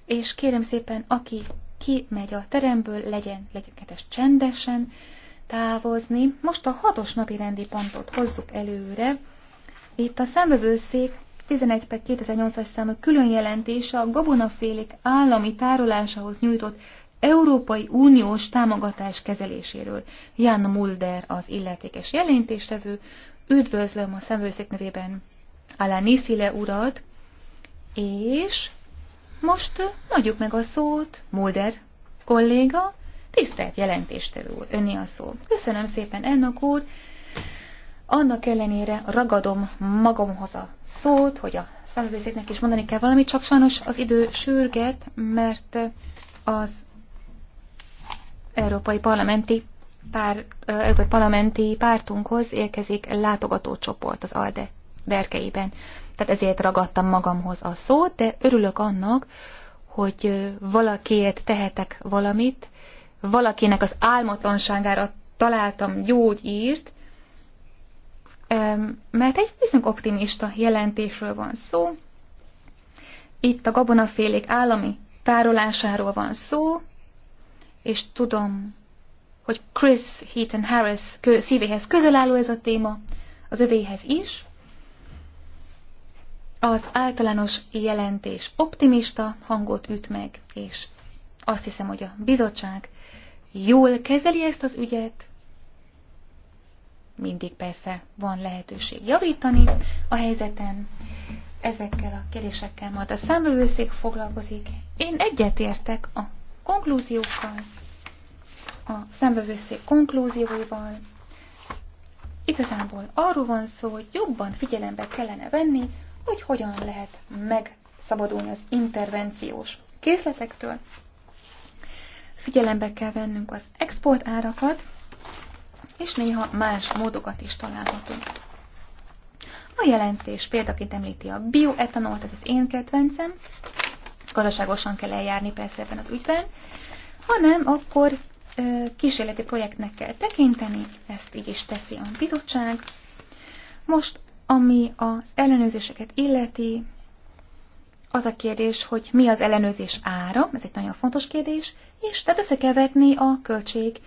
és kérem szépen, aki ki megy a teremből, legyen, legyen kedves csendesen távozni. Most a hatos napi rendi pontot hozzuk előre. Itt a szemvevőszék 11 per 2008-as számú külön jelentése a gabonafélék állami tárolásához nyújtott Európai Uniós támogatás kezeléséről. Jan Mulder az illetékes jelentéstevő. Üdvözlöm a szemvőszék nevében Alá Niszile urad, és most adjuk meg a szót Mulder kolléga, tisztelt jelentéstevő úr, önni a szó. Köszönöm szépen, elnök úr, annak ellenére ragadom magamhoz a szót, hogy a számvőszéknek is mondani kell valamit, csak sajnos az idő sürget, mert az Európai Parlamenti pár, Európai Parlamenti pártunkhoz érkezik látogatócsoport az ALDE berkeiben. Tehát ezért ragadtam magamhoz a szót, de örülök annak, hogy valakiért tehetek valamit, valakinek az álmatlanságára találtam gyógyírt, mert egy viszont optimista jelentésről van szó. Itt a gabonafélék állami tárolásáról van szó, és tudom, hogy Chris Heaton Harris szívéhez közel álló ez a téma, az övéhez is. Az általános jelentés optimista hangot üt meg, és azt hiszem, hogy a bizottság jól kezeli ezt az ügyet, mindig persze van lehetőség javítani a helyzeten. Ezekkel a kérdésekkel majd a számbevőszék foglalkozik. Én egyetértek a konklúziókkal, a számbevőszék konklúzióival. Igazából arról van szó, hogy jobban figyelembe kellene venni, hogy hogyan lehet megszabadulni az intervenciós készletektől. Figyelembe kell vennünk az export árakat, és néha más módokat is találhatunk. A jelentés példaként említi a bioetanolt, ez az én kedvencem, gazdaságosan kell eljárni persze ebben az ügyben, hanem akkor ö, kísérleti projektnek kell tekinteni, ezt így is teszi a bizottság. Most, ami az ellenőrzéseket illeti, az a kérdés, hogy mi az ellenőrzés ára, ez egy nagyon fontos kérdés, és tehát össze kell vetni a költség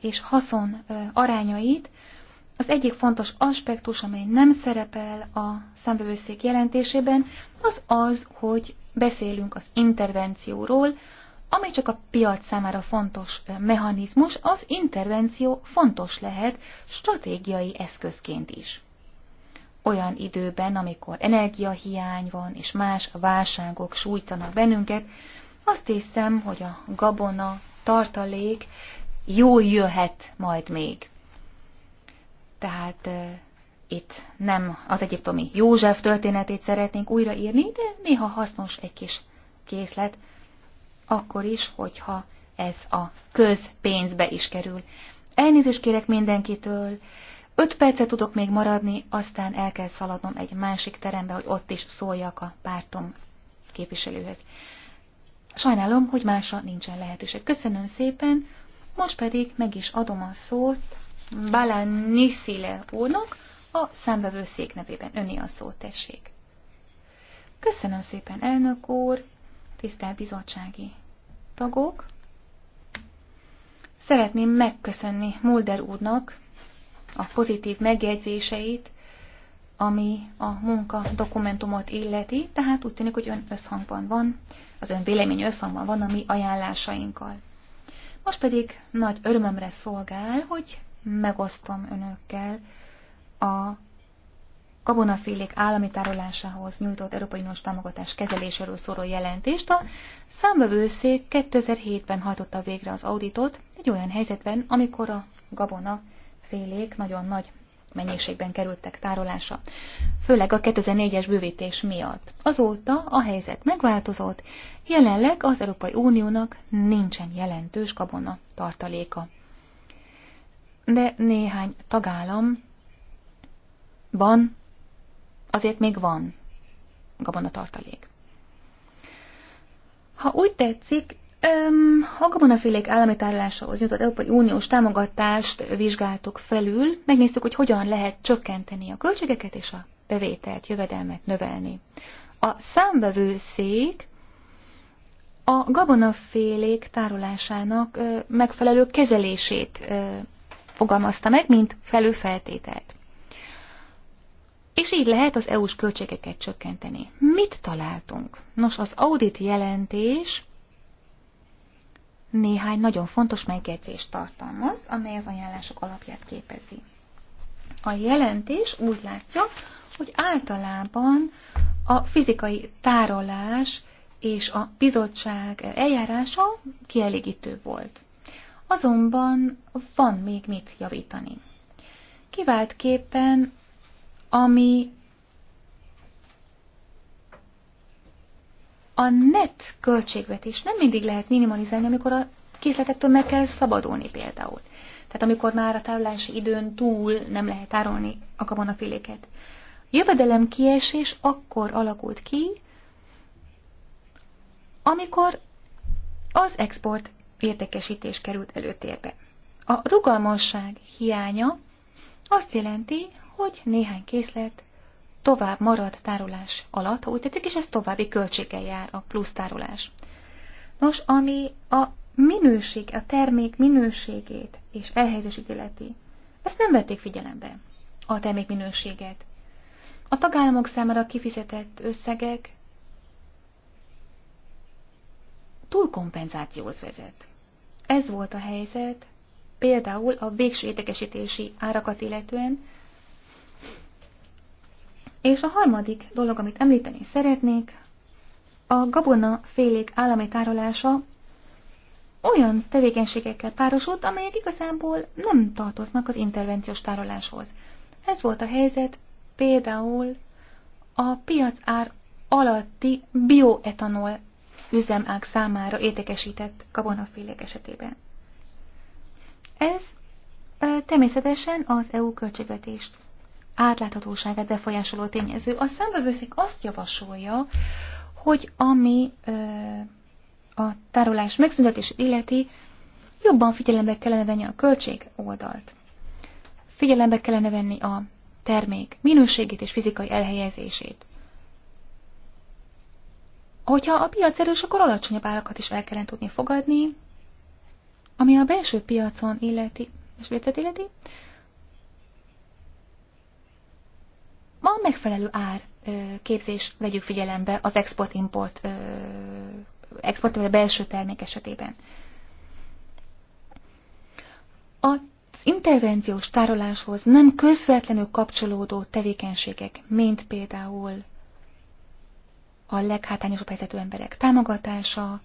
és haszon arányait. Az egyik fontos aspektus, amely nem szerepel a szemvevőszék jelentésében, az az, hogy beszélünk az intervencióról, amely csak a piac számára fontos mechanizmus, az intervenció fontos lehet stratégiai eszközként is. Olyan időben, amikor energiahiány van és más válságok sújtanak bennünket, azt hiszem, hogy a gabona tartalék jól jöhet majd még. Tehát itt nem az egyiptomi József történetét szeretnénk újraírni, de néha hasznos egy kis készlet, akkor is, hogyha ez a közpénzbe is kerül. Elnézést kérek mindenkitől, öt percet tudok még maradni, aztán el kell szaladnom egy másik terembe, hogy ott is szóljak a pártom képviselőhöz. Sajnálom, hogy másra nincsen lehetőség. Köszönöm szépen! Most pedig meg is adom a szót Balán Niszile úrnak, a szék nevében öné a szót, tessék. Köszönöm szépen, elnök úr, tisztelt bizottsági tagok. Szeretném megköszönni Mulder úrnak a pozitív megjegyzéseit, ami a munka dokumentumot illeti, tehát úgy tűnik, hogy ön összhangban van, az ön vélemény összhangban van a mi ajánlásainkkal. Most pedig nagy örömömre szolgál, hogy megosztom önökkel a gabonafélék állami tárolásához nyújtott Európai Uniós támogatás kezeléséről szóló jelentést. A számbevőszék 2007-ben hajtotta végre az auditot egy olyan helyzetben, amikor a gabona félék nagyon nagy mennyiségben kerültek tárolásra, főleg a 2004-es bővítés miatt. Azóta a helyzet megváltozott, jelenleg az Európai Uniónak nincsen jelentős kabona tartaléka. De néhány van, azért még van gabonatartalék. Ha úgy tetszik, Öm, a gabonafélék állami tárolásához nyújtott Európai Uniós támogatást vizsgáltuk felül, megnéztük, hogy hogyan lehet csökkenteni a költségeket és a bevételt, jövedelmet növelni. A számvevőszék a gabonafélék tárolásának megfelelő kezelését fogalmazta meg, mint felőfeltételt. És így lehet az EU-s költségeket csökkenteni. Mit találtunk? Nos, az audit jelentés néhány nagyon fontos megjegyzést tartalmaz, amely az ajánlások alapját képezi. A jelentés úgy látja, hogy általában a fizikai tárolás és a bizottság eljárása kielégítő volt. Azonban van még mit javítani. Kiváltképpen, ami a net költségvetés nem mindig lehet minimalizálni, amikor a készletektől meg kell szabadulni például. Tehát amikor már a tárolási időn túl nem lehet tárolni a gabonafiléket. Jövedelem kiesés akkor alakult ki, amikor az export értékesítés került előtérbe. A rugalmasság hiánya azt jelenti, hogy néhány készlet tovább marad tárolás alatt, ha úgy tetszik, és ez további költséggel jár a plusz tárolás. Nos, ami a minőség, a termék minőségét és elhelyezését illeti, ezt nem vették figyelembe, a termék minőséget. A tagállamok számára kifizetett összegek túlkompenzációhoz vezet. Ez volt a helyzet, például a végső értekesítési árakat illetően, és a harmadik dolog, amit említeni szeretnék, a gabona félék állami tárolása olyan tevékenységekkel párosult, amelyek igazából nem tartoznak az intervenciós tároláshoz. Ez volt a helyzet például a piacár alatti bioetanol üzemág számára értékesített gabonafélék esetében. Ez természetesen az EU költségvetést átláthatóságát befolyásoló tényező. A szembevőszék azt javasolja, hogy ami ö, a tárolás megszüntetés illeti, jobban figyelembe kellene venni a költség oldalt. Figyelembe kellene venni a termék minőségét és fizikai elhelyezését. Hogyha a piac erős, akkor alacsonyabb árakat is el kellene tudni fogadni, ami a belső piacon illeti, és illeti, Ma a megfelelő ár képzés vegyük figyelembe az export-import, export vagy a belső termék esetében. Az intervenciós tároláshoz nem közvetlenül kapcsolódó tevékenységek, mint például a leghátrányosabb helyzetű emberek támogatása,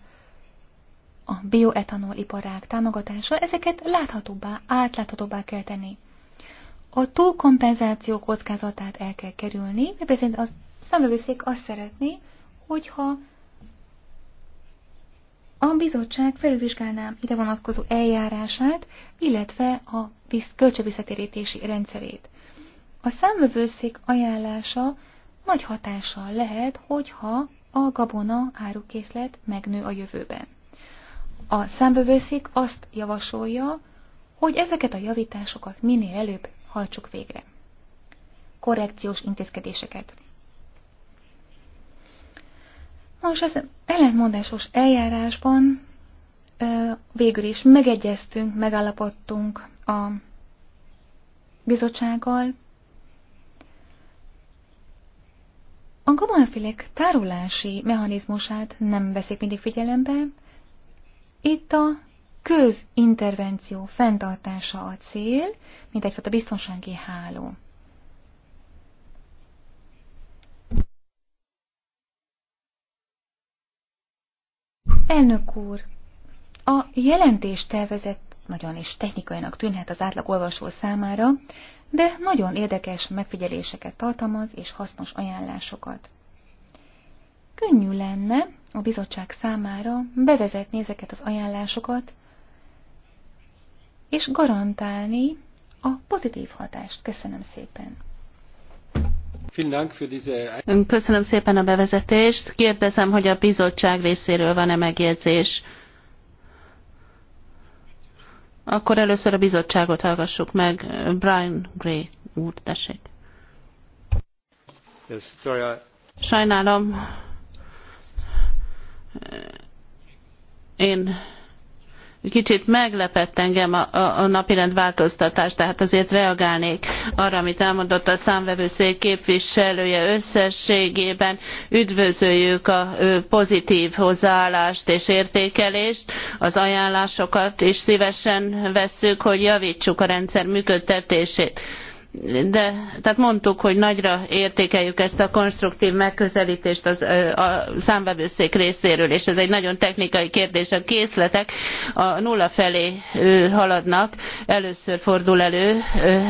a bioetanol iparák támogatása, ezeket láthatóbbá, átláthatóbbá kell tenni. A túlkompenzáció kockázatát el kell kerülni, mert ezért az szemvevőszék azt szeretné, hogyha a bizottság felülvizsgálná ide vonatkozó eljárását, illetve a kölcsövisszatérítési rendszerét. A számvevőszék ajánlása nagy hatással lehet, hogyha a gabona árukészlet megnő a jövőben. A számvevőszék azt javasolja, hogy ezeket a javításokat minél előbb hajtsuk végre. Korrekciós intézkedéseket. Nos, az ellentmondásos eljárásban végül is megegyeztünk, megállapodtunk a bizottsággal. A gabonafélék tárolási mechanizmusát nem veszik mindig figyelembe. Itt a közintervenció fenntartása a cél, mint egyfajta biztonsági háló. Elnök úr, a jelentés tervezett nagyon is technikainak tűnhet az átlag olvasó számára, de nagyon érdekes megfigyeléseket tartalmaz és hasznos ajánlásokat. Könnyű lenne a bizottság számára bevezetni ezeket az ajánlásokat és garantálni a pozitív hatást. Köszönöm szépen! Köszönöm szépen a bevezetést. Kérdezem, hogy a bizottság részéről van-e megjegyzés. Akkor először a bizottságot hallgassuk meg. Brian Gray úr, tessék. Sajnálom. Én kicsit meglepett engem a, a, a napirend változtatás, tehát azért reagálnék arra, amit elmondott a számvevőszék képviselője összességében. Üdvözöljük a pozitív hozzáállást és értékelést, az ajánlásokat is szívesen vesszük, hogy javítsuk a rendszer működtetését de tehát mondtuk, hogy nagyra értékeljük ezt a konstruktív megközelítést az, a számvevőszék részéről, és ez egy nagyon technikai kérdés. A készletek a nulla felé haladnak, először fordul elő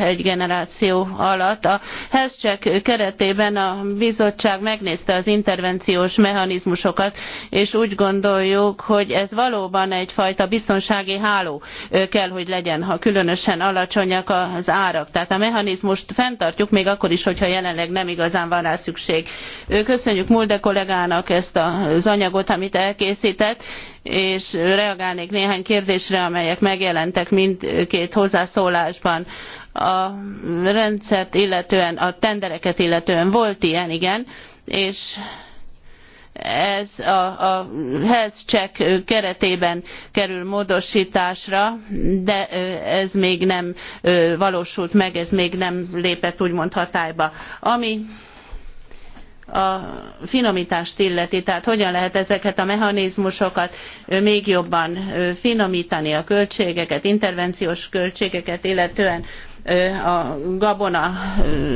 egy generáció alatt. A HESCSEK keretében a bizottság megnézte az intervenciós mechanizmusokat, és úgy gondoljuk, hogy ez valóban egyfajta biztonsági háló kell, hogy legyen, ha különösen alacsonyak az árak. Tehát a mechanizmus mechanizmust fenntartjuk, még akkor is, hogyha jelenleg nem igazán van rá szükség. Köszönjük Mulde kollégának ezt az anyagot, amit elkészített, és reagálnék néhány kérdésre, amelyek megjelentek mindkét hozzászólásban a rendszert illetően, a tendereket illetően volt ilyen, igen, és ez a, a health check keretében kerül módosításra, de ez még nem valósult meg, ez még nem lépett úgymond hatályba. Ami a finomítást illeti, tehát hogyan lehet ezeket a mechanizmusokat még jobban finomítani a költségeket, intervenciós költségeket illetően a gabona,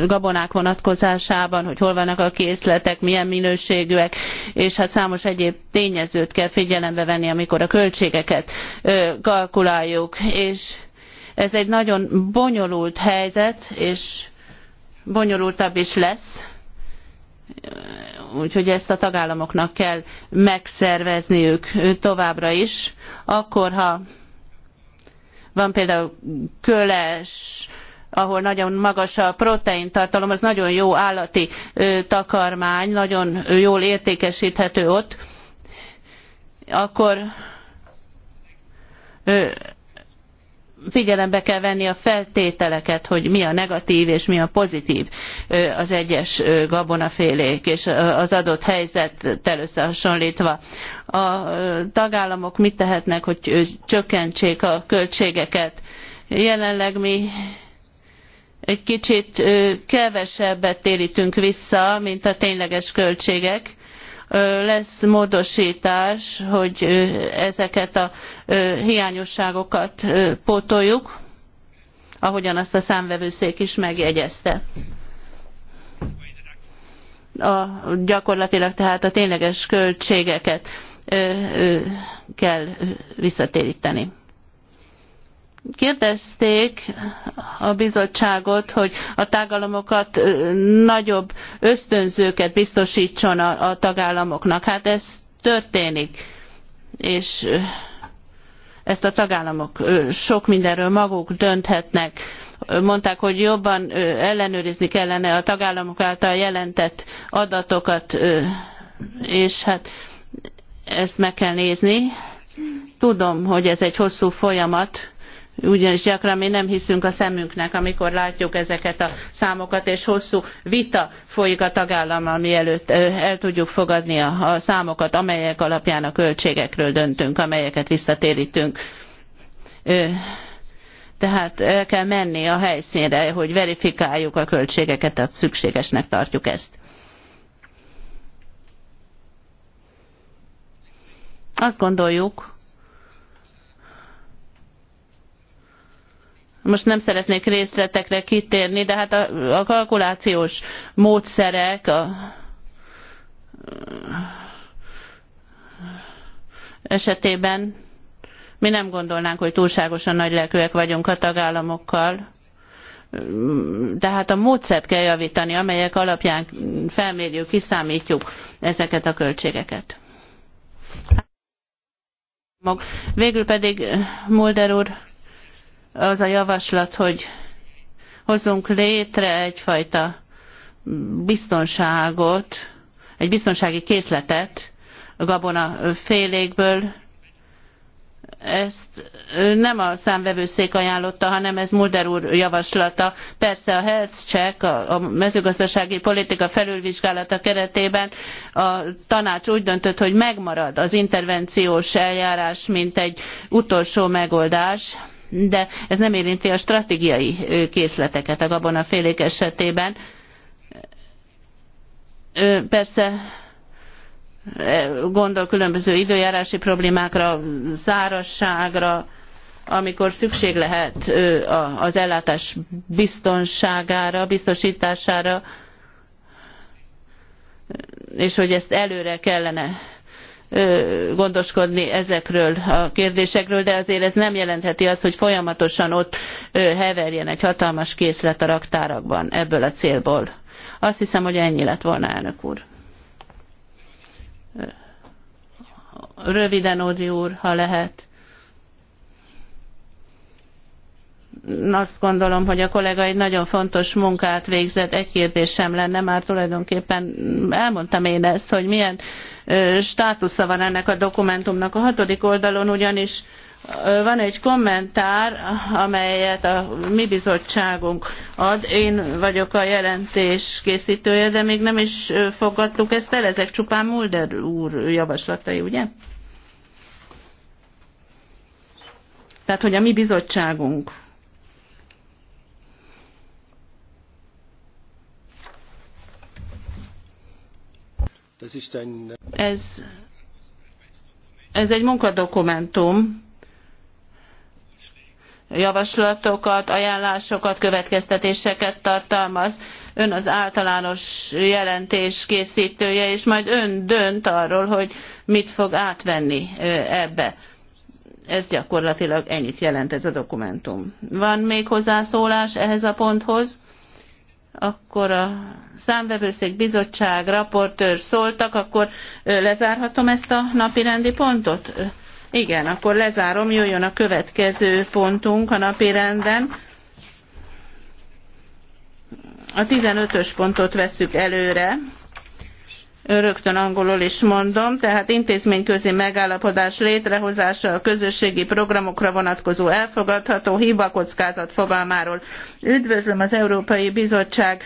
gabonák vonatkozásában, hogy hol vannak a készletek, milyen minőségűek, és hát számos egyéb tényezőt kell figyelembe venni, amikor a költségeket kalkuláljuk, és ez egy nagyon bonyolult helyzet, és bonyolultabb is lesz, úgyhogy ezt a tagállamoknak kell megszervezniük továbbra is, akkor ha van például köles, ahol nagyon magas a proteintartalom, az nagyon jó állati takarmány, nagyon jól értékesíthető ott, akkor figyelembe kell venni a feltételeket, hogy mi a negatív és mi a pozitív az egyes gabonafélék, és az adott helyzettel összehasonlítva. A tagállamok mit tehetnek, hogy csökkentsék a költségeket? Jelenleg mi egy kicsit kevesebbet térítünk vissza, mint a tényleges költségek lesz módosítás, hogy ezeket a hiányosságokat pótoljuk, ahogyan azt a számvevőszék is megjegyezte. A, gyakorlatilag tehát a tényleges költségeket kell visszatéríteni. Kérdezték a bizottságot, hogy a tagállamokat nagyobb ösztönzőket biztosítson a, a tagállamoknak. Hát ez történik, és ezt a tagállamok sok mindenről maguk dönthetnek mondták, hogy jobban ellenőrizni kellene a tagállamok által jelentett adatokat, és hát ezt meg kell nézni. Tudom, hogy ez egy hosszú folyamat, ugyanis gyakran mi nem hiszünk a szemünknek, amikor látjuk ezeket a számokat, és hosszú vita folyik a tagállammal, mielőtt el tudjuk fogadni a, számokat, amelyek alapján a költségekről döntünk, amelyeket visszatérítünk. Tehát el kell menni a helyszínre, hogy verifikáljuk a költségeket, tehát szükségesnek tartjuk ezt. Azt gondoljuk, Most nem szeretnék részletekre kitérni, de hát a, a kalkulációs módszerek, a, esetében mi nem gondolnánk, hogy túlságosan nagylelkűek vagyunk a tagállamokkal, tehát a módszert kell javítani, amelyek alapján felmérjük, kiszámítjuk ezeket a költségeket. Végül pedig Mulder úr az a javaslat, hogy hozzunk létre egyfajta biztonságot, egy biztonsági készletet gabona félékből. Ezt nem a számvevőszék ajánlotta, hanem ez Mulder úr javaslata. Persze a health check, a mezőgazdasági politika felülvizsgálata keretében a tanács úgy döntött, hogy megmarad az intervenciós eljárás, mint egy utolsó megoldás de ez nem érinti a stratégiai készleteket a gabonafélék esetében. Persze gondol különböző időjárási problémákra, zárasságra, amikor szükség lehet az ellátás biztonságára, biztosítására, és hogy ezt előre kellene gondoskodni ezekről a kérdésekről, de azért ez nem jelentheti azt, hogy folyamatosan ott heverjen egy hatalmas készlet a raktárakban ebből a célból. Azt hiszem, hogy ennyi lett volna, elnök úr. Röviden, Ódi úr, ha lehet. azt gondolom, hogy a kollega egy nagyon fontos munkát végzett. Egy kérdésem lenne, már tulajdonképpen elmondtam én ezt, hogy milyen státusza van ennek a dokumentumnak. A hatodik oldalon ugyanis van egy kommentár, amelyet a mi bizottságunk ad. Én vagyok a jelentés készítője, de még nem is fogadtuk ezt el. Ezek csupán Mulder úr javaslatai, ugye? Tehát, hogy a mi bizottságunk Ez, ez egy munkadokumentum, javaslatokat, ajánlásokat, következtetéseket tartalmaz. Ön az általános jelentés készítője, és majd ön dönt arról, hogy mit fog átvenni ebbe. Ez gyakorlatilag ennyit jelent ez a dokumentum. Van még hozzászólás ehhez a ponthoz? akkor a számvevőszék bizottság raportőr szóltak, akkor lezárhatom ezt a napirendi pontot? Igen, akkor lezárom, jöjjön a következő pontunk a napirenden. A 15-ös pontot vesszük előre rögtön angolul is mondom, tehát intézményközi megállapodás létrehozása a közösségi programokra vonatkozó elfogadható hibakockázat fogalmáról. Üdvözlöm az Európai Bizottság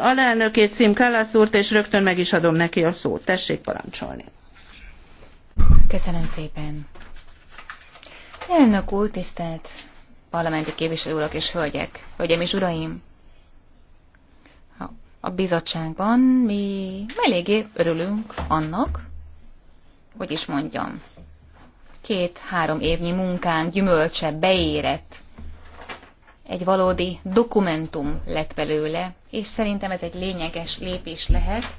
alelnökét, Szim Kallász úrt, és rögtön meg is adom neki a szót. Tessék parancsolni. Köszönöm szépen. Elnök úr, tisztelt parlamenti képviselő urak és hölgyek, hölgyem és uraim! a bizottságban mi eléggé örülünk annak, hogy is mondjam, két-három évnyi munkánk gyümölcse beérett. Egy valódi dokumentum lett belőle, és szerintem ez egy lényeges lépés lehet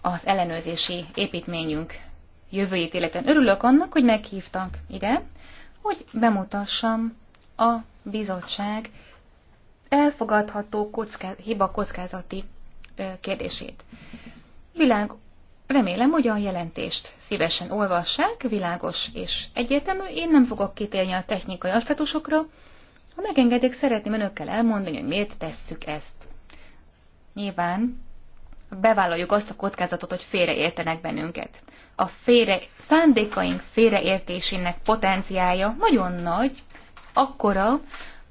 az ellenőrzési építményünk jövőjét életen. Örülök annak, hogy meghívtak ide, hogy bemutassam a bizottság elfogadható kocká, hiba kockázati kérdését. Világ, remélem, hogy a jelentést szívesen olvassák, világos és egyértelmű. Én nem fogok kitérni a technikai aspektusokra. Ha megengedik, szeretném önökkel elmondani, hogy miért tesszük ezt. Nyilván bevállaljuk azt a kockázatot, hogy félreértenek bennünket. A félre, szándékaink félreértésének potenciája nagyon nagy, akkora,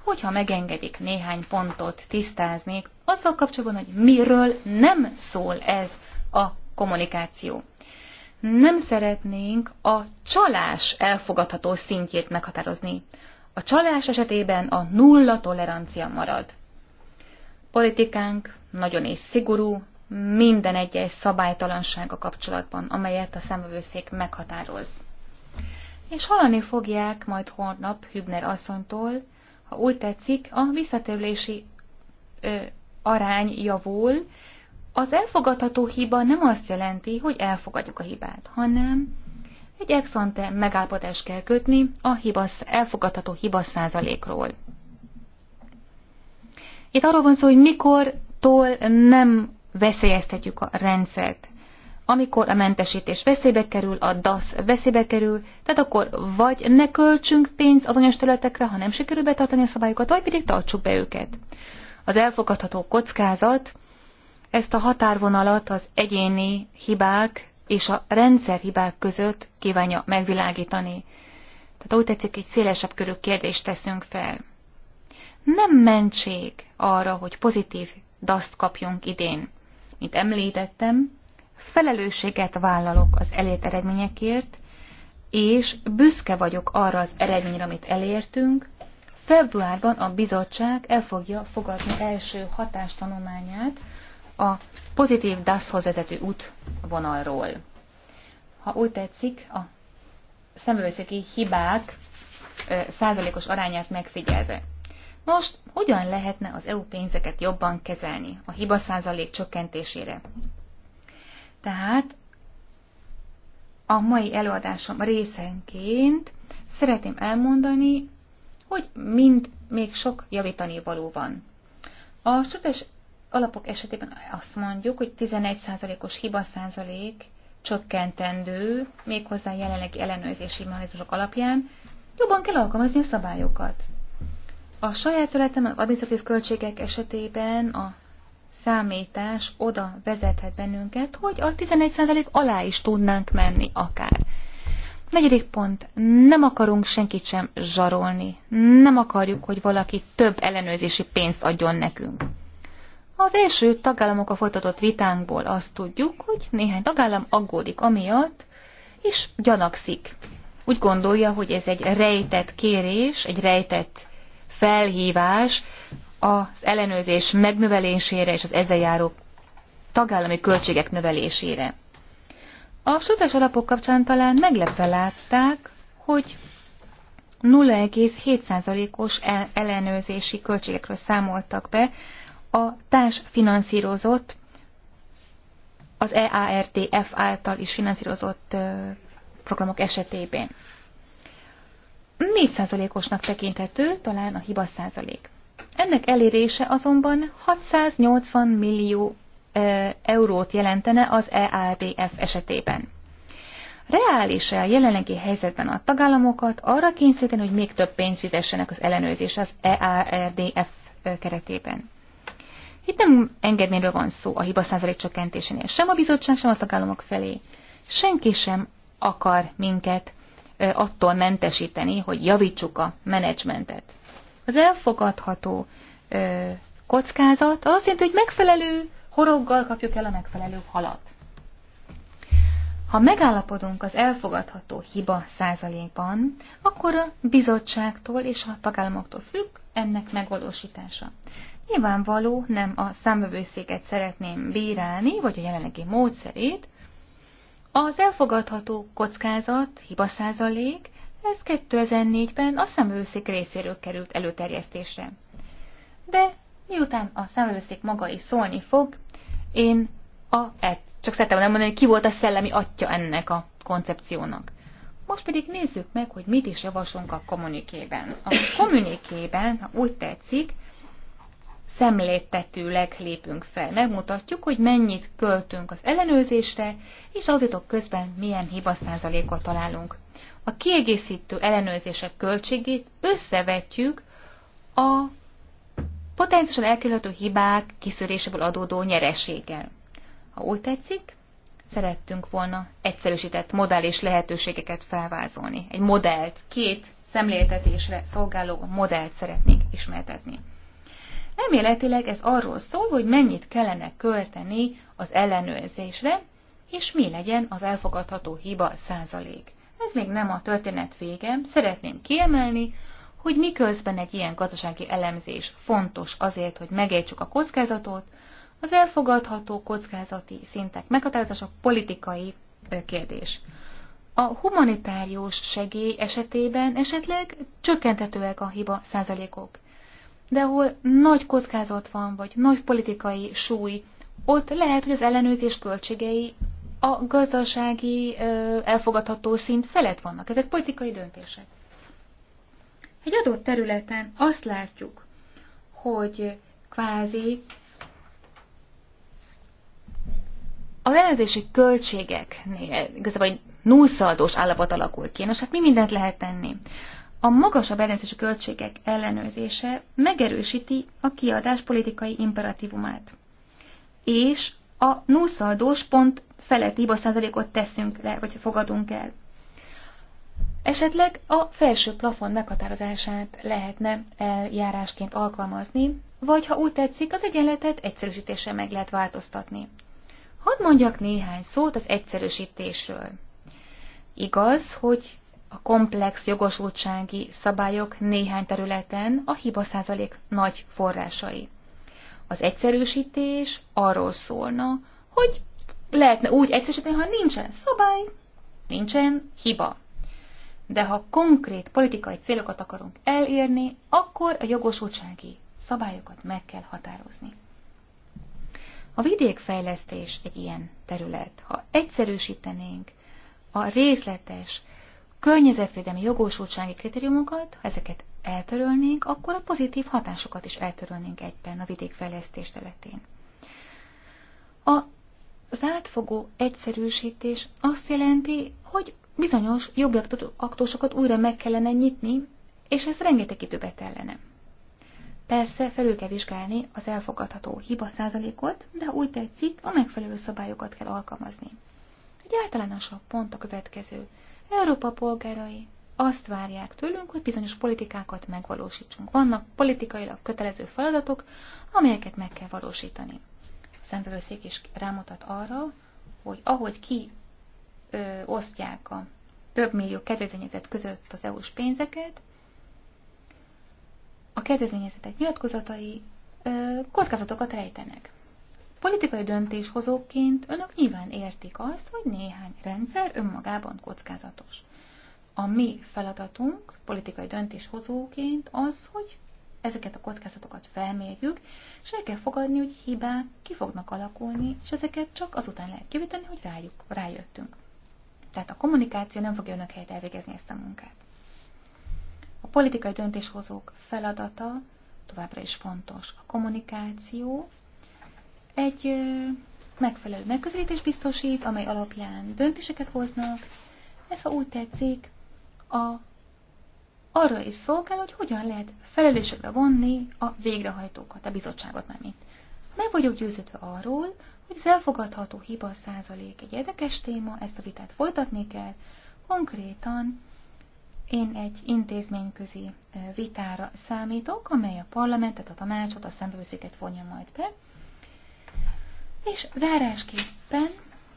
hogyha megengedik néhány pontot tisztáznék, azzal kapcsolatban, hogy miről nem szól ez a kommunikáció. Nem szeretnénk a csalás elfogadható szintjét meghatározni. A csalás esetében a nulla tolerancia marad. Politikánk nagyon és szigorú, minden egyes szabálytalansága kapcsolatban, amelyet a szemövőszék meghatároz. És hallani fogják majd holnap Hübner asszonytól, ha úgy tetszik, a visszatérülési ö, arány javul. Az elfogadható hiba nem azt jelenti, hogy elfogadjuk a hibát, hanem egy exante megállapodást kell kötni a hibasz, elfogadható hiba százalékról. Itt arról van szó, hogy mikortól nem veszélyeztetjük a rendszert amikor a mentesítés veszélybe kerül, a DASZ veszélybe kerül, tehát akkor vagy ne költsünk pénzt azonyos területekre, ha nem sikerül betartani a szabályokat, vagy pedig tartsuk be őket. Az elfogadható kockázat, ezt a határvonalat az egyéni hibák és a rendszer hibák között kívánja megvilágítani. Tehát úgy tetszik, egy szélesebb körű kérdést teszünk fel. Nem mentség arra, hogy pozitív daszt kapjunk idén. Mint említettem, felelősséget vállalok az elért eredményekért, és büszke vagyok arra az eredményre, amit elértünk. Februárban a bizottság el fogja fogadni első hatástanulmányát a pozitív DASZ-hoz vezető útvonalról. Ha úgy tetszik, a szemüveszeki hibák százalékos arányát megfigyelve. Most hogyan lehetne az EU pénzeket jobban kezelni a hiba százalék csökkentésére? Tehát a mai előadásom részenként szeretném elmondani, hogy mind még sok javítani való van. A csutás alapok esetében azt mondjuk, hogy 11%-os hiba százalék csökkentendő, méghozzá jelenlegi ellenőrzési mechanizmusok alapján, jobban kell alkalmazni a szabályokat. A saját területen az administratív költségek esetében a számítás oda vezethet bennünket, hogy a 11% alá is tudnánk menni akár. Negyedik pont, nem akarunk senkit sem zsarolni. Nem akarjuk, hogy valaki több ellenőrzési pénzt adjon nekünk. Az első tagállamok a folytatott vitánkból azt tudjuk, hogy néhány tagállam aggódik amiatt, és gyanakszik. Úgy gondolja, hogy ez egy rejtett kérés, egy rejtett felhívás, az ellenőrzés megnövelésére és az ezzel járó tagállami költségek növelésére. A struktúrás alapok kapcsán talán meglepve látták, hogy 0,7%-os ellenőrzési költségekről számoltak be a társfinanszírozott, az EARTF által is finanszírozott programok esetében. 4%-osnak tekinthető talán a hiba százalék. Ennek elérése azonban 680 millió eurót jelentene az EADF esetében. Reális -e a jelenlegi helyzetben a tagállamokat arra kényszeríteni, hogy még több pénzt fizessenek az ellenőrzés az EARDF keretében? Itt nem engedményről van szó a hiba százalék csökkentésénél, sem a bizottság, sem a tagállamok felé. Senki sem akar minket attól mentesíteni, hogy javítsuk a menedzsmentet. Az elfogadható ö, kockázat az azt jelenti, hogy megfelelő horoggal kapjuk el a megfelelő halat. Ha megállapodunk az elfogadható hiba százalékban, akkor a bizottságtól és a tagállamoktól függ ennek megvalósítása. Nyilvánvaló nem a számövőszéket szeretném bírálni, vagy a jelenlegi módszerét. Az elfogadható kockázat, hiba százalék ez 2004-ben a szemőszék részéről került előterjesztésre. De miután a szemőszék maga is szólni fog, én a, e, csak szerettem nem mondani, ki volt a szellemi atya ennek a koncepciónak. Most pedig nézzük meg, hogy mit is javaslunk a kommunikében. A kommunikében, ha úgy tetszik, szemléltetőleg lépünk fel. Megmutatjuk, hogy mennyit költünk az ellenőrzésre, és auditok közben milyen hibaszázalékot találunk a kiegészítő ellenőrzések költségét összevetjük a potenciálisan elkerülhető hibák kiszöréséből adódó nyereséggel. Ha úgy tetszik, szerettünk volna egyszerűsített modell és lehetőségeket felvázolni. Egy modellt, két szemléltetésre szolgáló modellt szeretnénk ismertetni. Elméletileg ez arról szól, hogy mennyit kellene költeni az ellenőrzésre, és mi legyen az elfogadható hiba százalék. Ez még nem a történet vége. Szeretném kiemelni, hogy miközben egy ilyen gazdasági elemzés fontos azért, hogy megértsük a kockázatot, az elfogadható kockázati szintek meghatározása politikai kérdés. A humanitárius segély esetében esetleg csökkentetőek a hiba százalékok. De ahol nagy kockázat van, vagy nagy politikai súly, ott lehet, hogy az ellenőrzés költségei a gazdasági elfogadható szint felett vannak. Ezek politikai döntések. Egy adott területen azt látjuk, hogy kvázi az ellenzési költségeknél igazából nullszaldós állapot alakul ki. Nos, hát mi mindent lehet tenni? A magasabb ellenzési költségek ellenőrzése megerősíti a kiadás politikai imperatívumát, és a nulszaldós pont feletti hibaszázalékot teszünk le, vagy fogadunk el. Esetleg a felső plafon meghatározását lehetne eljárásként alkalmazni, vagy ha úgy tetszik, az egyenletet egyszerűsítéssel meg lehet változtatni. Hadd mondjak néhány szót az egyszerűsítésről. Igaz, hogy a komplex jogosultsági szabályok néhány területen a hibaszázalék nagy forrásai. Az egyszerűsítés arról szólna, hogy lehetne úgy egyszerűsíteni, ha nincsen szabály, nincsen hiba. De ha konkrét politikai célokat akarunk elérni, akkor a jogosultsági szabályokat meg kell határozni. A vidékfejlesztés egy ilyen terület. Ha egyszerűsítenénk a részletes környezetvédelmi jogosultsági kritériumokat, ha ezeket eltörölnénk, akkor a pozitív hatásokat is eltörölnénk egyben a vidékfejlesztés területén. A az átfogó egyszerűsítés azt jelenti, hogy bizonyos jogi aktósokat újra meg kellene nyitni, és ez rengeteg időbe tellene. Persze felül kell vizsgálni az elfogadható hiba százalékot, de ha úgy tetszik, a megfelelő szabályokat kell alkalmazni. Egy általánosabb pont a következő. Európa polgárai azt várják tőlünk, hogy bizonyos politikákat megvalósítsunk. Vannak politikailag kötelező feladatok, amelyeket meg kell valósítani. A szemvevőszék is rámutat arra, hogy ahogy ki ö, osztják a több millió kedvezményezet között az EU-s pénzeket, a kedvezményezetek nyilatkozatai ö, kockázatokat rejtenek. Politikai döntéshozóként önök nyilván értik azt, hogy néhány rendszer önmagában kockázatos. A mi feladatunk politikai döntéshozóként az, hogy ezeket a kockázatokat felmérjük, és el kell fogadni, hogy hibák ki fognak alakulni, és ezeket csak azután lehet kivíteni, hogy rájuk, rájöttünk. Tehát a kommunikáció nem fogja önök helyet elvégezni ezt a munkát. A politikai döntéshozók feladata továbbra is fontos. A kommunikáció egy megfelelő megközelítés biztosít, amely alapján döntéseket hoznak, ez, ha úgy tetszik, a, arra is szolgál, hogy hogyan lehet felelősségre vonni a végrehajtókat, a bizottságot már mint. Meg vagyok győződve arról, hogy az elfogadható hiba százalék egy érdekes téma, ezt a vitát folytatni kell. Konkrétan én egy intézményközi vitára számítok, amely a parlamentet, a tanácsot, a szembevőszéket vonja majd be. És zárásképpen,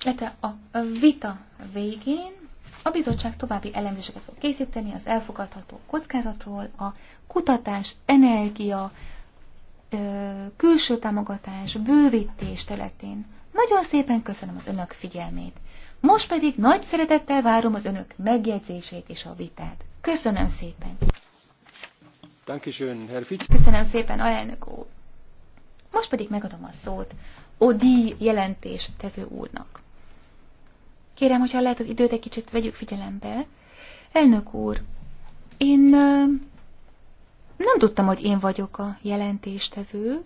illetve a vita végén a bizottság további elemzéseket fog készíteni az elfogadható kockázatról, a kutatás, energia, külső támogatás, bővítés területén. Nagyon szépen köszönöm az önök figyelmét. Most pedig nagy szeretettel várom az önök megjegyzését és a vitát. Köszönöm szépen! Köszönöm szépen, alelnök úr! Most pedig megadom a szót Odi jelentés tevő úrnak. Kérem, hogyha lehet az időt egy kicsit vegyük figyelembe. Elnök úr, én nem tudtam, hogy én vagyok a jelentéstevő.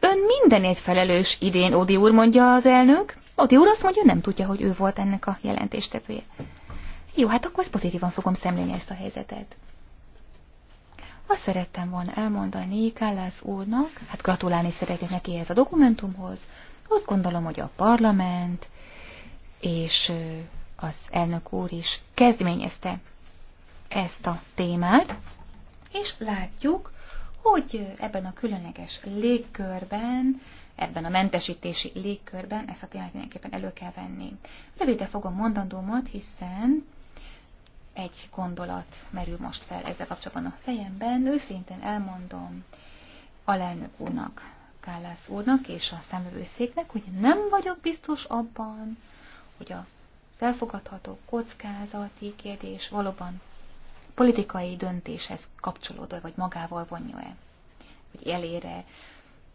Ön mindenért felelős idén, Ódi úr, mondja az elnök. Ódi úr azt mondja, nem tudja, hogy ő volt ennek a jelentéstevője. Jó, hát akkor ezt pozitívan fogom szemlélni ezt a helyzetet. Azt szerettem volna elmondani Kállász úrnak, hát gratulálni szeretnék neki ehhez a dokumentumhoz, azt gondolom, hogy a parlament és az elnök úr is kezdeményezte ezt a témát, és látjuk, hogy ebben a különleges légkörben, ebben a mentesítési légkörben ezt a témát mindenképpen elő kell venni. Rövide fogom mondandómat, hiszen egy gondolat merül most fel ezzel kapcsolatban a fejemben. Őszintén elmondom alelnök úrnak, Kállász úrnak és a szemövőszéknek, hogy nem vagyok biztos abban, hogy az elfogadható kockázati kérdés valóban politikai döntéshez kapcsolódó, vagy magával vonja-e, vagy elére.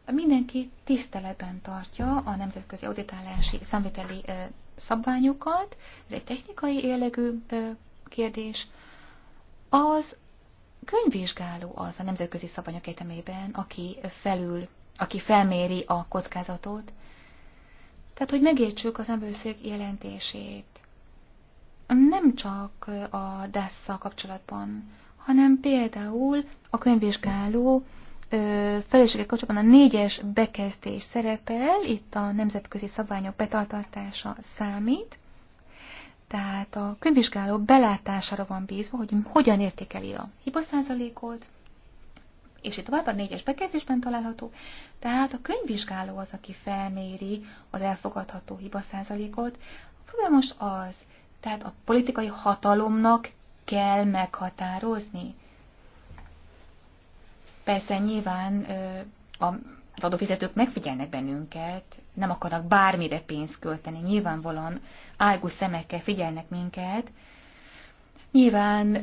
Mindenki tiszteletben tartja a nemzetközi auditálási számviteli szabványokat, ez egy technikai jellegű kérdés. Az könyvvizsgáló az a nemzetközi szabványok egyetemében, aki felül aki felméri a kockázatot. Tehát, hogy megértsük az emberőszék jelentését. Nem csak a dasz kapcsolatban, hanem például a könyvvizsgáló feleségek kapcsolatban a négyes bekezdés szerepel, itt a nemzetközi szabványok betartatása számít, tehát a könyvvizsgáló belátására van bízva, hogy hogyan értékeli a hibaszázalékot, és itt tovább a négyes bekezdésben található. Tehát a könyvvizsgáló az, aki felméri az elfogadható hibaszázalékot. A probléma most az, tehát a politikai hatalomnak kell meghatározni. Persze nyilván a az adófizetők megfigyelnek bennünket, nem akarnak bármire pénzt költeni, nyilvánvalóan álgó szemekkel figyelnek minket, Nyilván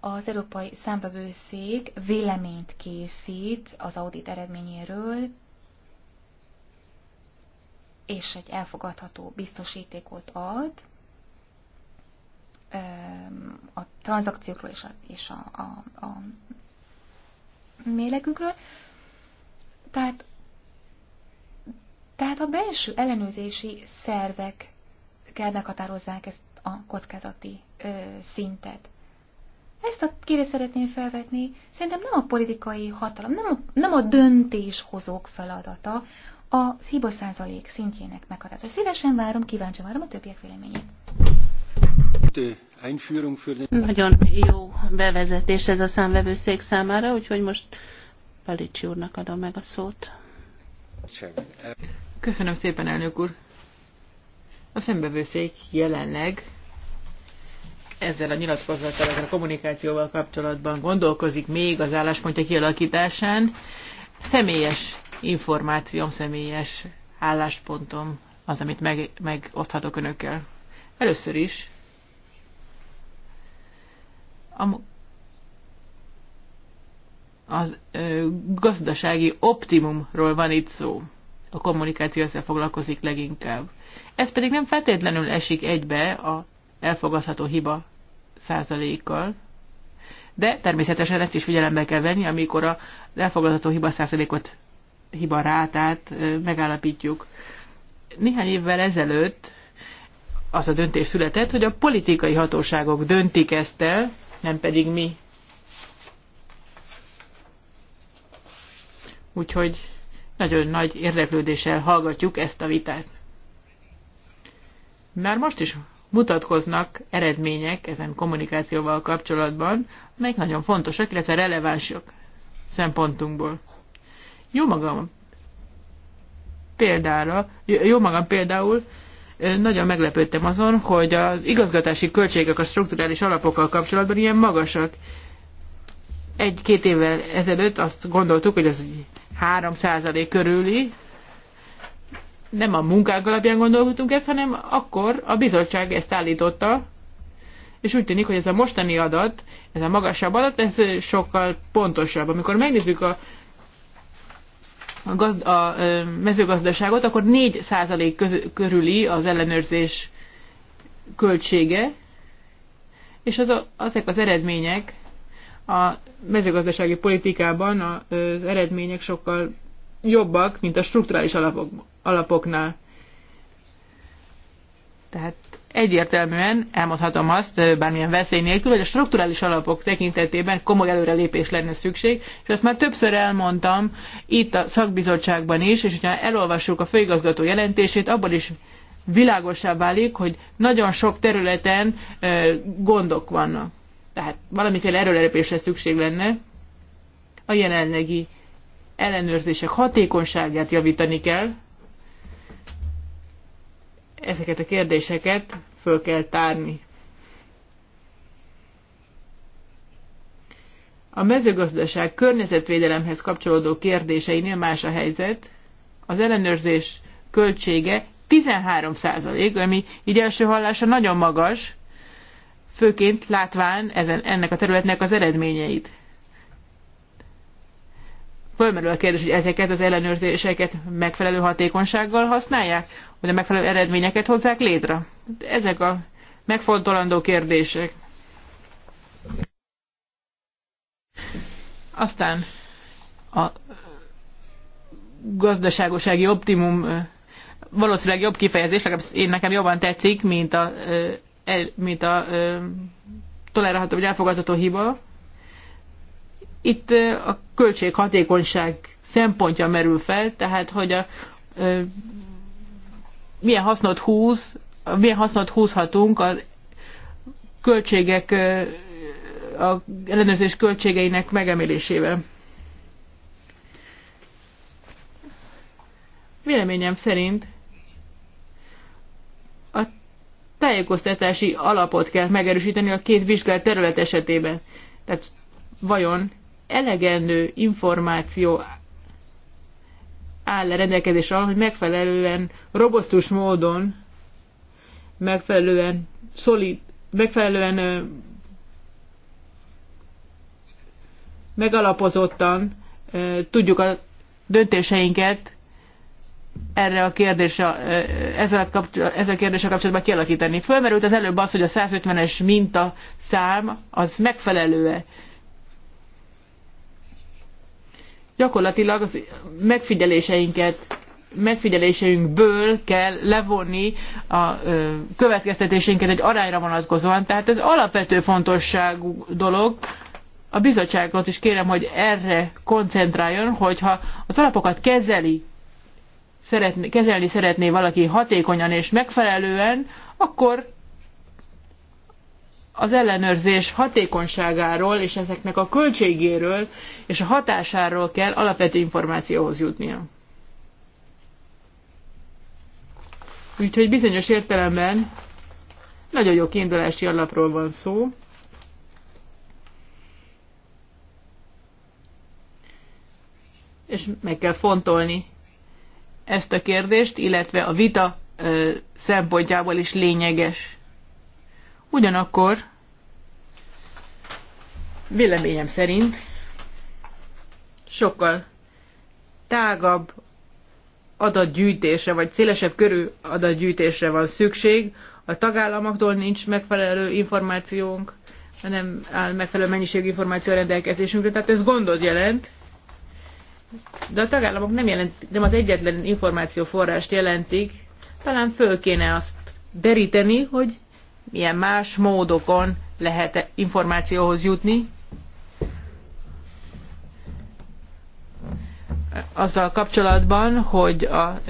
az Európai Számbevőszék véleményt készít az audit eredményéről, és egy elfogadható biztosítékot ad a tranzakciókról és a, és a, a, a mélegükről. Tehát, tehát a belső ellenőrzési szervek kell meghatározzák ezt a kockázati ö, szintet. Ezt a kérdést szeretném felvetni. Szerintem nem a politikai hatalom, nem a, nem a döntéshozók feladata a hiba százalék szintjének meghatározása. Szívesen várom, kíváncsi várom a többiek véleményét. Nagyon jó bevezetés ez a számvevőszék számára, úgyhogy most Palicsi úrnak adom meg a szót. Köszönöm szépen, elnök úr. A számvevőszék jelenleg ezzel a nyilatkozattal, ezzel a kommunikációval kapcsolatban gondolkozik még az álláspontja kialakításán. Személyes információm, személyes álláspontom az, amit meg, megoszthatok önökkel. Először is a, az ö, gazdasági optimumról van itt szó. A kommunikáció ezzel foglalkozik leginkább. Ez pedig nem feltétlenül esik egybe a elfogadható hiba százalékkal, de természetesen ezt is figyelembe kell venni, amikor a elfogadható hiba százalékot, hiba rátát megállapítjuk. Néhány évvel ezelőtt az a döntés született, hogy a politikai hatóságok döntik ezt el, nem pedig mi. Úgyhogy nagyon nagy érdeklődéssel hallgatjuk ezt a vitát. Már most is mutatkoznak eredmények ezen kommunikációval kapcsolatban, amelyek nagyon fontosak, illetve relevánsok szempontunkból. Jó magam példára, jó magam például nagyon meglepődtem azon, hogy az igazgatási költségek a strukturális alapokkal kapcsolatban ilyen magasak. Egy-két évvel ezelőtt azt gondoltuk, hogy ez 3% körüli, nem a munkák alapján gondolkodtunk ezt, hanem akkor a bizottság ezt állította, és úgy tűnik, hogy ez a mostani adat, ez a magasabb adat, ez sokkal pontosabb. Amikor megnézzük a, a, gazd, a mezőgazdaságot, akkor 4% köz, körüli az ellenőrzés költsége, és az, azek az eredmények a mezőgazdasági politikában az eredmények sokkal jobbak, mint a strukturális alapok, alapoknál. Tehát egyértelműen elmondhatom azt, bármilyen veszély nélkül, hogy a strukturális alapok tekintetében komoly előrelépés lenne szükség, és ezt már többször elmondtam itt a szakbizottságban is, és hogyha elolvassuk a főigazgató jelentését, abban is világosá válik, hogy nagyon sok területen gondok vannak. Tehát valamiféle erőlelépésre szükség lenne a jelenlegi ellenőrzések hatékonyságát javítani kell. Ezeket a kérdéseket föl kell tárni. A mezőgazdaság környezetvédelemhez kapcsolódó kérdéseinél más a helyzet. Az ellenőrzés költsége 13 százalék, ami így első hallása nagyon magas, főként látván ezen, ennek a területnek az eredményeit fölmerül a kérdés, hogy ezeket az ellenőrzéseket megfelelő hatékonysággal használják, hogy a megfelelő eredményeket hozzák létre. Ezek a megfontolandó kérdések. Aztán a gazdaságosági optimum valószínűleg jobb kifejezés, legalábbis én nekem jobban tetszik, mint a, mint a tolerálható vagy elfogadható hiba. Itt a költséghatékonyság szempontja merül fel, tehát hogy a, milyen hasznot húz, milyen hasznot húzhatunk a költségek, a ellenőrzés költségeinek megemelésével. Véleményem szerint a tájékoztatási alapot kell megerősíteni a két vizsgált terület esetében. Tehát vajon elegendő információ áll a rendelkezésre hogy megfelelően, robosztus módon, megfelelően, szolid, megfelelően megalapozottan tudjuk a döntéseinket erre a kérdésre, ezzel, ezzel a kérdéssel kapcsolatban kialakítani. Fölmerült az előbb az, hogy a 150-es minta szám az megfelelő-e. gyakorlatilag az megfigyeléseinket megfigyeléseinkből kell levonni a ö, következtetéseinket egy arányra vonatkozóan. Tehát ez alapvető fontosságú dolog. A bizottságot is kérem, hogy erre koncentráljon, hogyha az alapokat kezeli, szeretné, kezelni szeretné valaki hatékonyan és megfelelően, akkor az ellenőrzés hatékonyságáról és ezeknek a költségéről és a hatásáról kell alapvető információhoz jutnia. Úgyhogy bizonyos értelemben nagyon jó kiindulási alapról van szó. És meg kell fontolni ezt a kérdést, illetve a vita ö, szempontjából is lényeges Ugyanakkor véleményem szerint sokkal tágabb adatgyűjtésre, vagy szélesebb körű adatgyűjtésre van szükség. A tagállamoktól nincs megfelelő információnk, nem áll megfelelő mennyiségű információ rendelkezésünkre, tehát ez gondot jelent. De a tagállamok nem, jelent, nem az egyetlen információforrást jelentik, talán föl kéne azt deríteni, hogy milyen más módokon lehet -e információhoz jutni, azzal kapcsolatban, hogy a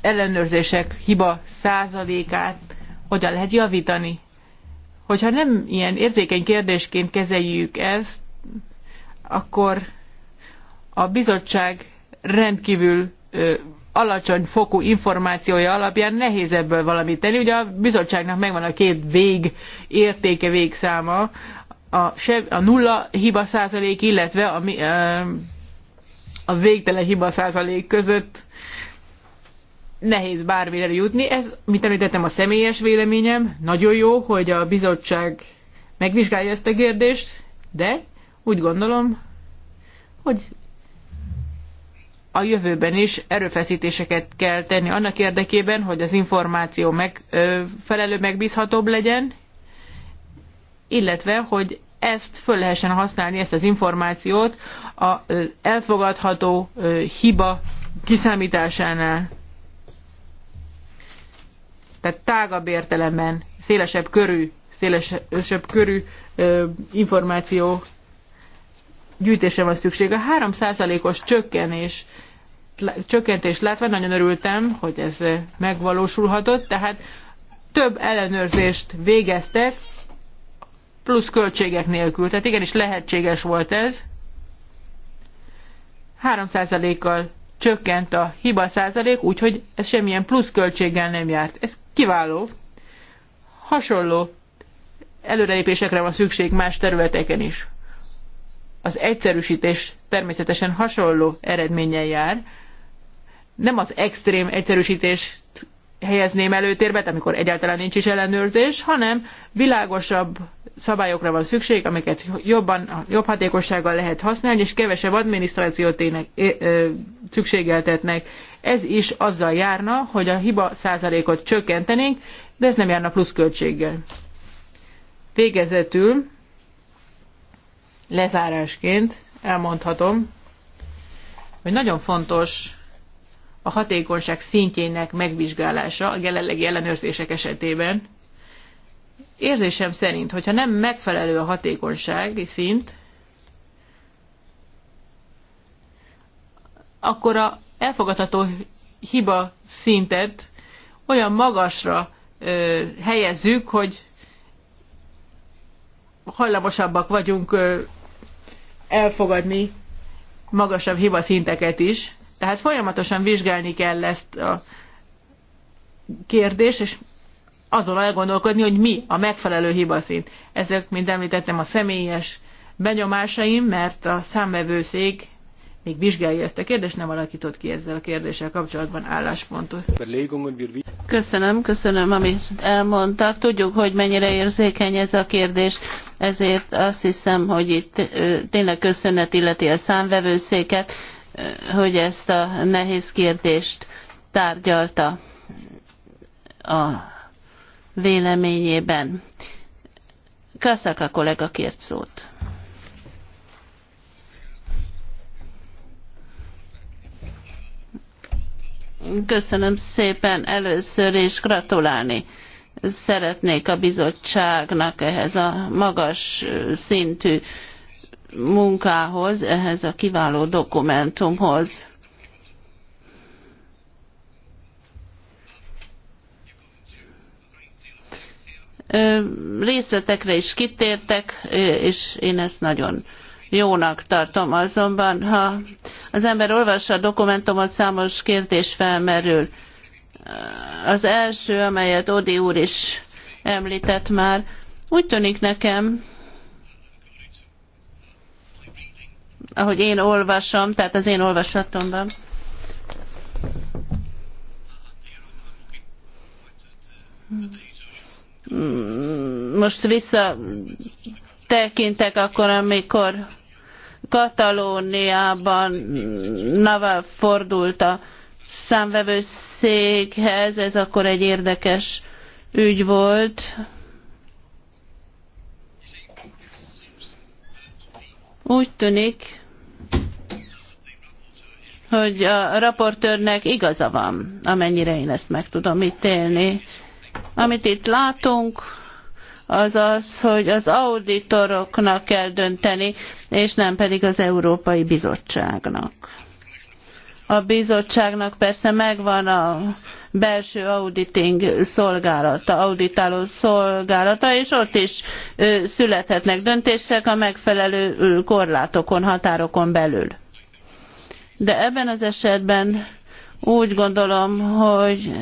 ellenőrzések hiba százalékát hogyan lehet javítani. Hogyha nem ilyen érzékeny kérdésként kezeljük ezt, akkor a bizottság rendkívül alacsony fokú információja alapján nehéz ebből valamit tenni. Ugye a bizottságnak megvan a két vég értéke, végszáma, a, se, a nulla hiba százalék, illetve a, a végtelen hiba százalék között nehéz bármire jutni. Ez, mint említettem, a személyes véleményem. Nagyon jó, hogy a bizottság megvizsgálja ezt a kérdést, de úgy gondolom, hogy a jövőben is erőfeszítéseket kell tenni annak érdekében, hogy az információ megfelelő, megbízhatóbb legyen, illetve, hogy ezt föl lehessen használni, ezt az információt az elfogadható hiba kiszámításánál. Tehát tágabb értelemben, szélesebb körű, szélesebb körű információ gyűjtésre van szükség. A 3%-os csökkenés csökkentést látva nagyon örültem, hogy ez megvalósulhatott, tehát több ellenőrzést végeztek, plusz költségek nélkül. Tehát igenis lehetséges volt ez. 3%-kal csökkent a hiba százalék, úgyhogy ez semmilyen plusz költséggel nem járt. Ez kiváló. Hasonló előrelépésekre van szükség más területeken is az egyszerűsítés természetesen hasonló eredménnyel jár. Nem az extrém egyszerűsítést helyezném előtérbe, amikor egyáltalán nincs is ellenőrzés, hanem világosabb szabályokra van szükség, amiket jobban, jobb hatékossággal lehet használni, és kevesebb adminisztrációt ének, ö, ö, szükségeltetnek. Ez is azzal járna, hogy a hiba százalékot csökkentenénk, de ez nem járna pluszköltséggel. Végezetül lezárásként elmondhatom, hogy nagyon fontos a hatékonyság szintjének megvizsgálása a jelenlegi ellenőrzések esetében. Érzésem szerint, hogyha nem megfelelő a hatékonysági szint, akkor a elfogadható hiba szintet olyan magasra ö, helyezzük, hogy hajlamosabbak vagyunk elfogadni magasabb hibaszinteket is. Tehát folyamatosan vizsgálni kell ezt a kérdést, és azon elgondolkodni, hogy mi a megfelelő hibaszint. Ezek, mint említettem, a személyes benyomásaim, mert a számvevőszék még vizsgálja ezt a kérdést, nem alakított ki ezzel a kérdéssel kapcsolatban álláspontot. Köszönöm, köszönöm, amit elmondtak. Tudjuk, hogy mennyire érzékeny ez a kérdés, ezért azt hiszem, hogy itt tényleg köszönet illeti a számvevőszéket, hogy ezt a nehéz kérdést tárgyalta a véleményében. a kollega kért szót. Köszönöm szépen először, és gratulálni szeretnék a bizottságnak ehhez a magas szintű munkához, ehhez a kiváló dokumentumhoz. Részletekre is kitértek, és én ezt nagyon jónak tartom. Azonban, ha az ember olvassa a dokumentumot, számos kérdés felmerül. Az első, amelyet Odi úr is említett már, úgy tűnik nekem, ahogy én olvasom, tehát az én olvasatomban, most vissza tekintek akkor, amikor Katalóniában Naval fordult a számvevőszékhez, ez akkor egy érdekes ügy volt. Úgy tűnik, hogy a raportőrnek igaza van, amennyire én ezt meg tudom ítélni. Amit itt látunk, az az, hogy az auditoroknak kell dönteni, és nem pedig az Európai Bizottságnak. A bizottságnak persze megvan a belső auditing szolgálata, auditáló szolgálata, és ott is születhetnek döntések a megfelelő korlátokon, határokon belül. De ebben az esetben úgy gondolom, hogy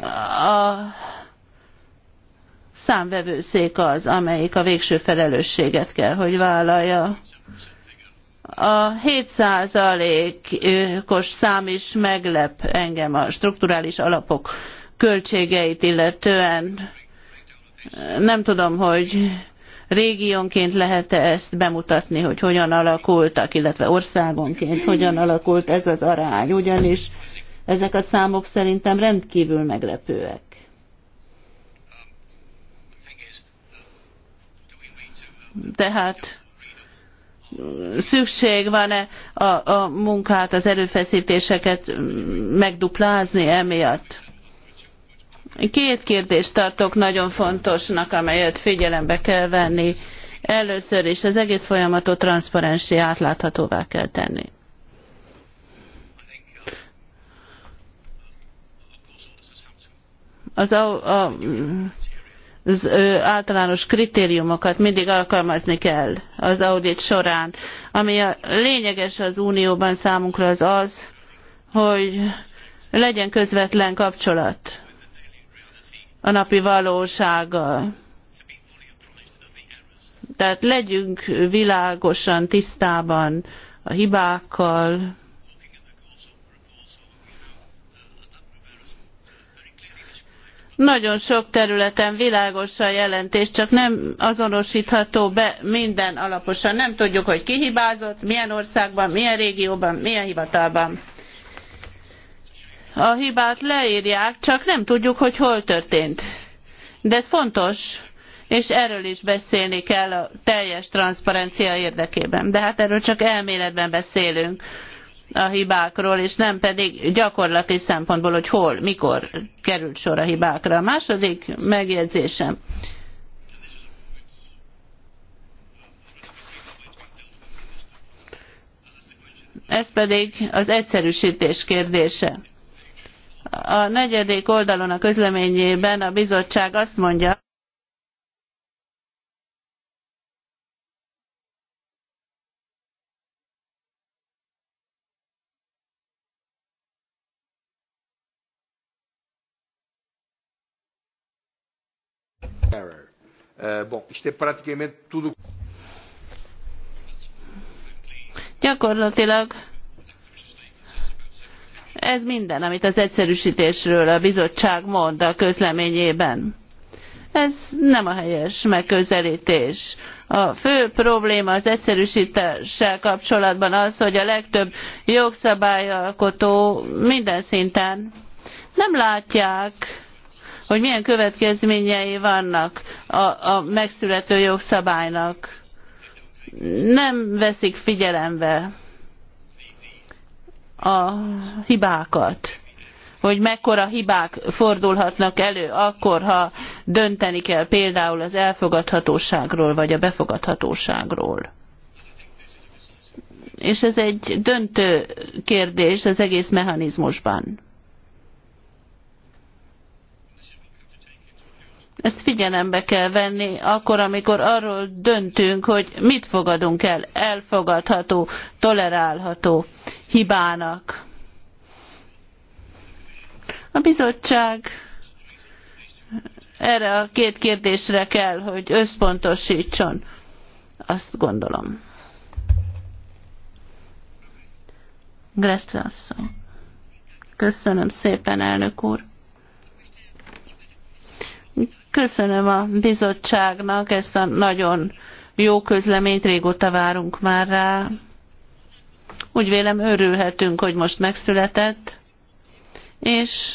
a számvevőszék az, amelyik a végső felelősséget kell, hogy vállalja. A 7%-os szám is meglep engem a strukturális alapok költségeit illetően. Nem tudom, hogy régiónként lehet-e ezt bemutatni, hogy hogyan alakultak, illetve országonként hogyan alakult ez az arány, ugyanis ezek a számok szerintem rendkívül meglepőek. Tehát szükség van-e a, a munkát, az erőfeszítéseket megduplázni emiatt? Két kérdést tartok nagyon fontosnak, amelyet figyelembe kell venni. Először is az egész folyamatot transzparensé átláthatóvá kell tenni. Az a, a az általános kritériumokat mindig alkalmazni kell az audit során. Ami a lényeges az unióban számunkra az az, hogy legyen közvetlen kapcsolat a napi valósággal. Tehát legyünk világosan tisztában a hibákkal, nagyon sok területen világos a jelentés, csak nem azonosítható be minden alaposan. Nem tudjuk, hogy ki hibázott, milyen országban, milyen régióban, milyen hivatalban. A hibát leírják, csak nem tudjuk, hogy hol történt. De ez fontos, és erről is beszélni kell a teljes transzparencia érdekében. De hát erről csak elméletben beszélünk a hibákról, és nem pedig gyakorlati szempontból, hogy hol, mikor került sor a hibákra. A második megjegyzésem. Ez pedig az egyszerűsítés kérdése. A negyedik oldalon a közleményében a bizottság azt mondja, Eh, bom, isto é praticamente tudo. Gyakorlatilag ez minden, amit az egyszerűsítésről a bizottság mond a közleményében. Ez nem a helyes megközelítés. A fő probléma az egyszerűsítéssel kapcsolatban az, hogy a legtöbb jogszabályalkotó minden szinten nem látják hogy milyen következményei vannak a, a megszülető jogszabálynak. Nem veszik figyelembe a hibákat, hogy mekkora hibák fordulhatnak elő akkor, ha dönteni kell például az elfogadhatóságról vagy a befogadhatóságról és ez egy döntő kérdés az egész mechanizmusban. Ezt figyelembe kell venni akkor, amikor arról döntünk, hogy mit fogadunk el elfogadható, tolerálható hibának. A bizottság erre a két kérdésre kell, hogy összpontosítson. Azt gondolom. Greszle asszony. Köszönöm szépen, elnök úr. Köszönöm a bizottságnak ezt a nagyon jó közleményt, régóta várunk már rá. Úgy vélem örülhetünk, hogy most megszületett, és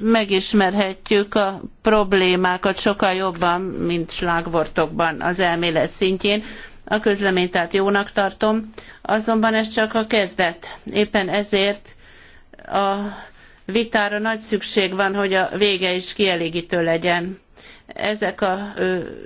megismerhetjük a problémákat sokkal jobban, mint slágvortokban az elmélet szintjén. A közleményt tehát jónak tartom, azonban ez csak a kezdet. Éppen ezért a vitára nagy szükség van, hogy a vége is kielégítő legyen. Ezek a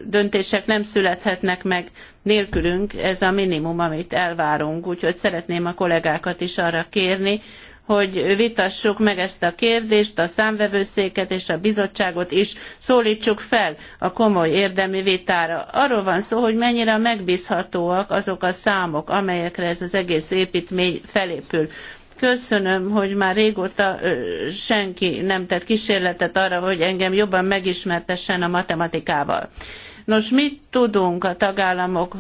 döntések nem születhetnek meg nélkülünk, ez a minimum, amit elvárunk. Úgyhogy szeretném a kollégákat is arra kérni, hogy vitassuk meg ezt a kérdést, a számvevőszéket és a bizottságot is szólítsuk fel a komoly érdemi vitára. Arról van szó, hogy mennyire megbízhatóak azok a számok, amelyekre ez az egész építmény felépül köszönöm, hogy már régóta senki nem tett kísérletet arra, hogy engem jobban megismertessen a matematikával. Nos, mit tudunk a tagállamok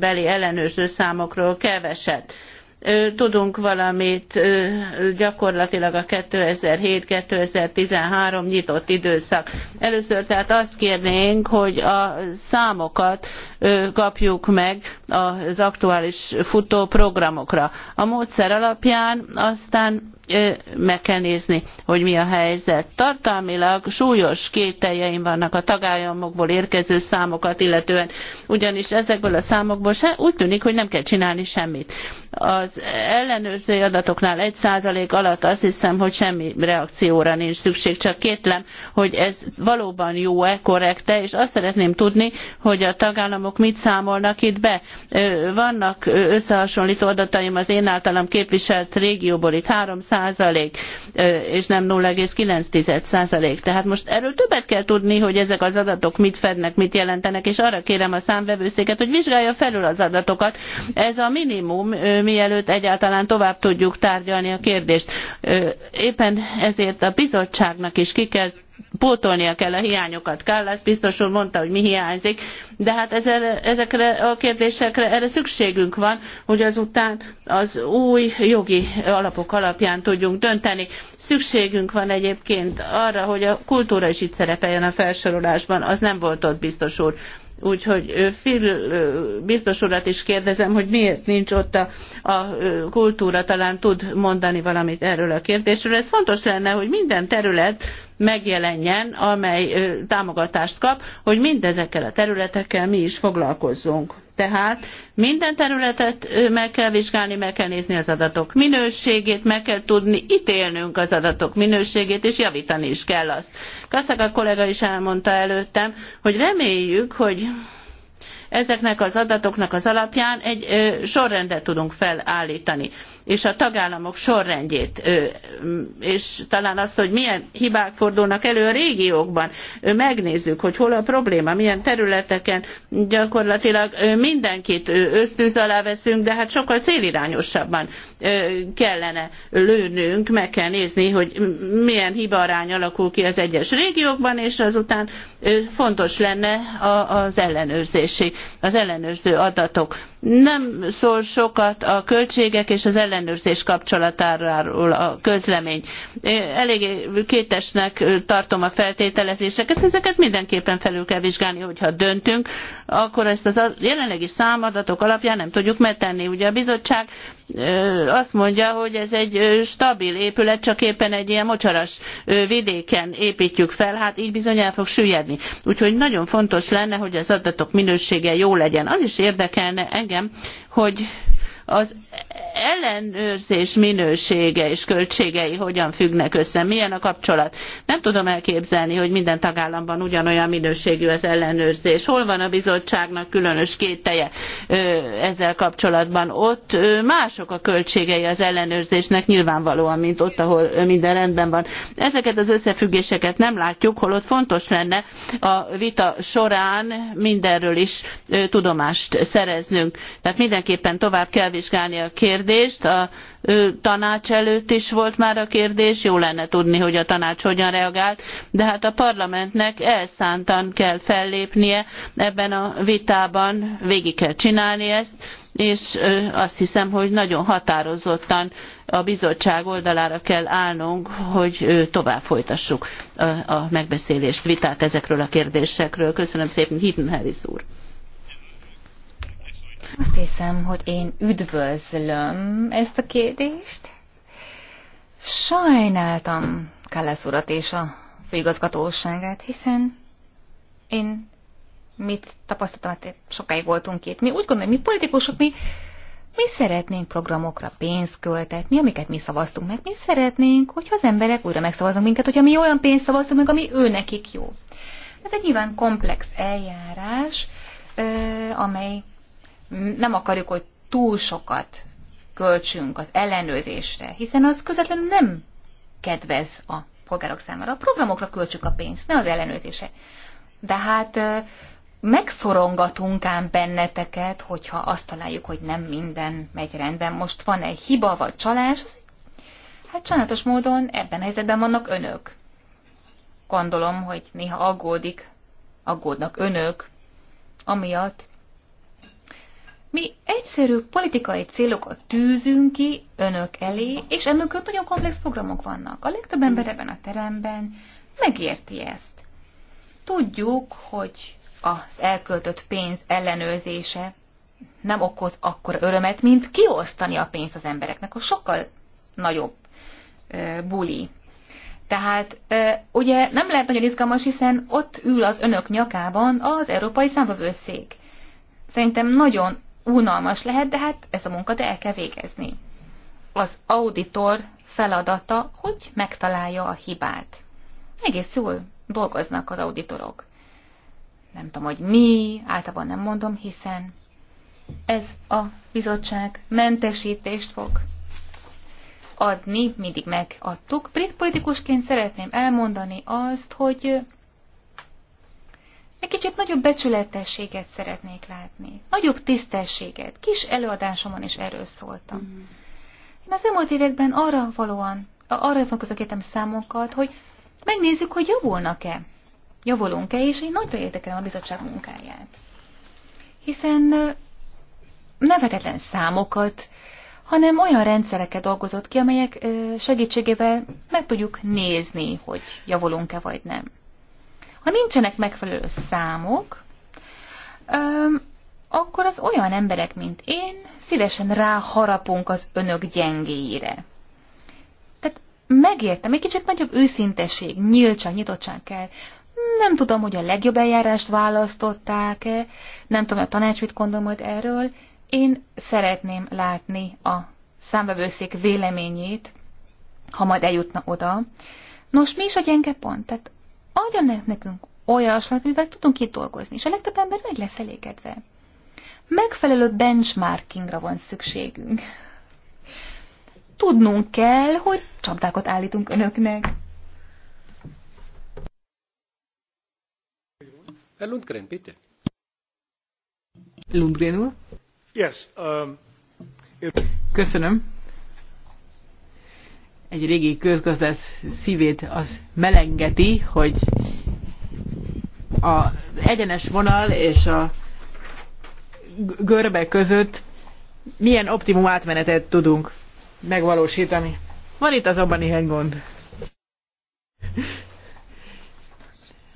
beli ellenőrző számokról? Keveset tudunk valamit gyakorlatilag a 2007-2013 nyitott időszak. Először tehát azt kérnénk, hogy a számokat kapjuk meg az aktuális futó programokra. A módszer alapján aztán meg kell nézni, hogy mi a helyzet. Tartalmilag súlyos kételjeim vannak a tagállamokból érkező számokat illetően, ugyanis ezekből a számokból se, úgy tűnik, hogy nem kell csinálni semmit. Az ellenőrző adatoknál 1% alatt azt hiszem, hogy semmi reakcióra nincs szükség, csak kétlem, hogy ez valóban jó-e, korrekte, és azt szeretném tudni, hogy a tagállamok mit számolnak itt be. Vannak összehasonlító adataim az én általam képviselt régióból, itt 3% és nem 0,9%. Tehát most erről többet kell tudni, hogy ezek az adatok mit fednek, mit jelentenek, és arra kérem a számvevőszéket, hogy vizsgálja felül az adatokat. Ez a minimum, mielőtt egyáltalán tovább tudjuk tárgyalni a kérdést. Éppen ezért a bizottságnak is ki kell pótolnia kell a hiányokat. Kállász biztos úr mondta, hogy mi hiányzik, de hát ezzel, ezekre a kérdésekre erre szükségünk van, hogy azután az új jogi alapok alapján tudjunk dönteni. Szükségünk van egyébként arra, hogy a kultúra is itt szerepeljen a felsorolásban, az nem volt ott biztos úr. Úgyhogy Phil biztos urat is kérdezem, hogy miért nincs ott a, a kultúra, talán tud mondani valamit erről a kérdésről. Ez fontos lenne, hogy minden terület megjelenjen, amely támogatást kap, hogy mindezekkel a területekkel mi is foglalkozzunk. Tehát minden területet meg kell vizsgálni, meg kell nézni az adatok minőségét, meg kell tudni ítélnünk az adatok minőségét, és javítani is kell azt. Kaszaka kollega is elmondta előttem, hogy reméljük, hogy ezeknek az adatoknak az alapján egy sorrendet tudunk felállítani és a tagállamok sorrendjét, és talán azt, hogy milyen hibák fordulnak elő a régiókban, megnézzük, hogy hol a probléma, milyen területeken gyakorlatilag mindenkit ösztűz alá veszünk, de hát sokkal célirányosabban kellene lőnünk, meg kell nézni, hogy milyen hibarány alakul ki az egyes régiókban, és azután fontos lenne az ellenőrzési, az ellenőrző adatok nem szól sokat a költségek és az ellenőrzés kapcsolatáról a közlemény. Eléggé kétesnek tartom a feltételezéseket, ezeket mindenképpen felül kell vizsgálni, hogyha döntünk, akkor ezt az jelenlegi számadatok alapján nem tudjuk megtenni. Ugye a bizottság azt mondja, hogy ez egy stabil épület, csak éppen egy ilyen mocsaras vidéken építjük fel, hát így bizony el fog süllyedni. Úgyhogy nagyon fontos lenne, hogy az adatok minősége jó legyen. Az is érdekelne engem, hogy az ellenőrzés minősége és költségei hogyan függnek össze, milyen a kapcsolat. Nem tudom elképzelni, hogy minden tagállamban ugyanolyan minőségű az ellenőrzés. Hol van a bizottságnak különös kételje ezzel kapcsolatban? Ott mások a költségei az ellenőrzésnek nyilvánvalóan, mint ott, ahol minden rendben van. Ezeket az összefüggéseket nem látjuk, holott fontos lenne a vita során mindenről is tudomást szereznünk. Tehát mindenképpen tovább kell megvizsgálni a kérdést. A tanács előtt is volt már a kérdés, jó lenne tudni, hogy a tanács hogyan reagált, de hát a parlamentnek elszántan kell fellépnie ebben a vitában, végig kell csinálni ezt, és azt hiszem, hogy nagyon határozottan a bizottság oldalára kell állnunk, hogy tovább folytassuk a megbeszélést, vitát ezekről a kérdésekről. Köszönöm szépen, Hidden Harris úr. Azt hiszem, hogy én üdvözlöm ezt a kérdést. Sajnáltam Kallesz urat és a főigazgatóságát, hiszen én mit tapasztaltam, hát sokáig voltunk itt. Mi úgy gondoljuk, mi politikusok, mi, mi szeretnénk programokra pénzt költetni, amiket mi szavaztunk meg. Mi szeretnénk, hogy az emberek újra megszavaznak minket, hogyha mi olyan pénzt szavazunk meg, ami ő nekik jó. Ez egy nyilván komplex eljárás, amely nem akarjuk, hogy túl sokat költsünk az ellenőrzésre, hiszen az közvetlenül nem kedvez a polgárok számára. A programokra költsük a pénzt, ne az ellenőrzése. De hát megszorongatunk ám benneteket, hogyha azt találjuk, hogy nem minden megy rendben. Most van egy hiba vagy csalás, hát sajnálatos módon ebben a helyzetben vannak önök. Gondolom, hogy néha aggódik, aggódnak önök, amiatt, mi egyszerű politikai célokat tűzünk ki önök elé, és emögött nagyon komplex programok vannak. A legtöbb ember ebben a teremben megérti ezt. Tudjuk, hogy az elköltött pénz ellenőrzése nem okoz akkor örömet, mint kiosztani a pénzt az embereknek, a sokkal nagyobb e, buli. Tehát e, ugye nem lehet nagyon izgalmas, hiszen ott ül az önök nyakában az Európai Számvevőszék. Szerintem nagyon unalmas lehet, de hát ez a munka, de el kell végezni. Az auditor feladata, hogy megtalálja a hibát. Egész jól dolgoznak az auditorok. Nem tudom, hogy mi, általában nem mondom, hiszen ez a bizottság mentesítést fog adni, mindig megadtuk. Brit politikusként szeretném elmondani azt, hogy egy kicsit nagyobb becsületességet szeretnék látni, nagyobb tisztességet. Kis előadásomon is erről szóltam. Mm. Én az elmúlt években arra valóan, arra foglalkozok értem számokat, hogy megnézzük, hogy javulnak-e. Javulunk-e, és én nagyra értekelem a bizottság munkáját. Hiszen nevetetlen számokat, hanem olyan rendszereket dolgozott ki, amelyek segítségével meg tudjuk nézni, hogy javulunk-e vagy nem. Ha nincsenek megfelelő számok, akkor az olyan emberek, mint én, szívesen ráharapunk az önök gyengéjére. Tehát megértem, egy kicsit nagyobb őszinteség, nyíltság, nyitottság kell. Nem tudom, hogy a legjobb eljárást választották-e, nem tudom, hogy a tanács mit gondol majd erről. Én szeretném látni a számbevőszék véleményét, ha majd eljutna oda. Nos, mi is a gyenge pont? Tehát adjanak nekünk olyasmat, mivel tudunk kidolgozni, és a legtöbb ember meg lesz elégedve. Megfelelő benchmarkingra van szükségünk. Tudnunk kell, hogy csapdákat állítunk önöknek. Eh, Lundgren, bitte. Lundgren úr? Yes, um, Köszönöm egy régi közgazdász szívét az melengeti, hogy az egyenes vonal és a görbe között milyen optimum átmenetet tudunk megvalósítani. Van itt azonban néhány gond.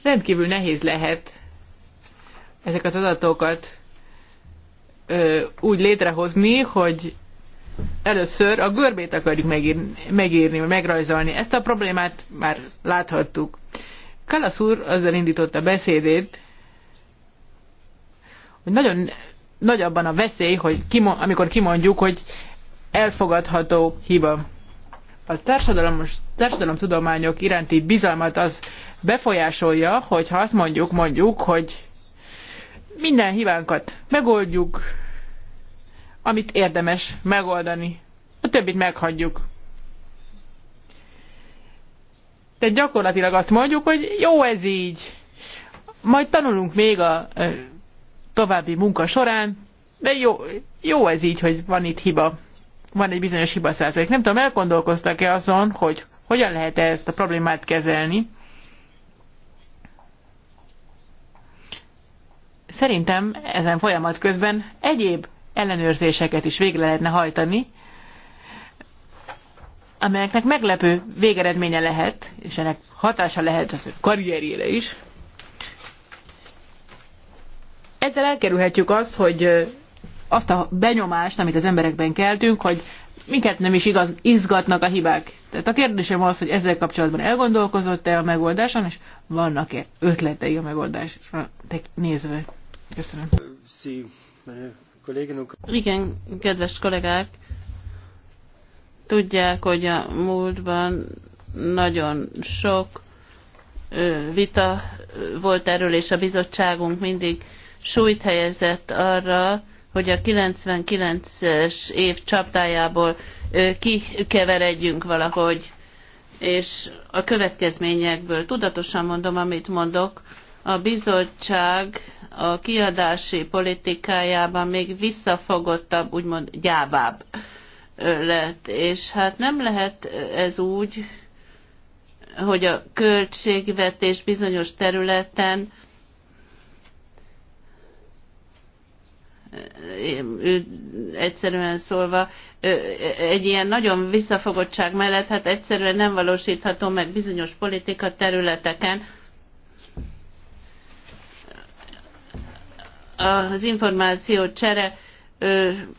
Rendkívül nehéz lehet ezek az adatokat ö, úgy létrehozni, hogy először a görbét akarjuk megírni, megírni, megrajzolni. Ezt a problémát már láthattuk. Kalasz úr azzal indította beszédét, hogy nagyon nagy abban a veszély, hogy kimond, amikor kimondjuk, hogy elfogadható hiba. A társadalom társadalomtudományok iránti bizalmat az befolyásolja, hogyha azt mondjuk, mondjuk, hogy minden hibánkat megoldjuk, amit érdemes megoldani. A többit meghagyjuk. Tehát gyakorlatilag azt mondjuk, hogy jó ez így. Majd tanulunk még a további munka során, de jó, jó ez így, hogy van itt hiba. Van egy bizonyos hiba százalék. Nem tudom, elgondolkoztak-e azon, hogy hogyan lehet -e ezt a problémát kezelni. Szerintem ezen folyamat közben egyéb ellenőrzéseket is végre lehetne hajtani, amelyeknek meglepő végeredménye lehet, és ennek hatása lehet az ő karrierjére is. Ezzel elkerülhetjük azt, hogy azt a benyomást, amit az emberekben keltünk, hogy minket nem is igaz, izgatnak a hibák. Tehát a kérdésem az, hogy ezzel kapcsolatban elgondolkozott-e a megoldáson, és vannak-e ötletei a megoldásra nézve? Köszönöm. Sí, eh, igen, kedves kollégák, tudják, hogy a múltban nagyon sok vita volt erről, és a bizottságunk mindig súlyt helyezett arra, hogy a 99-es év csapdájából kikeveredjünk valahogy, és a következményekből. Tudatosan mondom, amit mondok, a bizottság a kiadási politikájában még visszafogottabb, úgymond gyávább lett. És hát nem lehet ez úgy, hogy a költségvetés bizonyos területen egyszerűen szólva egy ilyen nagyon visszafogottság mellett hát egyszerűen nem valósítható meg bizonyos politika területeken, az információ csere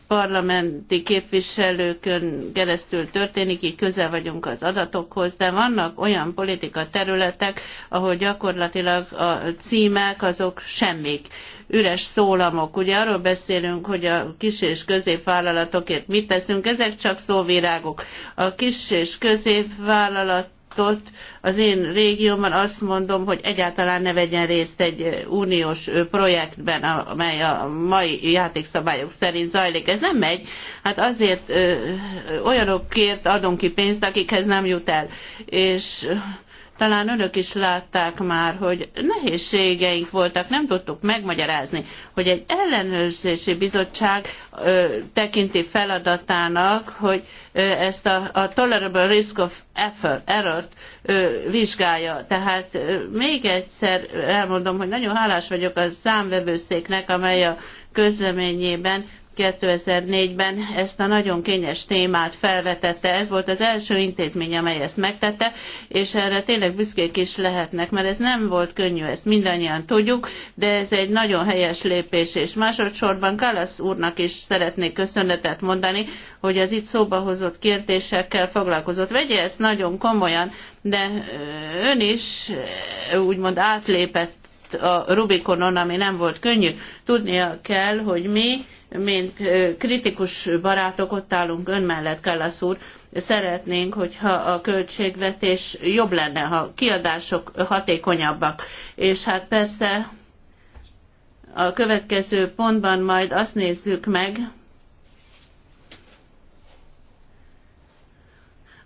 parlamenti képviselőkön keresztül történik, így közel vagyunk az adatokhoz, de vannak olyan politika területek, ahol gyakorlatilag a címek azok semmik üres szólamok. Ugye arról beszélünk, hogy a kis és középvállalatokért mit teszünk, ezek csak szóvirágok. A kis és középvállalat ott az én régiómban azt mondom, hogy egyáltalán ne vegyen részt egy uniós projektben, amely a mai játékszabályok szerint zajlik. Ez nem megy. Hát azért ö, olyanokért adunk ki pénzt, akikhez nem jut el. És talán önök is látták már, hogy nehézségeink voltak, nem tudtuk megmagyarázni, hogy egy ellenőrzési bizottság ö, tekinti feladatának, hogy ö, ezt a, a tolerable risk of effort, error vizsgálja. Tehát ö, még egyszer elmondom, hogy nagyon hálás vagyok a számvevőszéknek, amely a közleményében 2004-ben ezt a nagyon kényes témát felvetette. Ez volt az első intézmény, amely ezt megtette, és erre tényleg büszkék is lehetnek, mert ez nem volt könnyű, ezt mindannyian tudjuk, de ez egy nagyon helyes lépés, és másodszorban Kalasz úrnak is szeretnék köszönetet mondani, hogy az itt szóba hozott kérdésekkel foglalkozott. Vegye ezt nagyon komolyan, de ön is úgymond átlépett itt a Rubikonon, ami nem volt könnyű. Tudnia kell, hogy mi, mint kritikus barátok, ott állunk ön mellett, Kallasz úr, szeretnénk, hogyha a költségvetés jobb lenne, ha kiadások hatékonyabbak. És hát persze a következő pontban majd azt nézzük meg,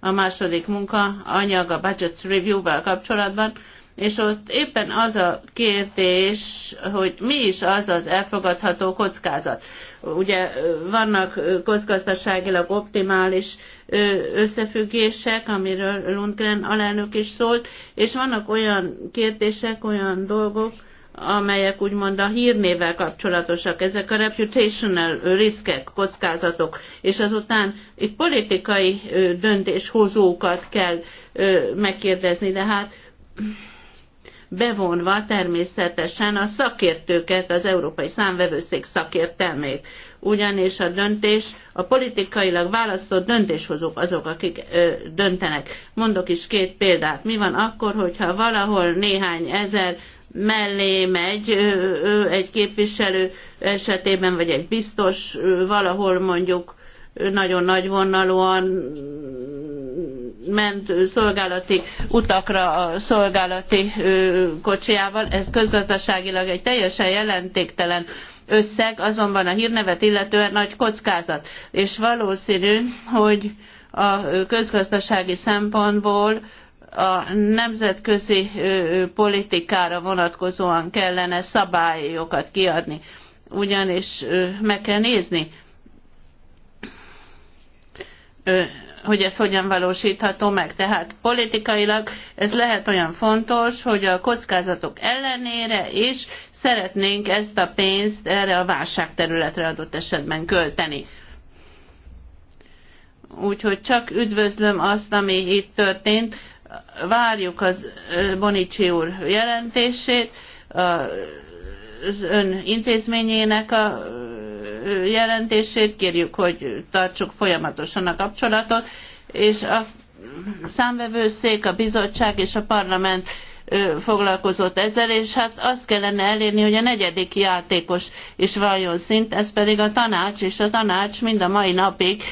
a második munka anyag a budget review-val kapcsolatban, és ott éppen az a kérdés, hogy mi is az az elfogadható kockázat. Ugye vannak közgazdaságilag optimális összefüggések, amiről Lundgren alelnök is szólt, és vannak olyan kérdések, olyan dolgok, amelyek úgymond a hírnével kapcsolatosak, ezek a reputational riskek, kockázatok, és azután itt politikai döntéshozókat kell megkérdezni, de hát bevonva természetesen a szakértőket, az Európai Számvevőszék szakértelmét. Ugyanis a döntés, a politikailag választott döntéshozók azok, akik ö, döntenek. Mondok is két példát. Mi van akkor, hogyha valahol néhány ezer mellé megy ö, egy képviselő esetében, vagy egy biztos valahol mondjuk nagyon nagy ment szolgálati utakra a szolgálati kocsiával. Ez közgazdaságilag egy teljesen jelentéktelen összeg, azonban a hírnevet illetően nagy kockázat. És valószínű, hogy a közgazdasági szempontból a nemzetközi politikára vonatkozóan kellene szabályokat kiadni. Ugyanis meg kell nézni hogy ez hogyan valósítható meg. Tehát politikailag ez lehet olyan fontos, hogy a kockázatok ellenére is szeretnénk ezt a pénzt erre a válságterületre adott esetben költeni. Úgyhogy csak üdvözlöm azt, ami itt történt. Várjuk az Bonicsi úr jelentését, az ön intézményének a jelentését, kérjük, hogy tartsuk folyamatosan a kapcsolatot, és a számvevőszék, a bizottság és a parlament foglalkozott ezzel, és hát azt kellene elérni, hogy a negyedik játékos is valljon szint, ez pedig a tanács, és a tanács mind a mai napig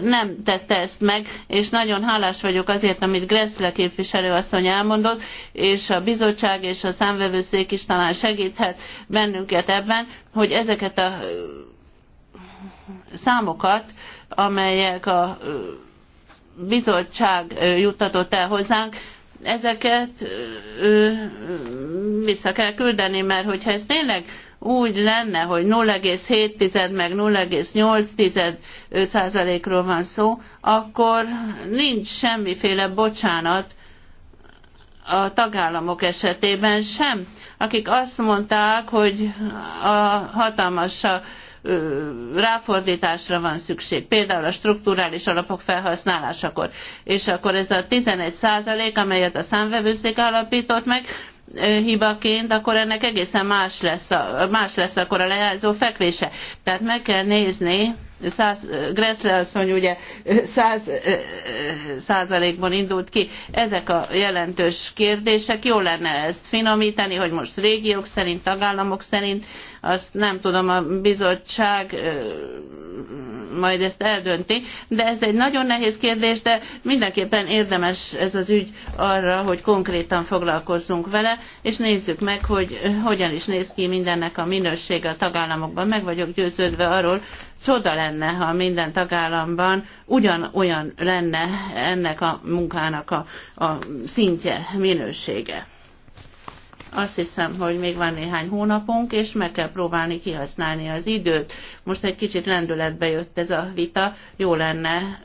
nem tette ezt meg, és nagyon hálás vagyok azért, amit Gressle asszony elmondott, és a bizottság és a számvevőszék is talán segíthet bennünket ebben, hogy ezeket a számokat, amelyek a bizottság juttatott el hozzánk, ezeket vissza kell küldeni, mert hogyha ez tényleg úgy lenne, hogy 0,7 meg 0,8 százalékról van szó, akkor nincs semmiféle bocsánat a tagállamok esetében sem, akik azt mondták, hogy a hatalmas ráfordításra van szükség, például a strukturális alapok felhasználásakor. És akkor ez a 11 százalék, amelyet a számvevőszék alapított meg, hibaként, akkor ennek egészen más lesz, a, más lesz akkor a lejelző fekvése. Tehát meg kell nézni, száz, Gressle asszony ugye száz százalékban indult ki. Ezek a jelentős kérdések, jó lenne ezt finomítani, hogy most régiók szerint, tagállamok szerint azt nem tudom, a bizottság majd ezt eldönti, de ez egy nagyon nehéz kérdés, de mindenképpen érdemes ez az ügy arra, hogy konkrétan foglalkozzunk vele, és nézzük meg, hogy hogyan is néz ki mindennek a minősége a tagállamokban. Meg vagyok győződve arról, csoda lenne, ha minden tagállamban ugyanolyan lenne ennek a munkának a, a szintje, minősége. Azt hiszem, hogy még van néhány hónapunk, és meg kell próbálni kihasználni az időt. Most egy kicsit lendületbe jött ez a vita, jó lenne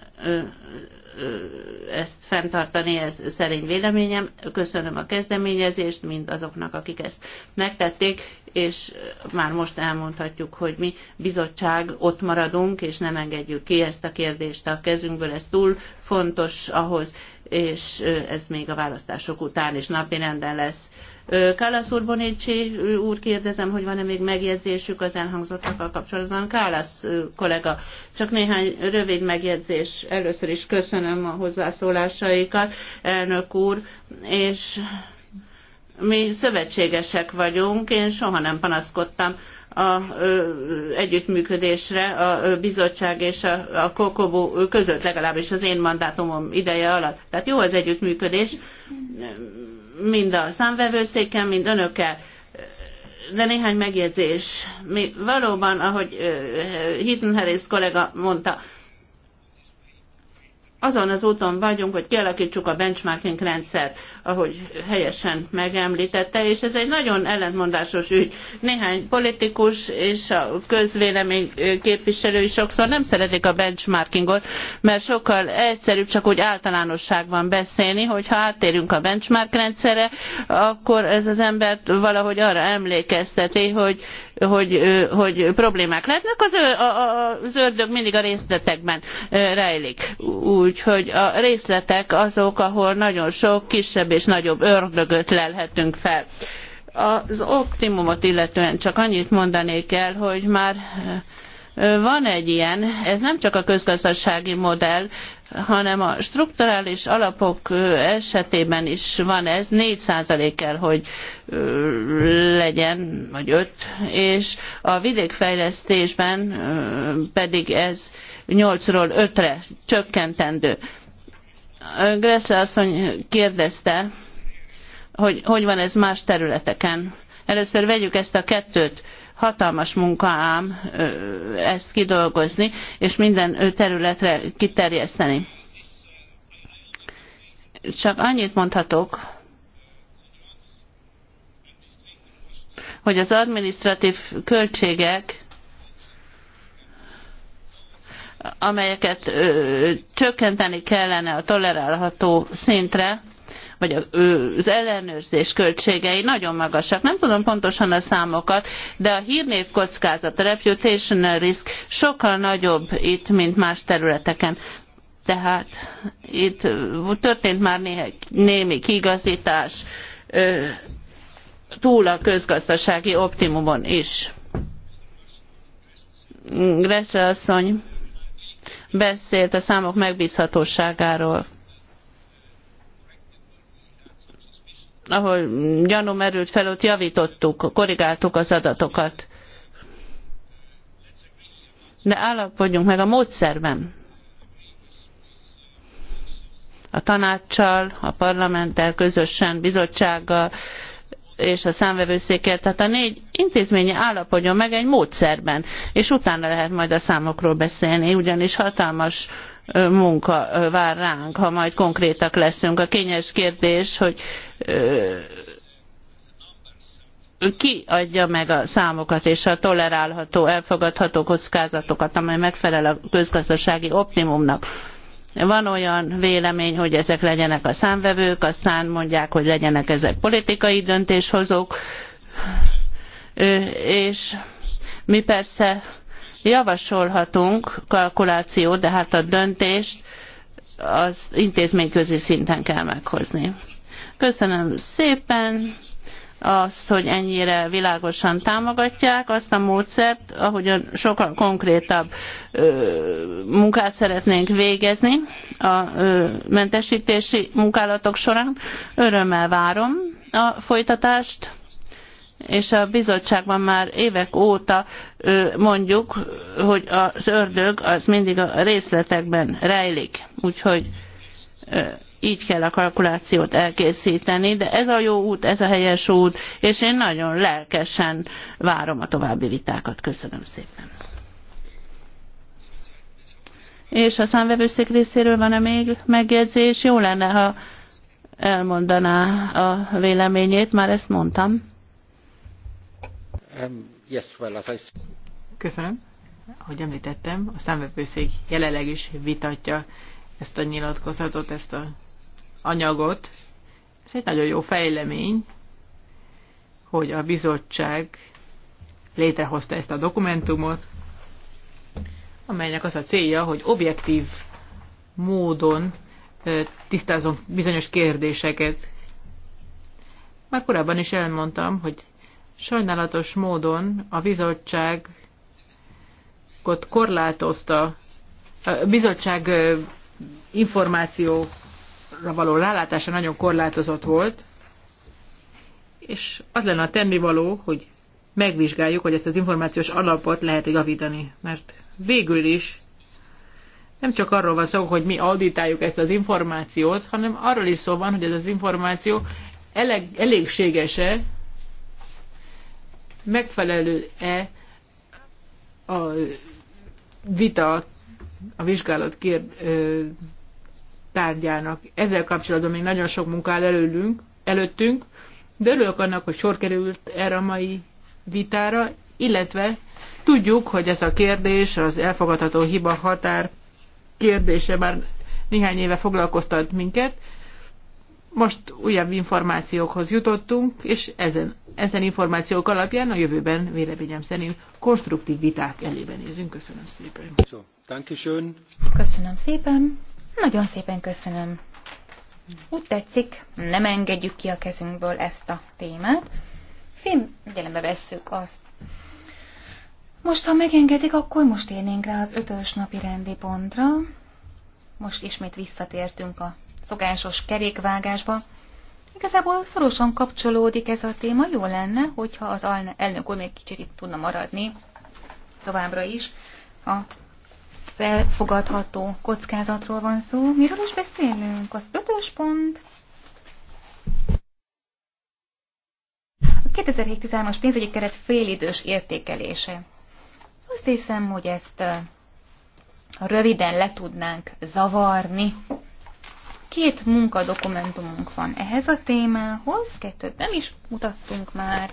ezt fenntartani, ez szerint véleményem. Köszönöm a kezdeményezést mind azoknak, akik ezt megtették, és már most elmondhatjuk, hogy mi bizottság ott maradunk, és nem engedjük ki ezt a kérdést a kezünkből, ez túl fontos ahhoz, és ez még a választások után is napirenden lesz. Kálasz úr, Bonicsi úr, kérdezem, hogy van-e még megjegyzésük az elhangzottakkal kapcsolatban. Kálasz kollega, csak néhány rövid megjegyzés. Először is köszönöm a hozzászólásaikat, elnök úr, és mi szövetségesek vagyunk, én soha nem panaszkodtam a ö, együttműködésre a bizottság és a, a Kokobu között, legalábbis az én mandátumom ideje alatt. Tehát jó az együttműködés mind a számvevőszéken, mind önökkel. De néhány megjegyzés. Mi valóban, ahogy Hitten kollega mondta, azon az úton vagyunk, hogy kialakítsuk a benchmarking rendszert, ahogy helyesen megemlítette, és ez egy nagyon ellentmondásos ügy. Néhány politikus és a közvélemény képviselői sokszor nem szeretik a benchmarkingot, mert sokkal egyszerűbb csak úgy általánosságban beszélni, hogy ha áttérünk a benchmark rendszere, akkor ez az embert valahogy arra emlékezteti, hogy hogy, hogy problémák lehetnek, az, a, a, az ördög mindig a részletekben rejlik. Úgyhogy a részletek azok, ahol nagyon sok kisebb és nagyobb ördögöt lelhetünk fel. Az optimumot illetően csak annyit mondanék el, hogy már van egy ilyen, ez nem csak a közgazdasági modell, hanem a strukturális alapok esetében is van ez, 4% kell, hogy legyen, vagy 5, és a vidékfejlesztésben pedig ez 8-ról 5-re csökkentendő. Gressle asszony kérdezte, hogy hogy van ez más területeken. Először vegyük ezt a kettőt Hatalmas munka ám ezt kidolgozni, és minden területre kiterjeszteni. Csak annyit mondhatok, hogy az administratív költségek amelyeket ö, csökkenteni kellene a tolerálható szintre, vagy az ellenőrzés költségei nagyon magasak. Nem tudom pontosan a számokat, de a hírnév kockázat, a reputational risk sokkal nagyobb itt, mint más területeken. Tehát itt történt már néhely, némi kigazítás túl a közgazdasági optimumon is. Gressle asszony beszélt a számok megbízhatóságáról. ahol gyanú merült fel, ott javítottuk, korrigáltuk az adatokat. De állapodjunk meg a módszerben. A tanácssal, a parlamenttel, közösen, bizottsággal és a számvevőszékkel, tehát a négy intézménye állapodjon meg egy módszerben, és utána lehet majd a számokról beszélni, ugyanis hatalmas munka vár ránk, ha majd konkrétak leszünk. A kényes kérdés, hogy ki adja meg a számokat és a tolerálható, elfogadható kockázatokat, amely megfelel a közgazdasági optimumnak. Van olyan vélemény, hogy ezek legyenek a számvevők, aztán mondják, hogy legyenek ezek politikai döntéshozók, és mi persze Javasolhatunk kalkulációt, de hát a döntést az intézményközi szinten kell meghozni. Köszönöm szépen azt, hogy ennyire világosan támogatják azt a módszert, ahogyan sokkal konkrétabb ö, munkát szeretnénk végezni a ö, mentesítési munkálatok során. Örömmel várom a folytatást és a bizottságban már évek óta mondjuk, hogy az ördög az mindig a részletekben rejlik, úgyhogy így kell a kalkulációt elkészíteni, de ez a jó út, ez a helyes út, és én nagyon lelkesen várom a további vitákat. Köszönöm szépen. És a számvevőszék részéről van-e még megjegyzés? Jó lenne, ha elmondaná a véleményét, már ezt mondtam. Um, Köszönöm. Ahogy említettem, a számvevőszék jelenleg is vitatja ezt a nyilatkozatot, ezt a anyagot. Ez egy nagyon jó fejlemény, hogy a bizottság létrehozta ezt a dokumentumot, amelynek az a célja, hogy objektív módon tisztázom bizonyos kérdéseket. Már korábban is elmondtam, hogy Sajnálatos módon a bizottságot korlátozta, a bizottság információra való rálátása nagyon korlátozott volt, és az lenne a tennivaló, hogy megvizsgáljuk, hogy ezt az információs alapot lehet javítani. Mert végül is nem csak arról van szó, hogy mi auditáljuk ezt az információt, hanem arról is szó van, hogy ez az információ elég, elégséges-e megfelelő-e a vita a vizsgálat kér, ö, tárgyának. Ezzel kapcsolatban még nagyon sok munka áll előlünk, előttünk, de örülök annak, hogy sor került erre a mai vitára, illetve tudjuk, hogy ez a kérdés, az elfogadható hiba határ kérdése már néhány éve foglalkoztat minket. Most újabb információkhoz jutottunk, és ezen ezen információk alapján a jövőben véleményem szerint konstruktív viták elébe nézünk. Köszönöm szépen. Köszönöm szépen. Nagyon szépen köszönöm. Úgy tetszik, nem engedjük ki a kezünkből ezt a témát. Fém, figyelembe vesszük azt. Most, ha megengedik, akkor most érnénk rá az ötös napi rendi pontra. Most ismét visszatértünk a szokásos kerékvágásba. Igazából szorosan kapcsolódik ez a téma. Jó lenne, hogyha az elnök úr még kicsit itt tudna maradni továbbra is. A az elfogadható kockázatról van szó. Miről is beszélünk? Az ötös pont. A 2013-as pénzügyi keret félidős értékelése. Azt hiszem, hogy ezt röviden le tudnánk zavarni. Két munkadokumentumunk van ehhez a témához, kettőt nem is mutattunk már,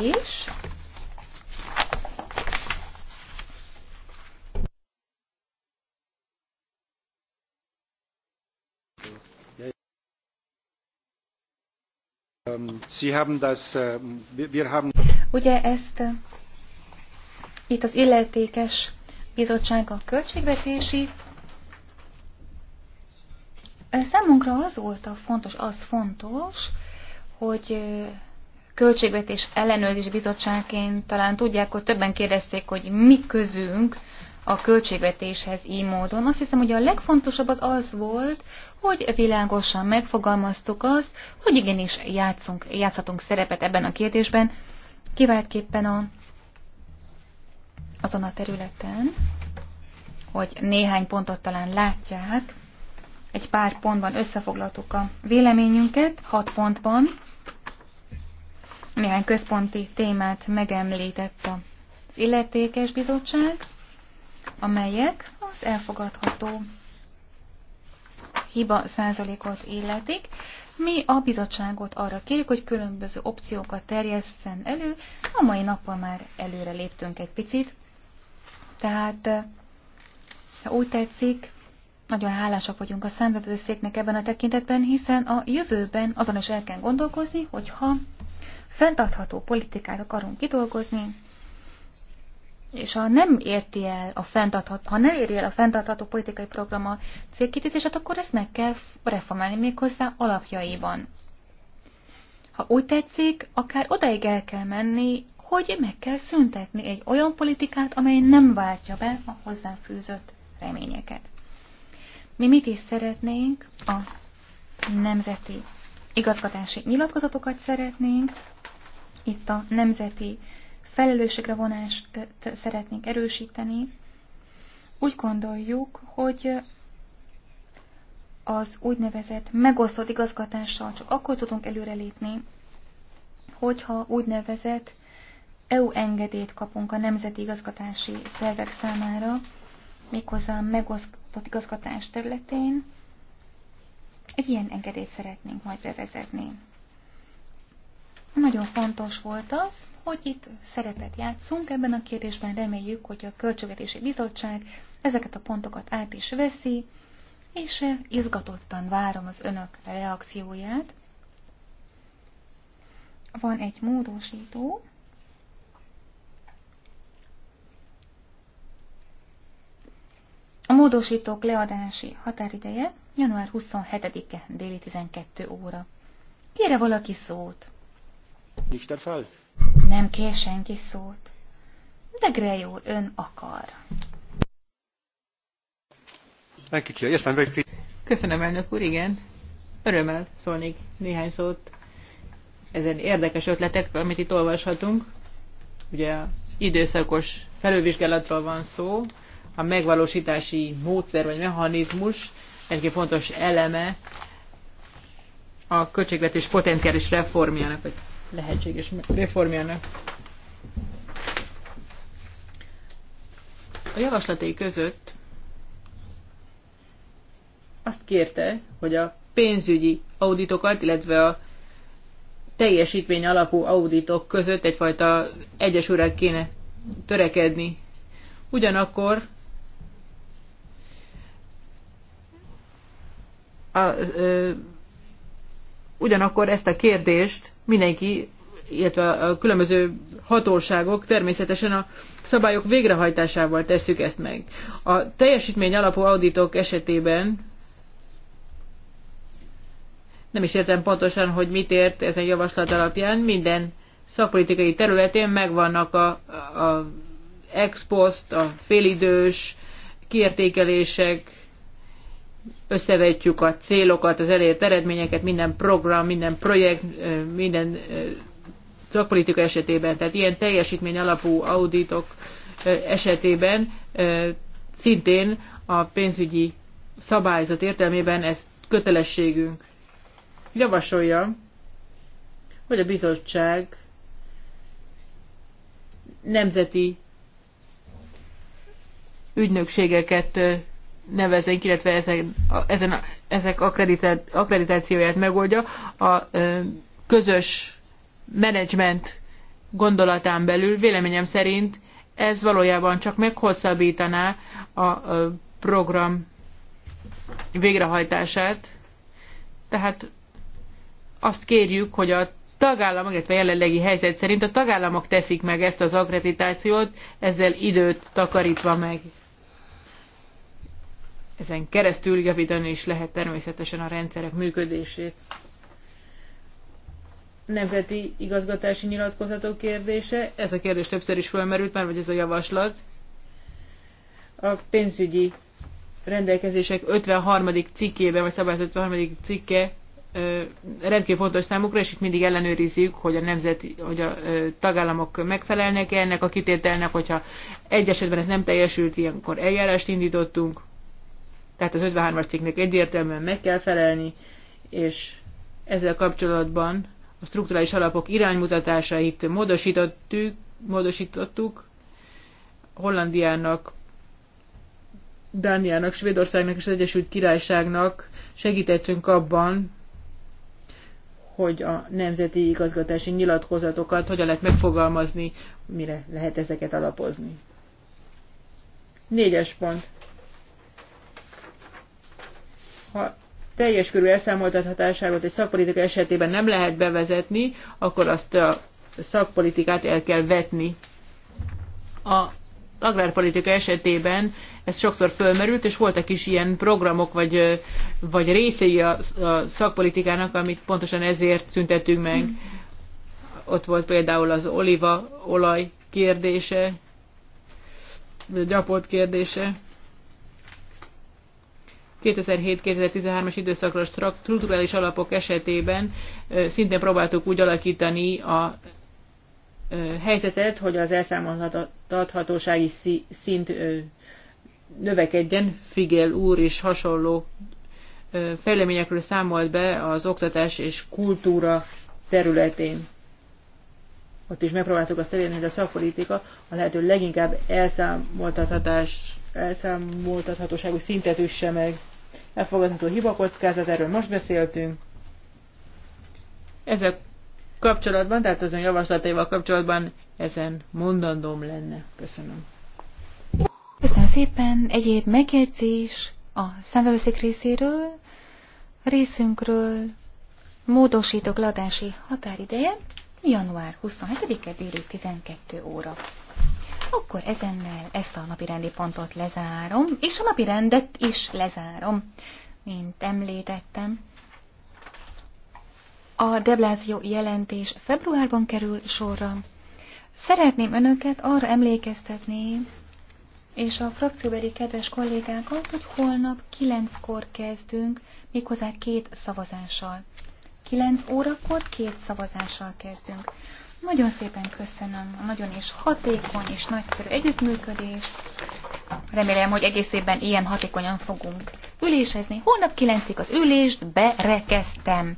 és Sie haben das, äh, wir haben Ugye ezt äh, itt az illetékes bizottság a költségvetési Számunkra az volt a fontos, az fontos, hogy költségvetés ellenőrzés bizottságként talán tudják, hogy többen kérdezték, hogy mi közünk a költségvetéshez így módon. Azt hiszem, hogy a legfontosabb az az volt, hogy világosan megfogalmaztuk azt, hogy igenis játszunk, játszhatunk szerepet ebben a kérdésben, kiváltképpen a, azon a területen, hogy néhány pontot talán látják, egy pár pontban összefoglaltuk a véleményünket, hat pontban. Néhány központi témát megemlített az illetékes bizottság, amelyek az elfogadható hiba százalékot illetik. Mi a bizottságot arra kérjük, hogy különböző opciókat terjesszen elő. A mai nappal már előre léptünk egy picit. Tehát, ha úgy tetszik, nagyon hálásak vagyunk a számvevőszéknek ebben a tekintetben, hiszen a jövőben azon is el kell gondolkozni, hogyha fenntartható politikát akarunk kidolgozni, és ha nem érti el a fenntartható, ha nem éri el a fenntartható politikai program a célkitűzését, akkor ezt meg kell reformálni méghozzá alapjaiban. Ha úgy tetszik, akár odaig el kell menni, hogy meg kell szüntetni egy olyan politikát, amely nem váltja be a hozzáfűzött reményeket. Mi mit is szeretnénk? A nemzeti igazgatási nyilatkozatokat szeretnénk, itt a nemzeti felelősségre vonást szeretnénk erősíteni. Úgy gondoljuk, hogy az úgynevezett megosztott igazgatással csak akkor tudunk előrelépni, hogyha úgynevezett EU engedélyt kapunk a nemzeti igazgatási szervek számára, méghozzá a megosztott igazgatás területén. Egy ilyen engedélyt szeretnénk majd bevezetni. Nagyon fontos volt az, hogy itt szerepet játszunk ebben a kérdésben, reméljük, hogy a Költségvetési Bizottság ezeket a pontokat át is veszi, és izgatottan várom az önök reakcióját. Van egy módosító, A módosítók leadási határideje január 27-e déli 12 óra. Kére valaki szót? Nincs fel? Nem kér senki szót. De Grejó ön akar. Köszönöm, elnök úr, igen. Örömmel szólnék néhány szót ezen érdekes ötletekről, amit itt olvashatunk. Ugye időszakos felülvizsgálatról van szó, a megvalósítási módszer vagy mechanizmus egy fontos eleme a költségvetés potenciális reformjának, vagy lehetséges reformjának. A javaslatai között azt kérte, hogy a pénzügyi auditokat, illetve a teljesítmény alapú auditok között egyfajta egyesúrát kéne törekedni. Ugyanakkor a, ö, ugyanakkor ezt a kérdést mindenki, illetve a különböző hatóságok természetesen a szabályok végrehajtásával tesszük ezt meg. A teljesítmény alapú auditok esetében nem is értem pontosan, hogy mit ért ezen javaslat alapján, minden szakpolitikai területén megvannak a, a ex post, a félidős kiértékelések, összevetjük a célokat, az elért eredményeket, minden program, minden projekt, minden szakpolitika esetében, tehát ilyen teljesítmény alapú auditok esetében szintén a pénzügyi szabályzat értelmében ez kötelességünk. Javasolja, hogy a bizottság nemzeti ügynökségeket nevezeink, illetve ezen, ezen, ezek akreditá, akreditációját megoldja, a ö, közös menedzsment gondolatán belül véleményem szerint ez valójában csak meghosszabbítaná a program végrehajtását. Tehát azt kérjük, hogy a tagállamok, illetve jelenlegi helyzet szerint a tagállamok teszik meg ezt az akreditációt ezzel időt takarítva meg ezen keresztül javítani is lehet természetesen a rendszerek működését. Nemzeti igazgatási nyilatkozatok kérdése. Ez a kérdés többször is felmerült már, vagy ez a javaslat. A pénzügyi rendelkezések 53. cikkében, vagy szabályozat 53. cikke rendkívül fontos számukra, és itt mindig ellenőrizzük, hogy a nemzeti, hogy a tagállamok megfelelnek -e ennek a kitételnek, hogyha egy esetben ez nem teljesült, ilyenkor eljárást indítottunk tehát az 53-as cikknek egyértelműen meg kell felelni, és ezzel kapcsolatban a strukturális alapok iránymutatásait módosítottuk, módosítottuk Hollandiának, Dániának, Svédországnak és az Egyesült Királyságnak segítettünk abban, hogy a nemzeti igazgatási nyilatkozatokat hogyan lehet megfogalmazni, mire lehet ezeket alapozni. Négyes pont ha teljes körű elszámoltathatáságot egy szakpolitika esetében nem lehet bevezetni, akkor azt a szakpolitikát el kell vetni. A agrárpolitika esetében ez sokszor fölmerült, és voltak is ilyen programok, vagy, vagy részei a, a szakpolitikának, amit pontosan ezért szüntettünk meg. Ott volt például az oliva olaj kérdése, gyapot kérdése. 2007-2013-as időszakra strukturális alapok esetében szintén próbáltuk úgy alakítani a helyzetet, hogy az elszámolhatósági szint növekedjen. Figel úr is hasonló fejleményekről számolt be az oktatás és kultúra területén. Ott is megpróbáltuk azt elérni, hogy a szakpolitika a lehető leginkább elszámoltathatás elszámoltathatóságú szintet üsse meg. Elfogadható hibakockázat, erről most beszéltünk. Ezek kapcsolatban, tehát az ön javaslataival kapcsolatban ezen mondandóm lenne. Köszönöm. Köszönöm szépen. Egyéb megjegyzés a szemvevőszék részéről, a részünkről módosítok ladási határideje január 27-e déli 12 óra. Akkor ezennel ezt a napirendi pontot lezárom, és a napirendet is lezárom, mint említettem. A deblázió jelentés februárban kerül sorra. Szeretném önöket arra emlékeztetni, és a frakcióbeli kedves kollégákat, hogy holnap kilenckor kezdünk, méghozzá két szavazással. Kilenc órakor két szavazással kezdünk. Nagyon szépen köszönöm a nagyon és hatékony és nagyszerű együttműködést. Remélem, hogy egész évben ilyen hatékonyan fogunk ülésezni. Holnap 9-ig az ülést berekeztem.